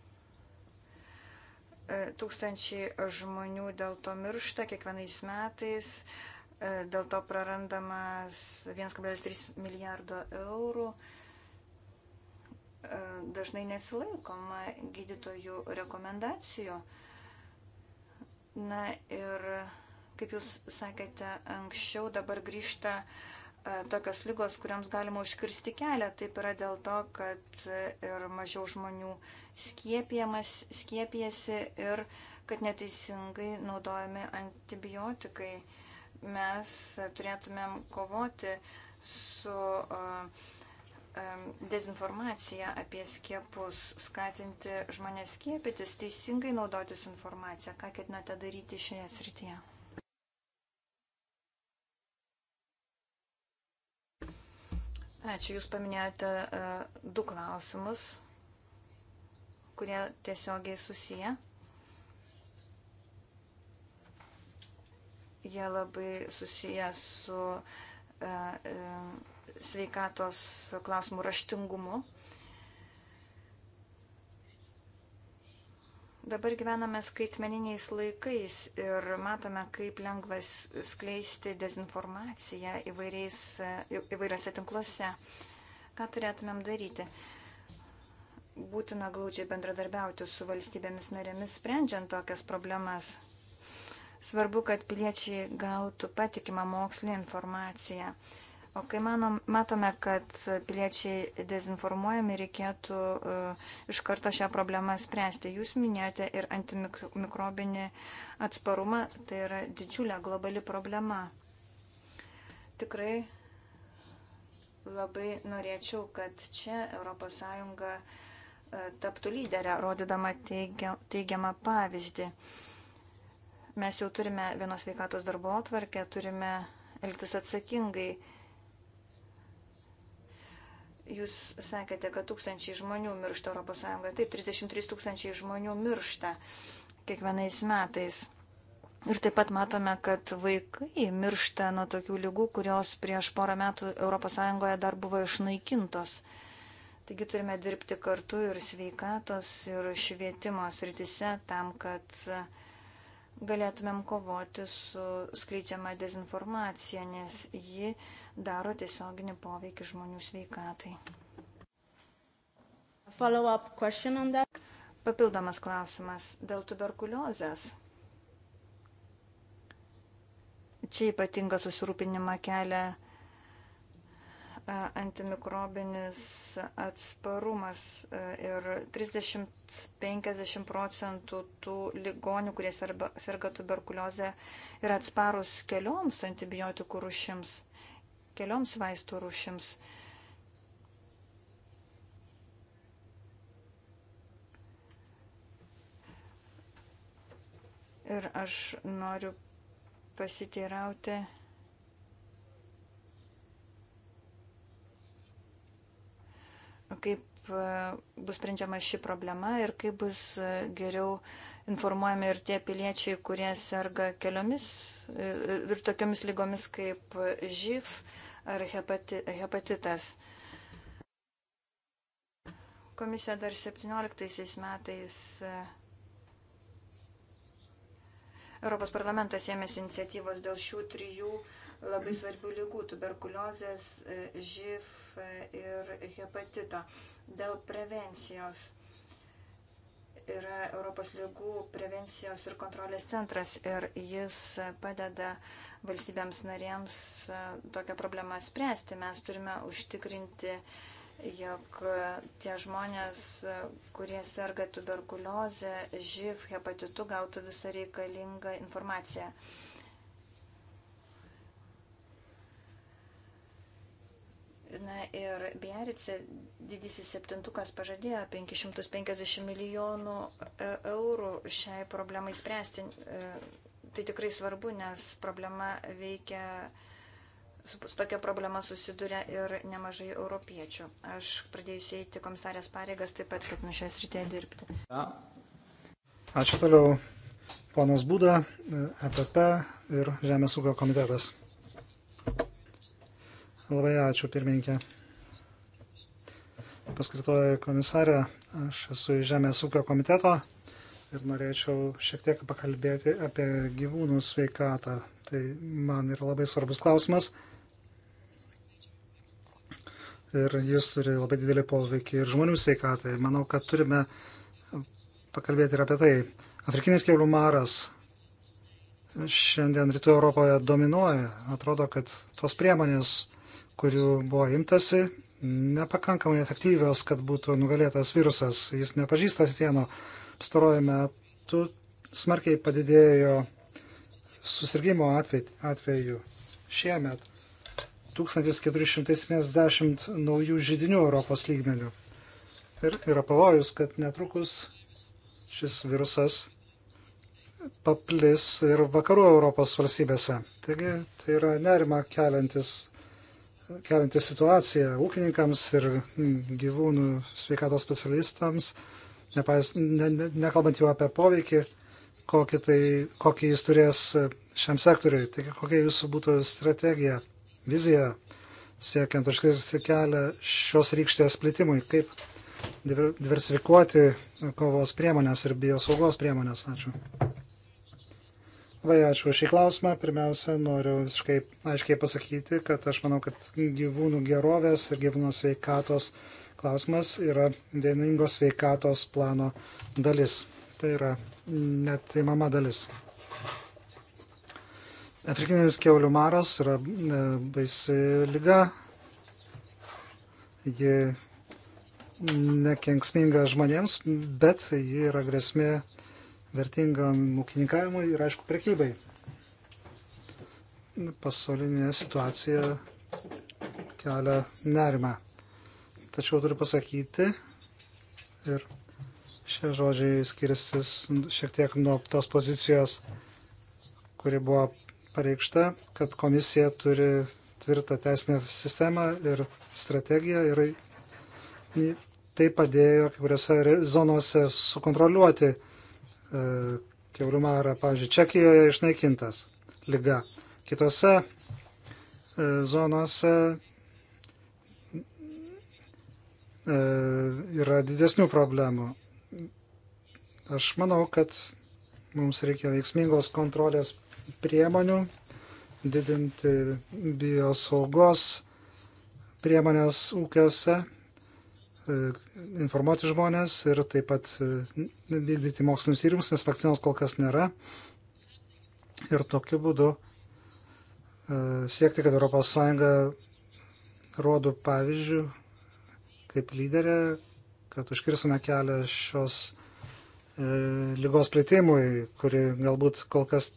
Speaker 3: tūkstančiai žmonių dėl to miršta kiekvienais metais, e, dėl to prarandamas 1,3 milijardo eurų. E, dažnai nesilaikoma gydytojų rekomendacijų. Na ir, kaip jūs sakėte, anksčiau dabar grįžta e, tokios lygos, kuriams galima užkirsti kelią. Taip yra dėl to, kad ir mažiau žmonių skiepijamas, skiepijasi ir kad neteisingai naudojami antibiotikai. Mes turėtumėm kovoti su uh, dezinformaciją apie skiepus, skatinti žmonės skiepytis, teisingai naudotis informaciją. Ką ketinate daryti šioje srityje? Ačiū, Jūs paminėjote uh, du klausimus, kurie tiesiogiai susiję. Jie labai susiję su uh, uh, sveikatos klausimų raštingumu. Dabar gyvename skaitmeniniais laikais ir matome, kaip lengvas skleisti dezinformaciją įvairiose tinkluose. Ką turėtumėm daryti? Būtina glaudžiai bendradarbiauti su valstybėmis narėmis, sprendžiant tokias problemas. Svarbu, kad piliečiai gautų patikimą mokslinę informaciją. O kai manom, matome, kad piliečiai dezinformuojami, reikėtų uh, iš karto šią problemą spręsti. Jūs minėjote ir antimikrobinį atsparumą, tai yra didžiulė globali problema. Tikrai labai norėčiau, kad čia ES uh, e, taptų lyderę, rodydama teigia, teigiamą pavyzdį. Mes jau turime vienos veikatos darbo atvarkę, turime elgtis atsakingai Jūs sakėte, kad tūkstančiai žmonių miršta ES. Taip, 33 tūkstančiai žmonių miršta kiekvienais metais. Ir taip pat matome, kad vaikai miršta nuo tokių lygų, kurios prieš porą metų ES dar buvo išnaikintos. Taigi turime dirbti kartu ir sveikatos, ir švietimo srityse tam, kad galėtumėm kovoti su skleidžiama dezinformacija, nes ji daro tiesioginį poveikį žmonių sveikatai. Papildomas klausimas dėl tuberkuliozės. Čia ypatinga susirūpinima kelia antimikrobinis atsparumas ir 30-50 procentų tų ligonių, kurie serga tuberkuliozę, yra atsparus kelioms antibiotikų rušims, kelioms vaistų rušims. Ir aš noriu pasiteirauti kaip e, bus sprendžiama ši problema ir kaip bus e, geriau informuojami ir tie piliečiai, kurie serga keliomis e, ir tokiomis lygomis kaip živ ar hepatitas. Komisija dar 17 metais Europos parlamentas ėmėsi iniciatyvos dėl šių trijų uh, labai svarbių lygų - tuberkuliozės, e, živ e, ir hepatito. Dėl prevencijos yra Europos lygų prevencijos ir kontrolės centras ir jis padeda valstybėms narėms e, tokią problemą spręsti. Mes turime užtikrinti, jog tie žmonės, kurie serga tuberkuliozę, živ, hepatitu, gautų visą reikalingą informaciją. Na ir Biarice didysis septintukas pažadėjo 550 milijonų e, eurų šiai problemai spręsti. E, tai tikrai svarbu, nes problema veikia, su tokia problema susiduria ir nemažai europiečių. Aš pradėjusiu eiti komisarės pareigas, taip pat ketinu šią sritę dirbti. Ačiū
Speaker 1: toliau. Ponas Būda, EPP e ir Žemės ūkio komitetas. Labai ačiū, pirmininkė. Paskirtoji komisarė, aš esu iš Žemės ūkio komiteto ir norėčiau šiek tiek pakalbėti apie gyvūnų sveikatą. Tai man yra labai svarbus klausimas. Ir jis turi labai didelį poveikį ir žmonių sveikatai. Manau, kad turime pakalbėti ir apie tai. Afrikinis keulių maras šiandien rytų Europoje dominuoja. Atrodo, kad tos priemonės kurių buvo imtasi, nepakankamai efektyvios, kad būtų nugalėtas virusas. Jis nepažįsta sienų. Pastaruoju metu smarkiai padidėjo susirgymo atveju. Šiemet 1470 naujų žydinių Europos lygmenių. Ir yra pavojus, kad netrukus šis virusas paplis ir vakarų Europos valstybėse. Taigi tai yra nerima keliantis kelinti situacija ūkininkams ir mm, gyvūnų sveikatos specialistams, nepais, ne, ne, nekalbant jau apie poveikį, kokį, tai, kokį jis turės šiam sektoriui. Taigi kokia jūsų būtų strategija, vizija, siekiant užkirsti kelią šios rykštės plitimui, kaip diversifikuoti kovos priemonės ir biosaugos priemonės. Ačiū. Labai ačiū šį klausimą. Pirmiausia, noriu visiškai aiškiai pasakyti, kad aš manau, kad gyvūnų gerovės ir gyvūnų sveikatos klausimas yra vieningos sveikatos plano dalis. Tai yra netaimama dalis. Afrikinis keulių maras yra e, baisi lyga. Ji nekenksminga žmonėms, bet ji yra grėsmė vertingam ūkininkavimui ir, aišku, prekybai. Pasaulinė situacija kelia nerimą. Tačiau turiu pasakyti, ir šie žodžiai skiriasi šiek tiek nuo tos pozicijos, kuri buvo pareikšta, kad komisija turi tvirtą teisinę sistemą ir strategiją ir tai padėjo kai kuriuose zonose sukontroliuoti E, keurumarą, pavyzdžiui, Čekijoje išnaikintas lyga. Kitose e, zonose e, yra didesnių problemų. Aš manau, kad mums reikia veiksmingos kontrolės priemonių, didinti biosaugos priemonės ūkiuose E, informuoti žmonės ir taip pat e, vykdyti mokslinius tyrimus, nes vakcinos kol kas nėra. Ir tokiu būdu e, siekti, kad ES rodų pavyzdžių kaip lyderė, kad užkirsime kelią šios lygos plėtimui, kuri galbūt kol kas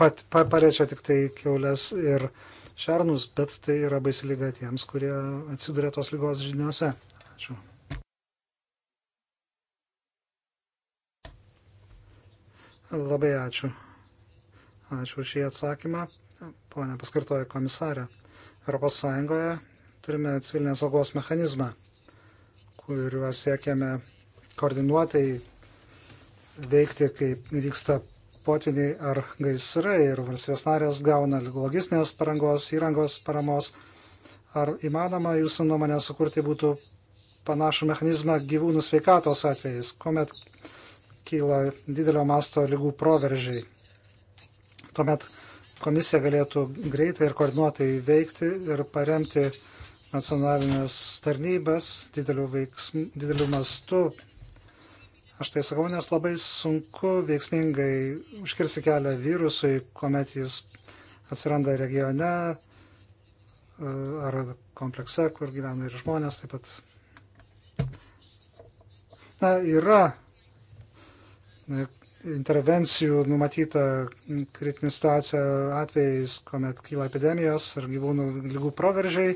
Speaker 1: pat, pat, paliečia tik tai keulės ir šernus, bet tai yra baisi lyga tiems, kurie atsiduria tos lygos žiniuose. Ačiū. Labai ačiū. Ačiū už šį atsakymą. Pone paskartoja komisarė. ES turime civilinės saugos mechanizmą, kuriuo siekiame koordinuotai veikti, kai vyksta potviniai ar gaisrai ir valstybės narės gauna logistinės parangos, įrangos paramos. Ar įmanoma jūsų nuomonė sukurti būtų panašų mechanizmą gyvūnų sveikatos atvejais, kuomet kyla didelio masto lygų proveržiai. Tuomet komisija galėtų greitai ir koordinuotai veikti ir paremti nacionalinės tarnybas dideliu, veiksm, dideliu mastu. Aš tai sakau, nes labai sunku veiksmingai užkirsti kelią virusui, kuomet jis atsiranda regione e, ar komplekse, kur gyvena ir žmonės taip pat Na, yra intervencijų numatyta kritinių situacijų atvejais, kuomet kyla epidemijos ar gyvūnų lygų proveržiai.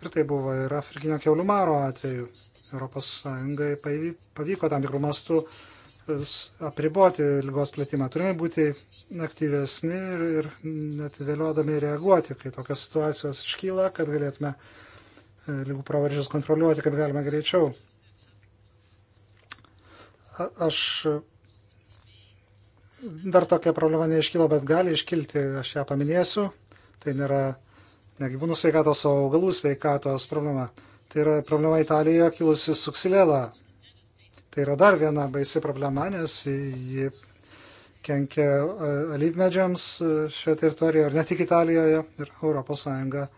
Speaker 1: Ir tai buvo ir Afrikinio keulių maro atveju. Europos Sąjungai pavyko tam tikrų mastų e, apriboti lygos plėtimą. Turime būti aktyvesni ir, ir net vėliodami reaguoti, kai tokios situacijos iškyla, kad galėtume uh, E, lygų pravaržius kontroliuoti, kad galima greičiau. A, aš e, dar tokia problema neiškilo, bet gali iškilti, aš ją paminėsiu. Tai nėra ne gyvūnų sveikatos, o augalų sveikatos problema. Tai yra problema Italijoje kilusi suksilėla. Tai yra dar viena baisi problema, nes ji kenkia e, alyvmedžiams šioje teritorijoje ir ne tik Italijoje, ir Europos Sąjunga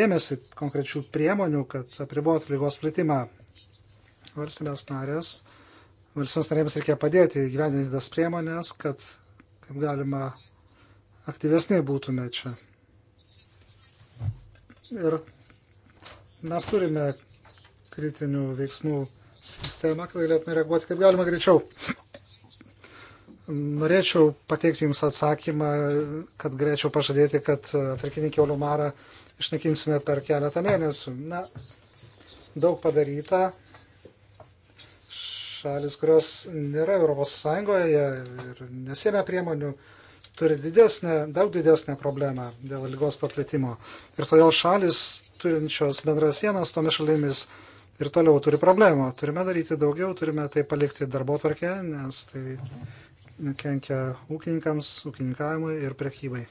Speaker 1: ėmėsi konkrečių priemonių, kad apribotų lygos plitimą. Valstybės narės, valstybės narėms reikia padėti gyveninti tas priemonės, kad kaip galima aktyvesnė būtume čia. Ir mes turime kritinių veiksmų sistemą, kad galėtume reaguoti kaip galima greičiau. Norėčiau pateikti Jums atsakymą, kad galėčiau pažadėti, kad afrikinį keulių marą išnaikinsime per keletą mėnesių. Na, daug padaryta. Šalis, kurios nėra Europos Sąjungoje ir nesėmė priemonių, turi didesnę, daug didesnę problemą dėl lygos paplitimo. Ir todėl šalis turinčios bendras sienas tomis šalimis ir toliau turi problemų. Turime daryti daugiau, turime tai palikti darbo tvarkė, nes tai kenkia ūkininkams, ūkininkavimui ir prekybai.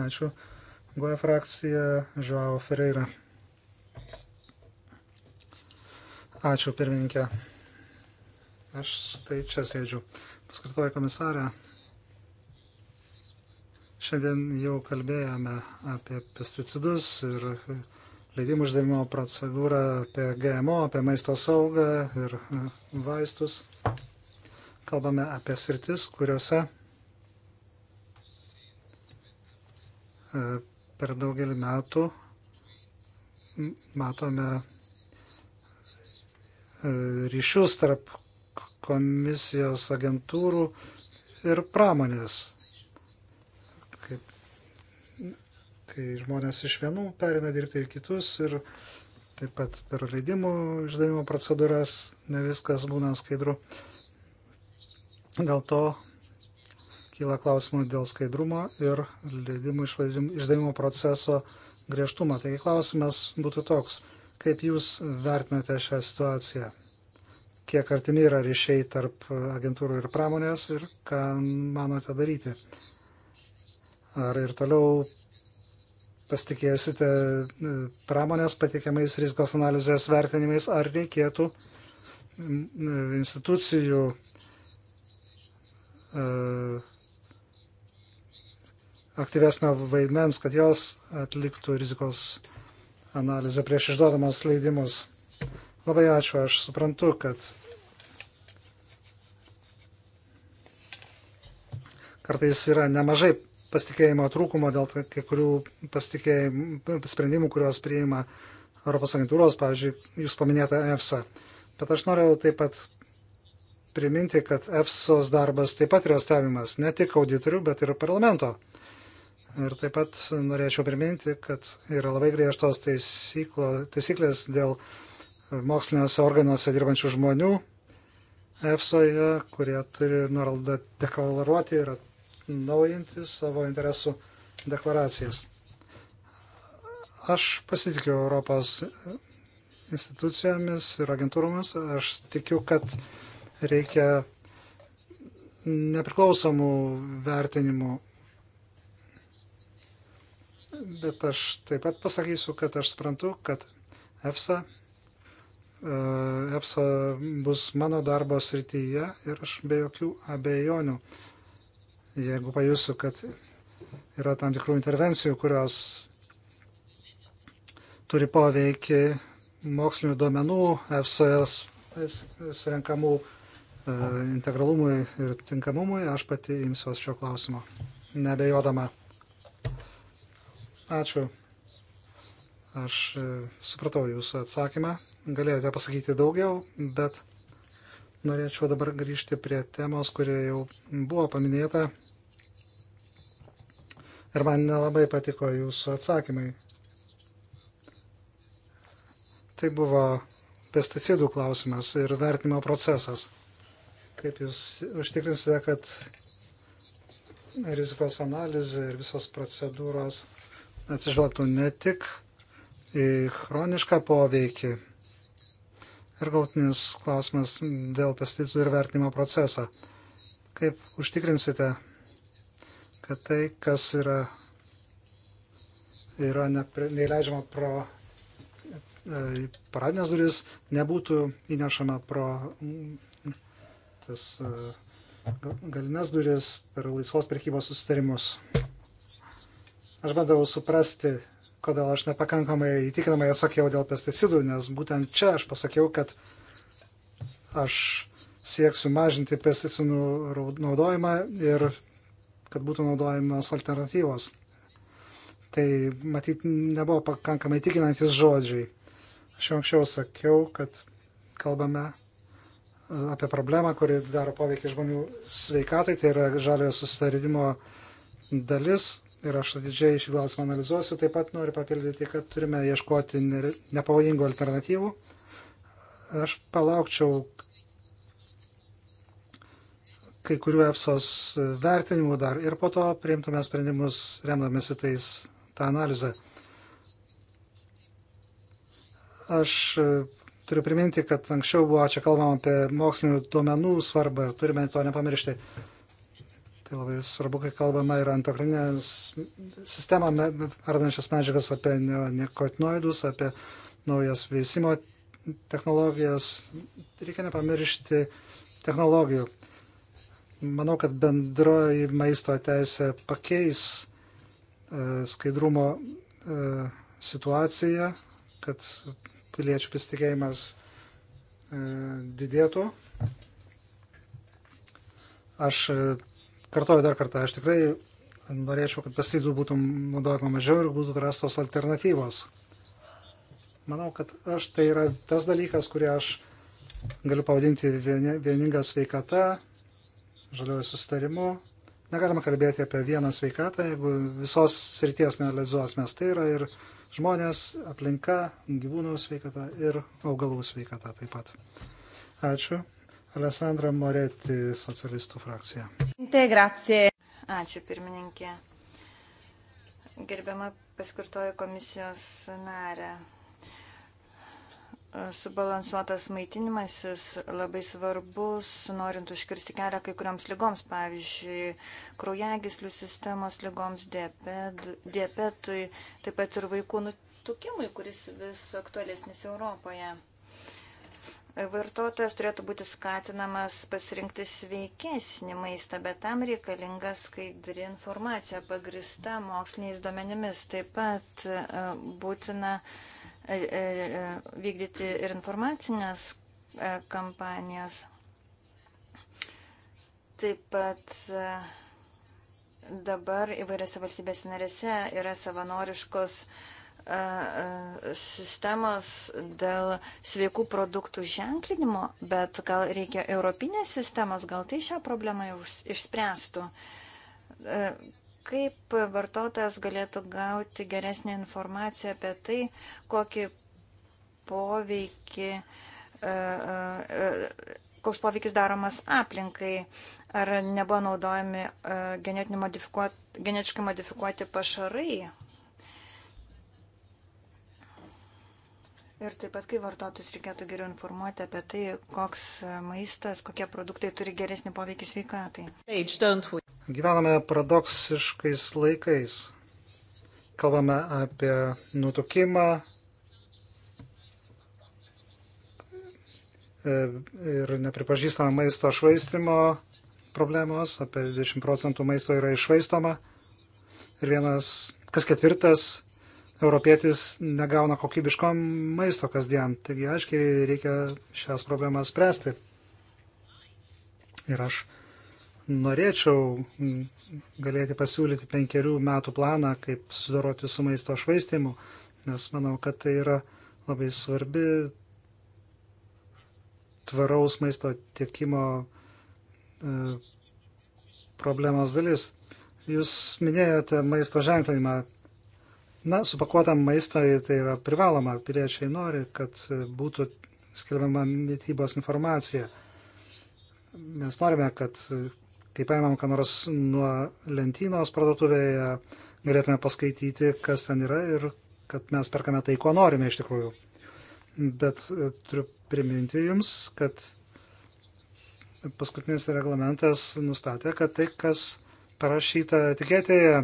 Speaker 1: Ačiū. Goja e frakcija, Žuao Ferreira. Ačiū, pirmininkė. Aš tai čia sėdžiu. Paskirtoju komisarę. Šiandien jau kalbėjome apie pesticidus ir leidimų išdavimo procedūrą, apie GMO, apie maisto saugą ir vaistus. Kalbame apie sritis, kuriuose per daugelį metų matome e, ryšius tarp komisijos agentūrų ir pramonės. Kaip, kai žmonės iš vienų perina dirbti į kitus ir taip pat per leidimų išdavimo procedūras ne viskas būna skaidru. Dėl to kyla klausimų dėl skaidrumo ir leidimų išdavimo proceso griežtumą. Taigi klausimas būtų toks, kaip jūs vertinate šią situaciją? Kiek artimi yra ryšiai tarp agentūrų ir pramonės ir ką manote daryti? Ar ir toliau pasitikėsite e, pramonės patikiamais rizikos analizės vertinimais, ar reikėtų e, institucijų e, aktyvesnio vaidmens, kad jos atliktų rizikos analizę prieš išduodamas leidimus. Labai ačiū, aš suprantu, kad kartais yra nemažai pasitikėjimo trūkumo dėl kai kurių sprendimų, kuriuos priima Europos agentūros, pavyzdžiui, jūs paminėta EFSA. Bet aš noriu taip pat priminti, kad EFSOS darbas taip pat yra stebimas ne tik auditorių, bet ir parlamento. Ir taip pat norėčiau priminti, kad yra labai griežtos taisyklės dėl moksliniuose organuose dirbančių žmonių EFSOje, kurie turi nuorodą deklaruoti ir atnaujinti savo interesų deklaracijas. Aš pasitikiu Europos institucijomis ir agentūromis. Aš tikiu, kad reikia nepriklausomų vertinimų bet aš taip pat pasakysiu, kad aš suprantu, kad EFSA, e, EFSA bus mano darbo srityje ir aš be jokių abejonių, jeigu pajusiu, kad yra tam tikrų intervencijų, kurios turi poveikį mokslinių duomenų, FSOS surinkamų e, integralumui ir tinkamumui, aš pati imsiuos šio klausimo, nebejodama. Ačiū. Aš e, supratau jūsų atsakymą. Galėjote pasakyti daugiau, bet norėčiau dabar grįžti prie temos, kuri jau buvo paminėta. Ir man nelabai patiko jūsų atsakymai. Tai buvo pesticidų klausimas ir vertinimo procesas. Kaip jūs užtikrinsite, kad rizikos analizė ir visos procedūros atsižvelgtų ne tik į chronišką poveikį ir galtinis klausimas dėl pesticidų ir vertinimo procesą. Kaip užtikrinsite, kad tai, kas yra, yra neįleidžiama pro e, paradinės duris, nebūtų įnešama pro tas e, galinės duris per laisvos prekybos susitarimus. Aš bandau suprasti, kodėl aš nepakankamai įtikinamai atsakiau dėl pesticidų, nes būtent čia aš pasakiau, kad aš sieksiu mažinti pesticidų naudojimą ir kad būtų naudojamos alternatyvos. Tai matyt, nebuvo pakankamai tikinantis žodžiai. Aš jau anksčiau sakiau, kad kalbame e, apie problemą, kuri daro poveikį žmonių sveikatai, tai yra žaliojo susitarimo dalis ir aš atidžiai šį klausimą analizuosiu. Taip pat noriu papildyti, kad turime ieškoti nepavojingų alternatyvų. Aš palaukčiau kai kurių EFSOS vertinimų dar ir po to priimtume sprendimus remdamėsi tais tą analizę. Aš e, turiu priminti, kad anksčiau buvo čia kalbama apie mokslinių duomenų svarbą ir turime to nepamiršti. Tai labai svarbu, kai kalbame ir antokrinės sistemą ardančias medžiagas, apie neonikotinoidus, apie naujas veisimo technologijas. Reikia nepamiršti technologijų. Manau, kad bendroji maisto teisė pakeis e, skaidrumo e, situaciją, kad piliečių pasitikėjimas e, didėtų. Aš Kartoju dar kartą, aš tikrai norėčiau, kad pesticidų būtų naudojama mažiau ir būtų rastos alternatyvos. Manau, kad aš tai yra tas dalykas, kurį aš galiu pavadinti vieninga sveikata, žaliuoju sustarimu. Negalima kalbėti apie vieną sveikatą, jeigu visos srities neanalizuosime. Tai yra ir žmonės, aplinka, gyvūnų sveikata ir augalų sveikata taip pat. Ačiū. Alessandra Moretti, socialistų frakcija
Speaker 3: prezidente, grazie. Ačiū pirmininkė. Gerbiama paskirtoji komisijos narė. Subalansuotas maitinimasis labai svarbus, norint užkirsti kelią kai kuriams lygoms, pavyzdžiui, kraujagislių sistemos lygoms, diabetui, taip pat ir vaikų nutukimui, kuris vis aktualesnis Europoje. Vartotojas turėtų būti skatinamas pasirinkti sveikesnį maistą, bet tam reikalinga skaidri informacija pagrista moksliniais duomenimis. Taip pat e, būtina e, e, vykdyti ir informacinės kampanijas. Taip pat dabar įvairiose valstybės narėse yra savanoriškos uh, sistemos dėl sveikų produktų ženklinimo, bet gal reikia europinės sistemos, gal tai šią problemą išspręstų. Kaip vartotojas galėtų gauti geresnį informaciją apie tai, kokį poveikį, koks poveikis daromas aplinkai, ar nebuvo naudojami genetiškai modifikuoti pašarai, Ir taip pat, kai vartotojus reikėtų geriau informuoti apie tai, koks maistas, kokie produktai turi geresnį poveikį sveikatai.
Speaker 1: Gyvename paradoksiškais laikais. Kalbame apie nutukimą e, ir nepripažįstame maisto švaistimo problemos, apie 20 procentų maisto yra išvaistoma ir vienas, kas ketvirtas europietis negauna kokybiško maisto kasdien. Taigi, aiškiai, reikia šias problemas spręsti. Ir aš norėčiau galėti pasiūlyti penkerių metų planą, kaip sudaroti su maisto švaistimu, nes manau, kad tai yra labai svarbi tvaraus maisto tiekimo e, problemos dalis. Jūs minėjote maisto ženklinimą, Na, supakuotam maistą tai yra privaloma. Piliečiai nori, kad būtų skelbiama mytybos informacija. Mes norime, kad kai paimam ką nors nuo lentynos parduotuvėje, galėtume paskaityti, kas ten yra ir kad mes perkame tai, ko norime iš tikrųjų. Bet e, turiu priminti Jums, kad paskutinis reglamentas nustatė, kad tai, kas parašyta etiketėje,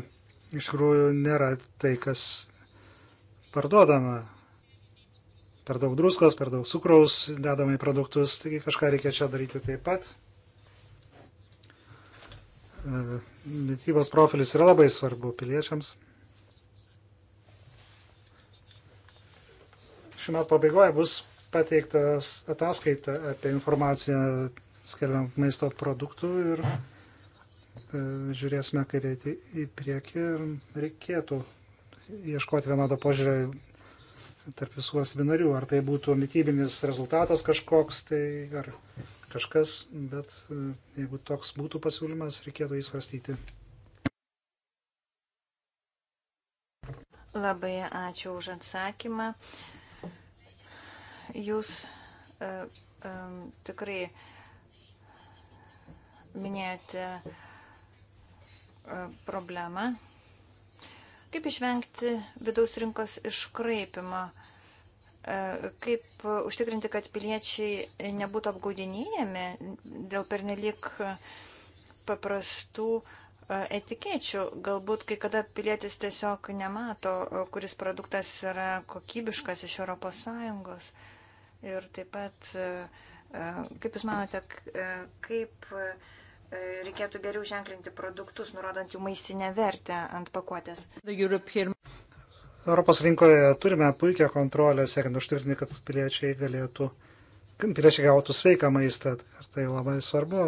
Speaker 1: iš tikrųjų nėra tai, kas parduodama. Per daug druskos, per daug cukraus dedama į produktus, taigi kažką reikia čia daryti taip pat. E, Mytybos profilis yra labai svarbu piliečiams. Šiuo metu pabaigoje bus pateiktas ataskaita apie informaciją skelbiant maisto produktų ir E, žiūrėsime, kaip eiti į priekį ir reikėtų ieškoti vienodo požiūrio tarp visų asmenarių. Ar tai būtų mytybinis rezultatas kažkoks, tai ar kažkas, bet e, jeigu toks būtų pasiūlymas, reikėtų jį svarstyti.
Speaker 3: Labai ačiū už atsakymą. Jūs uh, um, tikrai minėjote uh, E, problemą. Kaip išvengti vidaus rinkos iškraipimo? E, kaip užtikrinti, kad piliečiai nebūtų apgaudinėjami dėl pernelik paprastų e, etikečių. Galbūt kai kada pilietis tiesiog nemato, kuris produktas yra kokybiškas iš ES. Ir taip pat, kaip Jūs manote, kaip E, reikėtų geriau ženklinti produktus, nurodant jų maistinę vertę ant pakuotės.
Speaker 2: European...
Speaker 1: Europos rinkoje turime puikią kontrolę, siekiant užtvirtinti, kad piliečiai galėtų, piliečiai gautų sveiką maistą. Ir tai labai svarbu,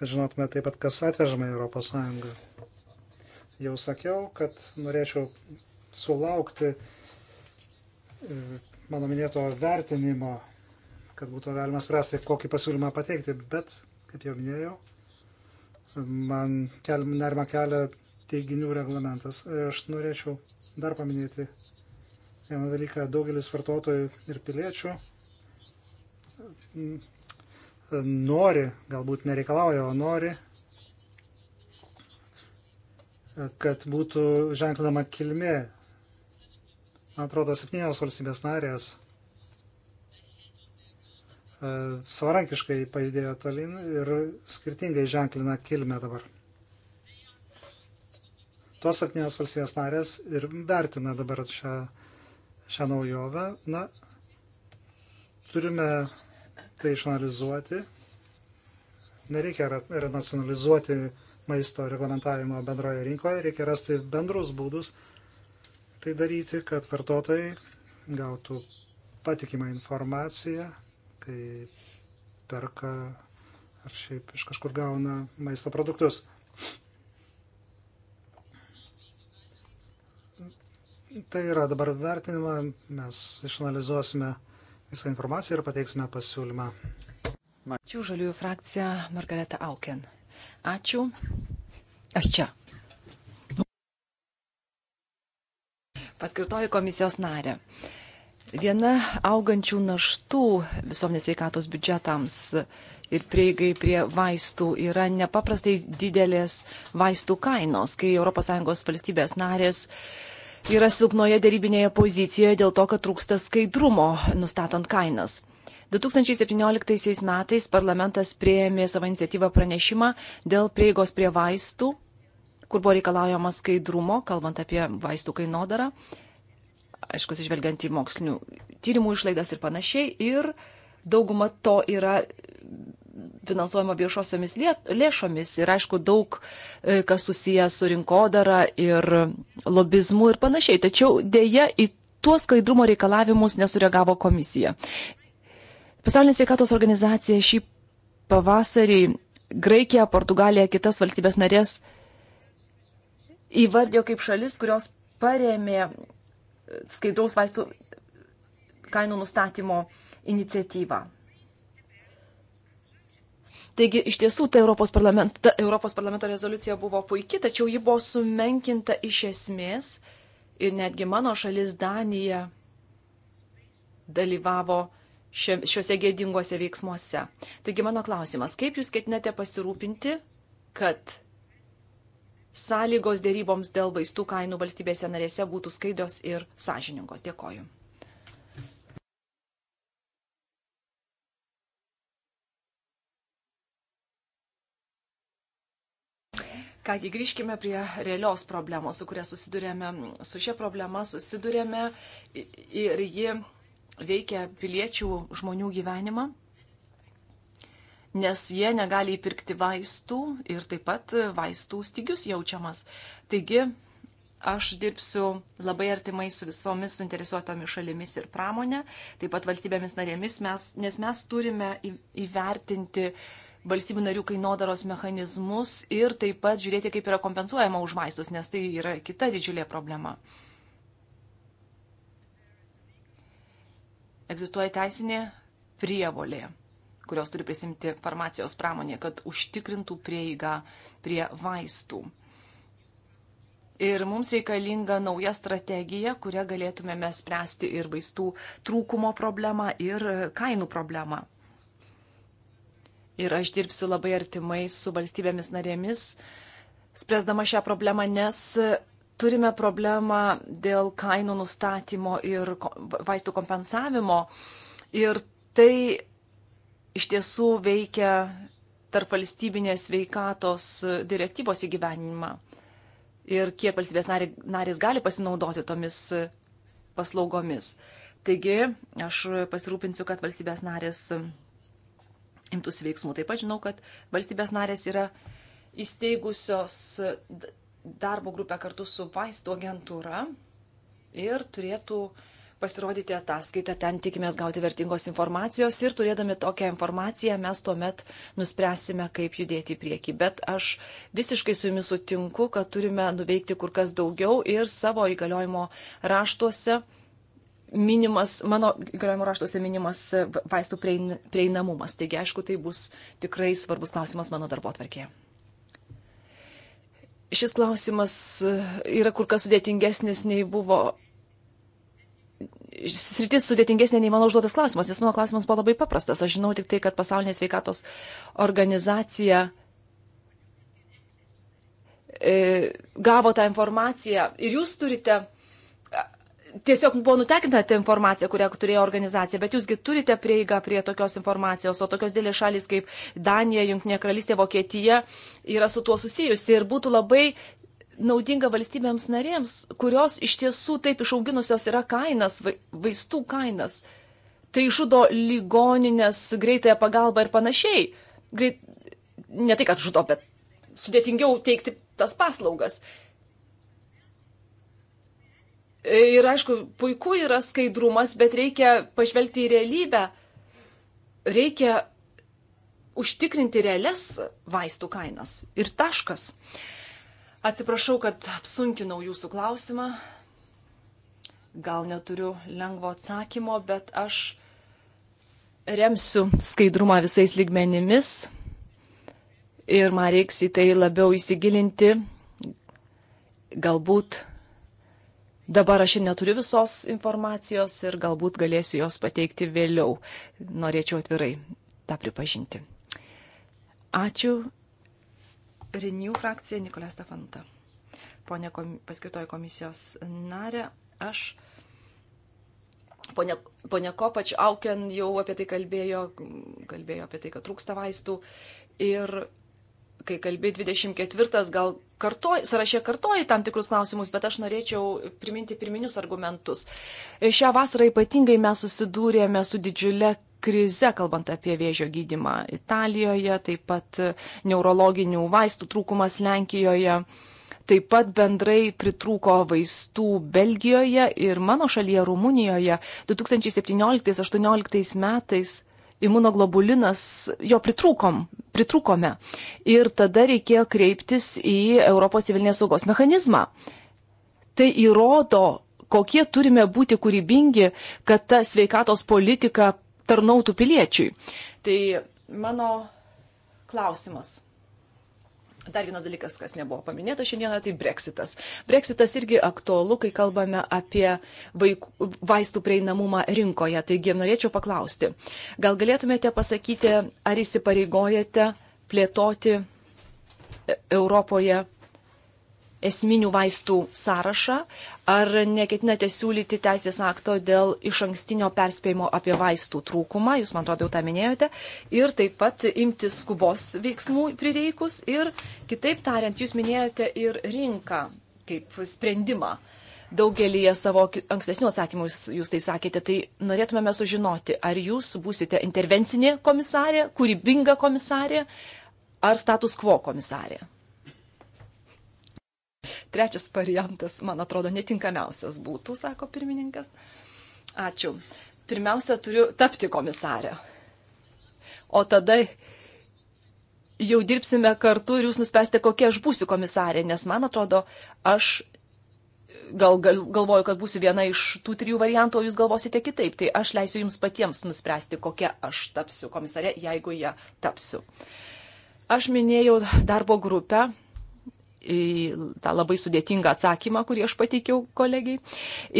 Speaker 1: kad žinotume taip pat, kas atvežama į Europos Sąjungą. Jau sakiau, kad norėčiau sulaukti e, mano minėto vertinimo kad būtų galima spręsti, kokį pasiūlymą pateikti, bet, kaip jau minėjau, man kel, nerima kelia teiginių reglamentas. Ir aš norėčiau dar paminėti vieną dalyką. Daugelis vartotojų ir piliečių nori, galbūt nereikalauja, o nori, kad būtų ženklinama kilmė. Man atrodo, septynios valstybės narės E, savarankiškai pajudėjo tolin ir skirtingai ženklina kilmę dabar. Tos septynios valstybės narės ir vertina dabar šią, šią naujovę. Na, turime tai išanalizuoti. Nereikia renacionalizuoti maisto reglamentavimo bendroje rinkoje, reikia rasti bendrus būdus tai daryti, kad vartotojai gautų patikimą informaciją kai perka ar šiaip iš kažkur gauna maisto produktus. Tai yra dabar vertinima, mes išanalizuosime visą informaciją ir pateiksime pasiūlymą. Ačiū žaliųjų
Speaker 2: frakcija Margareta Auken. Ačiū. Aš čia. Paskirtoji komisijos narė. Uh, Viena augančių naštų visuomenės veikatos biudžetams ir prieigai prie vaistų yra nepaprastai didelės vaistų kainos, kai ES valstybės narės yra silpnoje dėrybinėje pozicijoje dėl to, kad trūksta skaidrumo nustatant kainas. 2017 metais parlamentas prieėmė savo iniciatyvą pranešimą dėl prieigos prie vaistų, kur buvo reikalaujama skaidrumo, kalbant apie vaistų kainodarą aišku, atsižvelgiant į mokslinių tyrimų išlaidas ir panašiai. Ir dauguma to yra finansuojama viešosiomis lėšomis ir aišku daug e, kas susijęs su rinkodara ir lobizmu ir panašiai. Tačiau dėja į tuos skaidrumo reikalavimus nesureagavo komisija. Pasaulinė sveikatos organizacija šį pavasarį Graikiją, Portugaliją, kitas valstybės narės įvardėjo kaip šalis, kurios paremė skaidraus vaistų kainų nustatymo iniciatyvą. Taigi iš tiesų ta Europos, parlament, ta Europos parlamento rezoliucija buvo puikia, tačiau ji buvo sumenkinta iš esmės ir netgi mano šalis Danija dalyvavo šiuose gėdinguose veiksmuose. Taigi mano klausimas, kaip jūs ketinate pasirūpinti, kad sąlygos dėryboms dėl vaistų kainų valstybėse narėse būtų skaidrios ir sąžiningos. Dėkoju. Kągi, grįžkime prie realios problemos, su kuria susidurėme. Su šia problema susidurėme ir ji veikia piliečių žmonių gyvenimą nes jie negali įpirkti vaistų ir taip pat vaistų stygius jaučiamas. Taigi aš dirbsiu labai artimai su visomis suinteresuotomis šalimis ir pramonė, taip pat valstybėmis narėmis, mes, nes mes turime įvertinti valstybių narių kainodaros mechanizmus ir taip pat žiūrėti, kaip yra kompensuojama už vaistus, nes tai yra kita didžiulė problema. Egzistuoja teisinė prievolė kurios turi prisimti farmacijos pramonė, kad užtikrintų prieigą prie vaistų. Ir mums reikalinga nauja strategija, kuria galėtumėme spręsti ir vaistų trūkumo problemą, ir kainų problemą. Ir aš dirbsiu labai artimai su valstybėmis narėmis, spręsdama šią problemą, nes turime problemą dėl kainų nustatymo ir vaistų kompensavimo. Ir tai iš tiesų veikia tarp valstybinės veikatos direktyvos įgyvenimą ir kiek valstybės narės gali pasinaudoti tomis paslaugomis. Taigi aš pasirūpinsiu, kad valstybės narės imtųsi veiksmų. Taip pat žinau, kad valstybės narės yra įsteigusios darbo grupę kartu su vaistų agentūra ir turėtų uh, pasirodyti ataskaitą, ten tikimės gauti vertingos informacijos ir turėdami tokią informaciją mes tuomet nuspręsime, kaip judėti į priekį. Bet aš visiškai su jumis sutinku, kad turime nuveikti kur kas daugiau ir savo įgaliojimo raštuose. Minimas, mano įgaliojimo raštuose minimas vaistų prieinamumas. Taigi, aišku, tai bus tikrai svarbus klausimas mano darbo atverkėje šis klausimas yra kur kas sudėtingesnis nei buvo sritis sudėtingesnė nei mano užduotas klausimas, nes mano klausimas buvo labai paprastas. Aš žinau tik tai, kad pasaulinė sveikatos organizacija e, gavo tą informaciją ir jūs turite, tiesiog buvo nutekinta ta informacija, kurią turėjo organizacija, bet jūsgi turite prieigą prie tokios informacijos, o tokios dėlės šalis kaip Danija, Junktinė karalystė, Vokietija yra su tuo susijusi ir būtų labai naudinga valstybėms narėms, kurios iš tiesų taip išauginusios yra kainas, vaistų kainas. Tai žudo ligoninės, greitąją pagalbą ir panašiai. Greit, ne tai, kad žudo, bet sudėtingiau teikti tas paslaugas. Ir aišku, puiku yra skaidrumas, bet reikia pažvelgti į realybę. Reikia užtikrinti realias vaistų kainas. Ir taškas. Uh, Atsiprašau, kad apsunkinau jūsų klausimą. Gal neturiu lengvo atsakymo, bet aš remsiu skaidrumą visais lygmenimis ir man reiks į tai labiau įsigilinti. Galbūt Dabar aš ir neturiu visos informacijos ir galbūt galėsiu jos pateikti vėliau. Norėčiau atvirai tą pripažinti. Ačiū Renew frakcija Nikolė Stefanuta. Pone kom, paskirtoji komisijos narė, aš. Pone, pone Kopač Auken jau apie tai kalbėjo, kalbėjo apie tai, kad trūksta vaistų. Ir kai kalbė 24, gal kartoj, sąraše kartoji tam tikrus klausimus, bet aš norėčiau priminti pirminius argumentus. Šią vasarą ypatingai mes susidūrėme su didžiulė krize, kalbant apie vėžio gydimą Italijoje, taip pat neurologinių vaistų trūkumas Lenkijoje. Taip pat bendrai pritrūko vaistų Belgijoje ir mano šalyje Rumunijoje 2017-2018 metais imunoglobulinas, jo pritrūkom, pritrūkome. Ir tada reikėjo kreiptis į Europos civilinės saugos mechanizmą. Tai įrodo, kokie turime būti kūrybingi, kad ta sveikatos politika tarnautų piliečiui. Tai mano klausimas. Dar vienas dalykas, kas nebuvo paminėta šiandieną, tai breksitas. Breksitas irgi aktualu, kai kalbame apie vaikų, vaistų prieinamumą rinkoje. Taigi norėčiau paklausti, gal galėtumėte pasakyti, ar įsipareigojate plėtoti Europoje esminių vaistų sąrašą, ar neketinate siūlyti teisės akto dėl iš ankstinio perspėjimo apie vaistų trūkumą, jūs man atrodo jau tą minėjote, ir taip pat imti skubos veiksmų prireikus ir kitaip tariant, jūs minėjote ir rinką kaip sprendimą. Daugelį savo ankstesnių atsakymų jūs, jūs tai sakėte, tai norėtumėme sužinoti, ar jūs būsite intervencinė komisarė, kūrybinga komisarė, ar status quo komisarė. Trečias variantas, man atrodo, netinkamiausias būtų, sako pirmininkas. Ačiū. Pirmiausia, turiu tapti komisarę. O tada jau dirbsime kartu ir jūs nuspręsite, kokia aš būsiu komisarė, nes man atrodo, aš gal, gal galvoju, kad būsiu viena iš tų trijų variantų, o jūs galvosite kitaip. Tai aš leisiu jums patiems nuspręsti, kokia aš tapsiu komisarė, jeigu ją tapsiu. Aš minėjau darbo grupę tą labai sudėtingą atsakymą, kurį aš pateikiau kolegiai.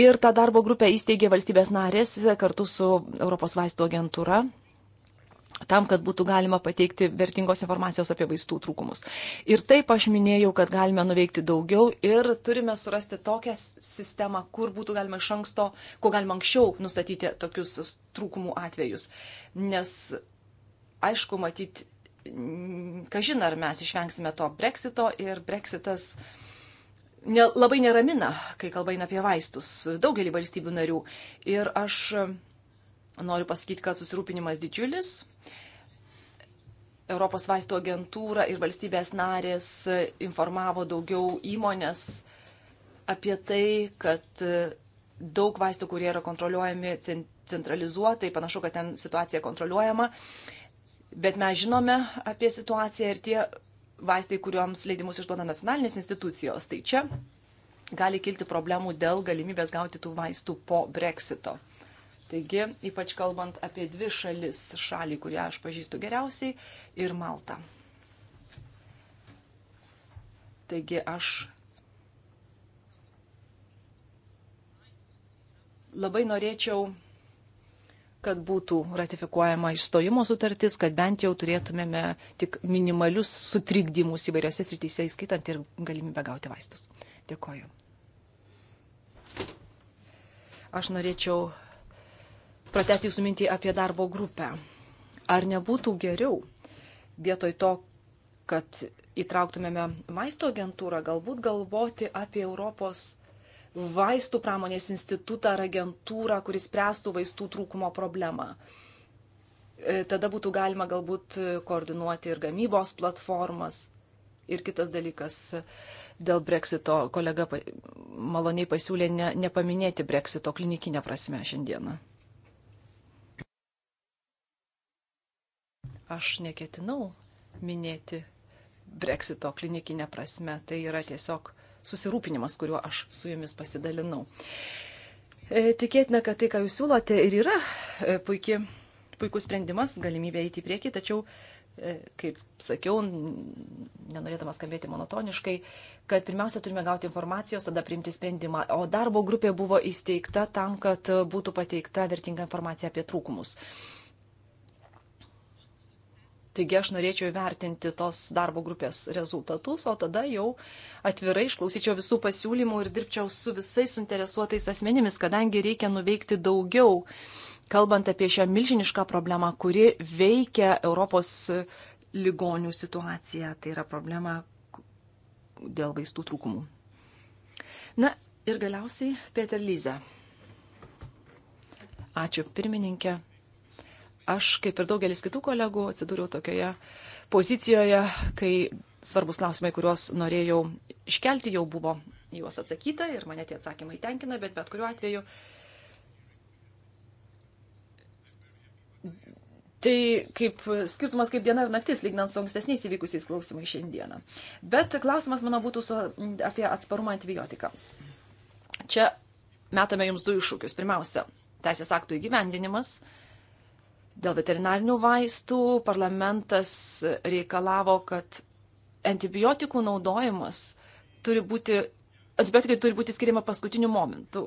Speaker 2: Ir tą darbo grupę įsteigė valstybės narės kartu su Europos vaistų agentūra tam, kad būtų galima pateikti vertingos informacijos apie vaistų trūkumus. Ir taip aš minėjau, kad galime nuveikti daugiau ir turime surasti tokią sistemą, kur būtų galima iš anksto, kuo galima anksčiau nustatyti tokius trūkumų atvejus. Nes, aišku, matyti Mm, kažin ar mes išvengsime to breksito ir breksitas ne, labai neramina, kai kalba eina apie vaistus daugelį valstybių narių. Ir aš e, noriu pasakyti, kad susirūpinimas didžiulis. Europos vaistų agentūra ir valstybės narės e, informavo daugiau įmonės apie tai, kad e, daug vaistų, kurie yra kontroliuojami centralizuotai, panašu, kad ten situacija kontroliuojama, bet mes žinome apie situaciją ir tie vaistai, kuriuoms leidimus išduoda nacionalinės institucijos. Tai čia gali kilti problemų dėl galimybės gauti tų vaistų po breksito. Taigi, ypač kalbant apie dvi šalis, šalį, kurią aš pažįstu geriausiai, ir Maltą. Taigi aš labai norėčiau kad būtų ratifikuojama išstojimo sutartis, kad bent jau turėtumėme tik minimalius sutrikdymus įvairiose srityse, įskaitant ir galimybę gauti vaistus. Dėkoju. Aš norėčiau pratesti jūsų mintį apie darbo grupę. Ar nebūtų geriau, vietoj to, kad įtrauktumėme maisto agentūrą, galbūt galvoti apie Europos vaistų pramonės institutą ar agentūrą, kuris spręstų vaistų trūkumo problemą. E, tada būtų galima galbūt koordinuoti ir gamybos platformas. Ir kitas dalykas, dėl breksito kolega maloniai pasiūlė ne, nepaminėti breksito klinikinę prasme šiandieną. Aš neketinau minėti breksito klinikinę prasme. Tai yra tiesiog susirūpinimas, kuriuo aš su jumis pasidalinau. E, tikėtina, kad tai, ką jūs siūlote, ir yra e, puikia, puikus sprendimas, galimybė eiti į priekį, tačiau, e, kaip sakiau, nenorėdamas skambėti monotoniškai, kad pirmiausia turime gauti informacijos, tada priimti sprendimą. O darbo grupė buvo įsteigta tam, kad būtų pateikta vertinga informacija apie trūkumus. Taigi aš norėčiau įvertinti tos darbo grupės rezultatus, o tada jau atvirai išklausyčiau visų pasiūlymų ir dirbčiau su visais suinteresuotais asmenimis, kadangi reikia nuveikti daugiau, kalbant apie šią milžinišką problemą, kuri veikia Europos ligonių situaciją. Tai yra problema dėl vaistų trūkumų. Na ir galiausiai Peter Lyze. Ačiū pirmininkė aš, kaip ir daugelis kitų kolegų, atsidūriau tokioje pozicijoje, kai svarbus klausimai, kuriuos norėjau iškelti, jau buvo juos atsakyta ir mane tie atsakymai tenkina, bet bet kuriuo atveju. Tai kaip skirtumas kaip diena ir naktis, lygnant su ankstesniais įvykusiais klausimais šiandieną. Bet klausimas mano būtų su, apie atsparumą antibiotikams. Čia metame jums du iššūkius. Pirmiausia, teisės aktų įgyvendinimas. Uh, Dėl veterinarinių vaistų parlamentas reikalavo, kad antibiotikų naudojimas turi būti, antibiotikai turi būti skiriama paskutiniu momentu.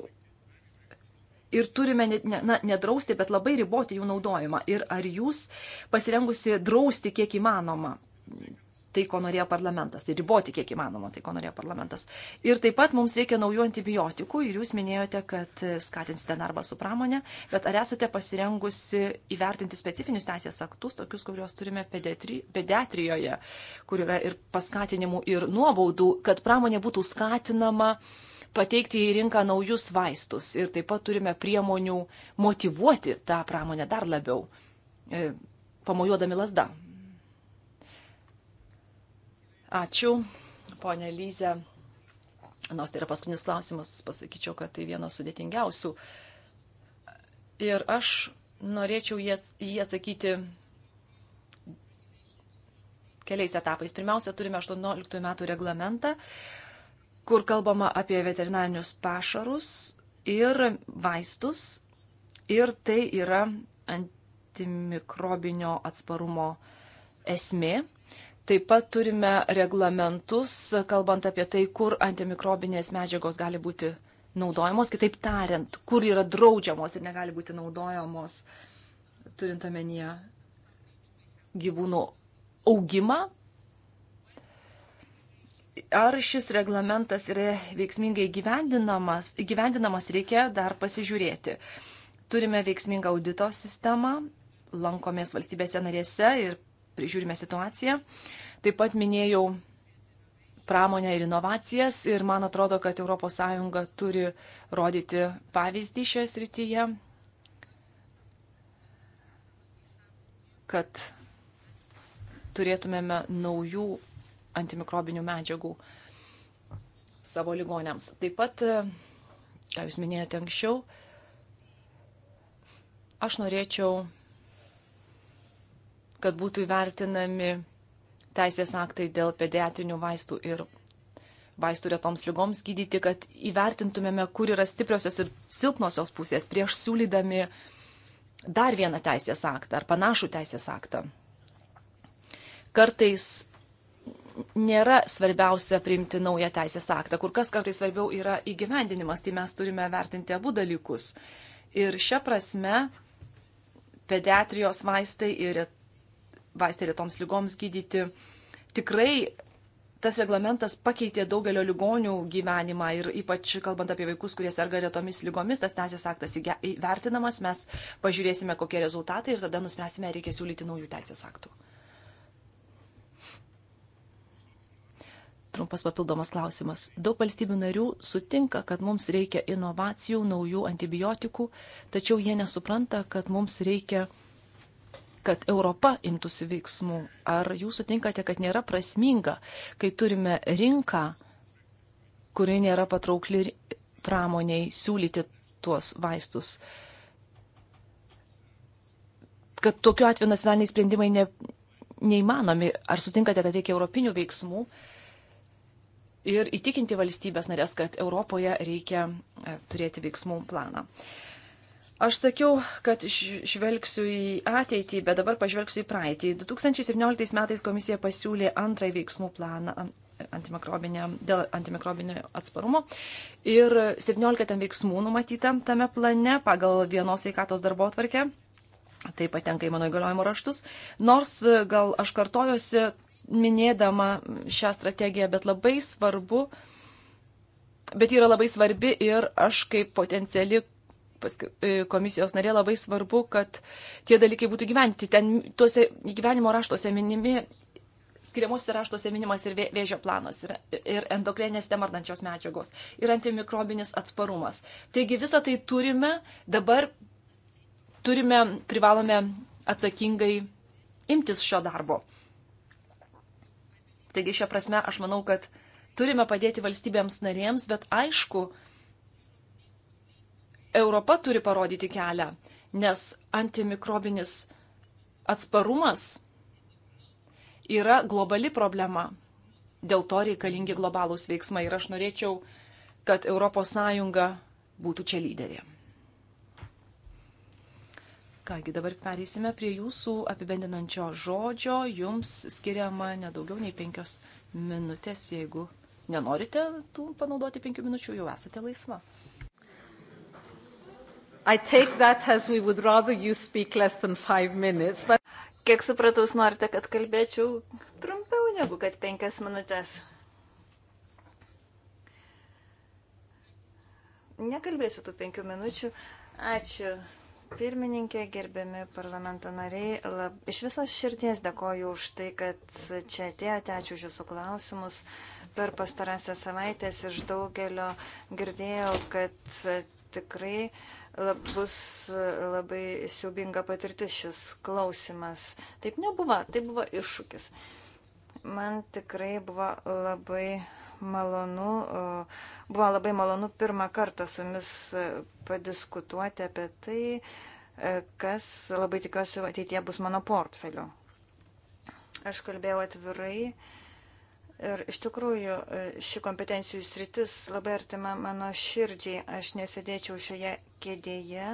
Speaker 2: Ir turime, ne, na, nedrausti, bet labai riboti jų naudojimą. Ir ar jūs pasirengusi drausti kiek įmanoma tai, ko norėjo parlamentas, ir tai riboti kiek įmanoma tai, ko norėjo parlamentas. Ir taip pat mums reikia naujų antibiotikų ir jūs minėjote, kad skatinsite darbą su pramonė, bet ar esate pasirengusi įvertinti specifinius teisės aktus, tokius, kuriuos turime pediatri, pediatrijoje, kur yra ir paskatinimų, ir nuobaudų, kad pramonė būtų skatinama pateikti į rinką naujus vaistus ir taip pat turime priemonių motivuoti tą pramonę dar labiau, e, pamojuodami lasdą Ačiū, ponė Lyze. Nors tai yra paskutinis klausimas, pasakyčiau, kad tai vienas sudėtingiausių. Ir aš norėčiau jį atsakyti keliais etapais. Pirmiausia, turime 18 metų reglamentą, kur kalbama apie veterinarinius pašarus ir vaistus. Ir tai yra antimikrobinio atsparumo esmė. Taip pat turime reglamentus, kalbant apie tai, kur antimikrobinės medžiagos gali būti naudojamos, kitaip tariant, kur yra draudžiamos ir negali būti naudojamos, turint omenyje gyvūnų augimą. Ar šis reglamentas yra veiksmingai gyvendinamas, gyvendinamas reikia dar pasižiūrėti. Turime veiksmingą audito sistemą, lankomės valstybėse narėse ir prižiūrime situaciją. Taip pat minėjau pramonę ir inovacijas ir man atrodo, kad ES turi rodyti pavyzdį šioje srityje, kad turėtumėme naujų antimikrobinių medžiagų savo ligonėms. Taip pat, ką jūs minėjote anksčiau, aš norėčiau kad būtų įvertinami teisės aktai dėl pediatrinių vaistų ir vaistų retoms lygoms gydyti, kad įvertintumėme, kur yra stipriosios ir silpnosios pusės prieš siūlydami dar vieną teisės aktą ar panašų teisės aktą. Kartais nėra svarbiausia priimti naują teisės aktą, kur kas kartais svarbiau yra įgyvendinimas, tai mes turime vertinti abu dalykus. Ir šią prasme pediatrijos vaistai ir vaistai lietoms lygoms gydyti. Tikrai tas reglamentas pakeitė daugelio ligonių gyvenimą ir ypač kalbant apie vaikus, kurie serga lietomis lygomis, tas teisės aktas įvertinamas, mes pažiūrėsime, kokie rezultatai ir tada nuspręsime, reikia siūlyti naujų teisės aktų. Trumpas papildomas klausimas. Daug valstybių narių sutinka, kad mums reikia inovacijų, naujų antibiotikų, tačiau jie nesupranta, kad mums reikia kad Europa imtųsi veiksmų. Ar jūs sutinkate, kad nėra prasminga, kai turime rinką, kuri nėra patraukli pramoniai, siūlyti tuos vaistus? Kad tokiu atveju nacionaliniai sprendimai ne, neįmanomi. Ar sutinkate, kad reikia europinių veiksmų ir įtikinti valstybės narės, kad Europoje reikia e, turėti veiksmų planą? Uh, Aš sakiau, kad žvelgsiu į ateitį, bet dabar pažvelgsiu į praeitį. 2017 metais komisija pasiūlė antrąjį veiksmų planą antimikrobinė, dėl antimikrobinio atsparumo ir 17 ten veiksmų numatyta tame plane pagal vienos veikatos darbo atvarkę. Tai patenka į mano įgaliojimo raštus. Nors gal aš kartojosi minėdama šią strategiją, bet labai svarbu, bet yra labai svarbi ir aš kaip potenciali E, komisijos narė, labai svarbu, kad tie dalykai būtų gyventi. Ten tuose gyvenimo raštuose minimi, skiriamuose raštuose minimas ir vėžio planas, ir, ir endokrinės temardančios medžiagos, ir antimikrobinis atsparumas. Taigi visą tai turime, dabar turime, privalome atsakingai imtis šio darbo. Taigi šią prasme aš manau, kad turime padėti valstybėms narėms, bet aišku, Europa turi parodyti kelią, nes antimikrobinis atsparumas yra globali problema. Dėl to reikalingi globalūs veiksmai ir aš norėčiau, kad ES būtų čia lyderė. Kągi, dabar pereisime prie jūsų apibendinančio žodžio. Jums skiriama nedaugiau nei penkios minutės, jeigu nenorite tų panaudoti penkių minučių, jau esate laisva. I take that as we would rather you speak less than five minutes. But... Kiek supratau, jūs norite, kad kalbėčiau
Speaker 3: trumpiau negu kad penkias minutės. Nekalbėsiu tų penkių minučių. Ačiū. Pirmininkė, gerbiami parlamento nariai, lab... iš viso širdies dėkoju už tai, kad čia atėjote, ačiū už jūsų klausimus. Per pastarąsią savaitęs iš daugelio girdėjau, kad tikrai uh, bus e, labai siaubinga patirtis šis klausimas. Taip nebuvo, tai buvo iššūkis. Man tikrai buvo labai malonu, buvo labai malonu pirmą kartą su jumis e, padiskutuoti apie tai, e, kas labai tikiuosi ateitie bus mano portfeliu. Aš kalbėjau atvirai Ir iš tikrųjų e, ši kompetencijų sritis labai artima mano širdžiai. Aš nesėdėčiau šioje kėdėje,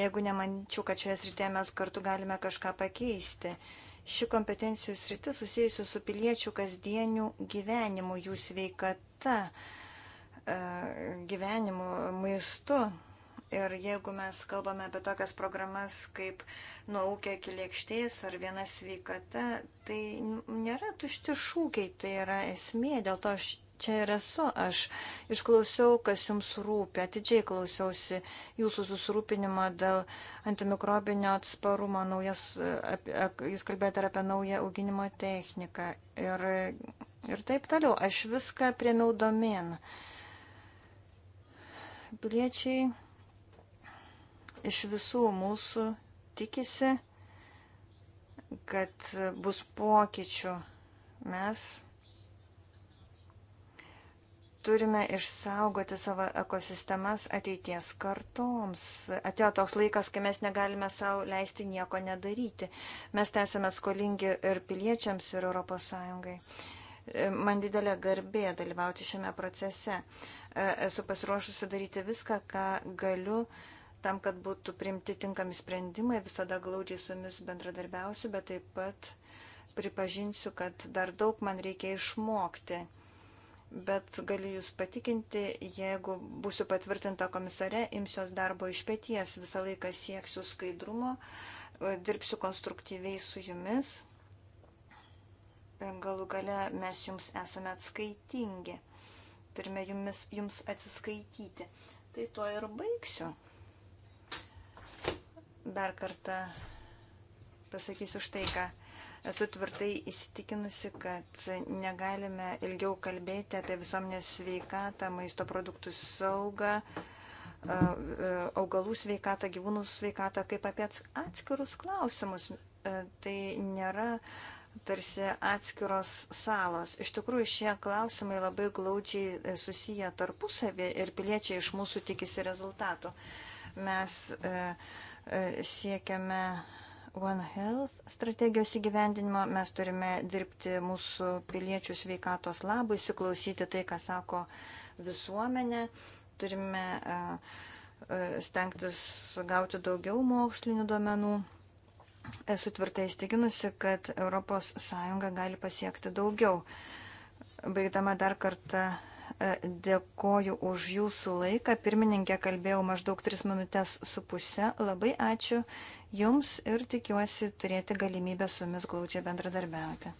Speaker 3: jeigu nemančiau, kad šioje srityje mes kartu galime kažką pakeisti. Ši kompetencijų sritis susijusi su piliečių kasdieniu gyvenimu, jų sveikata, e, gyvenimu, maistu. Ir jeigu mes kalbame apie tokias programas kaip nuaukė iki lėkštės ar viena sveikata, tai nėra tušti šūkiai, tai yra esmė. Dėl to aš čia ir esu. Aš išklausiau, kas jums rūpi, atidžiai klausiausi jūsų susirūpinimo dėl antimikrobinio atsparumo. Naujas, ap, ap, jūs kalbėjote ir apie naują auginimo techniką ir, ir taip toliau. Aš viską priemiau domen. Piliečiai iš visų mūsų tikisi, kad bus pokyčių. Mes turime išsaugoti savo ekosistemas ateities kartoms. Atėjo toks laikas, kai mes negalime savo leisti nieko nedaryti. Mes tai esame skolingi ir piliečiams, ir ES. Man didelė garbė dalyvauti šiame procese. Esu pasiruošusi daryti viską, ką galiu, Tam, kad būtų priimti tinkami sprendimai, visada glaudžiai su jumis bendradarbiausiu, bet taip pat pripažinsiu, kad dar daug man reikia išmokti. Bet galiu Jūs patikinti, jeigu būsiu patvirtinta komisare, imsiuos darbo iš pėties, visą laiką sieksiu skaidrumo, dirbsiu konstruktyviai su Jumis. Galų gale mes Jums esame atskaitingi. Turime Jumis, Jums atsiskaityti. Tai tuo ir baigsiu dar kartą pasakysiu štai ką. Esu tvirtai įsitikinusi, kad negalime ilgiau kalbėti apie visuomenės sveikatą, maisto produktų saugą, augalų sveikatą, gyvūnų sveikatą, kaip apie atskirus klausimus. E, tai nėra tarsi atskiros salos. Iš tikrųjų, šie klausimai labai glaudžiai e, susiję tarpusavį ir piliečiai iš mūsų tikisi rezultatų. Mes e, E, siekiame One Health strategijos įgyvendinimo, mes turime dirbti mūsų piliečių sveikatos labui, įsiklausyti tai, ką sako visuomenė, turime e, e, stengtis gauti daugiau mokslinių duomenų. Esu tvirtai įstikinusi, kad ES gali pasiekti daugiau. Baigdama dar kartą E, dėkoju už jūsų laiką. Pirmininkė kalbėjau maždaug 3 minutės su pusę. Labai ačiū Jums ir tikiuosi turėti galimybę su Jumis glaudžiai bendradarbiauti.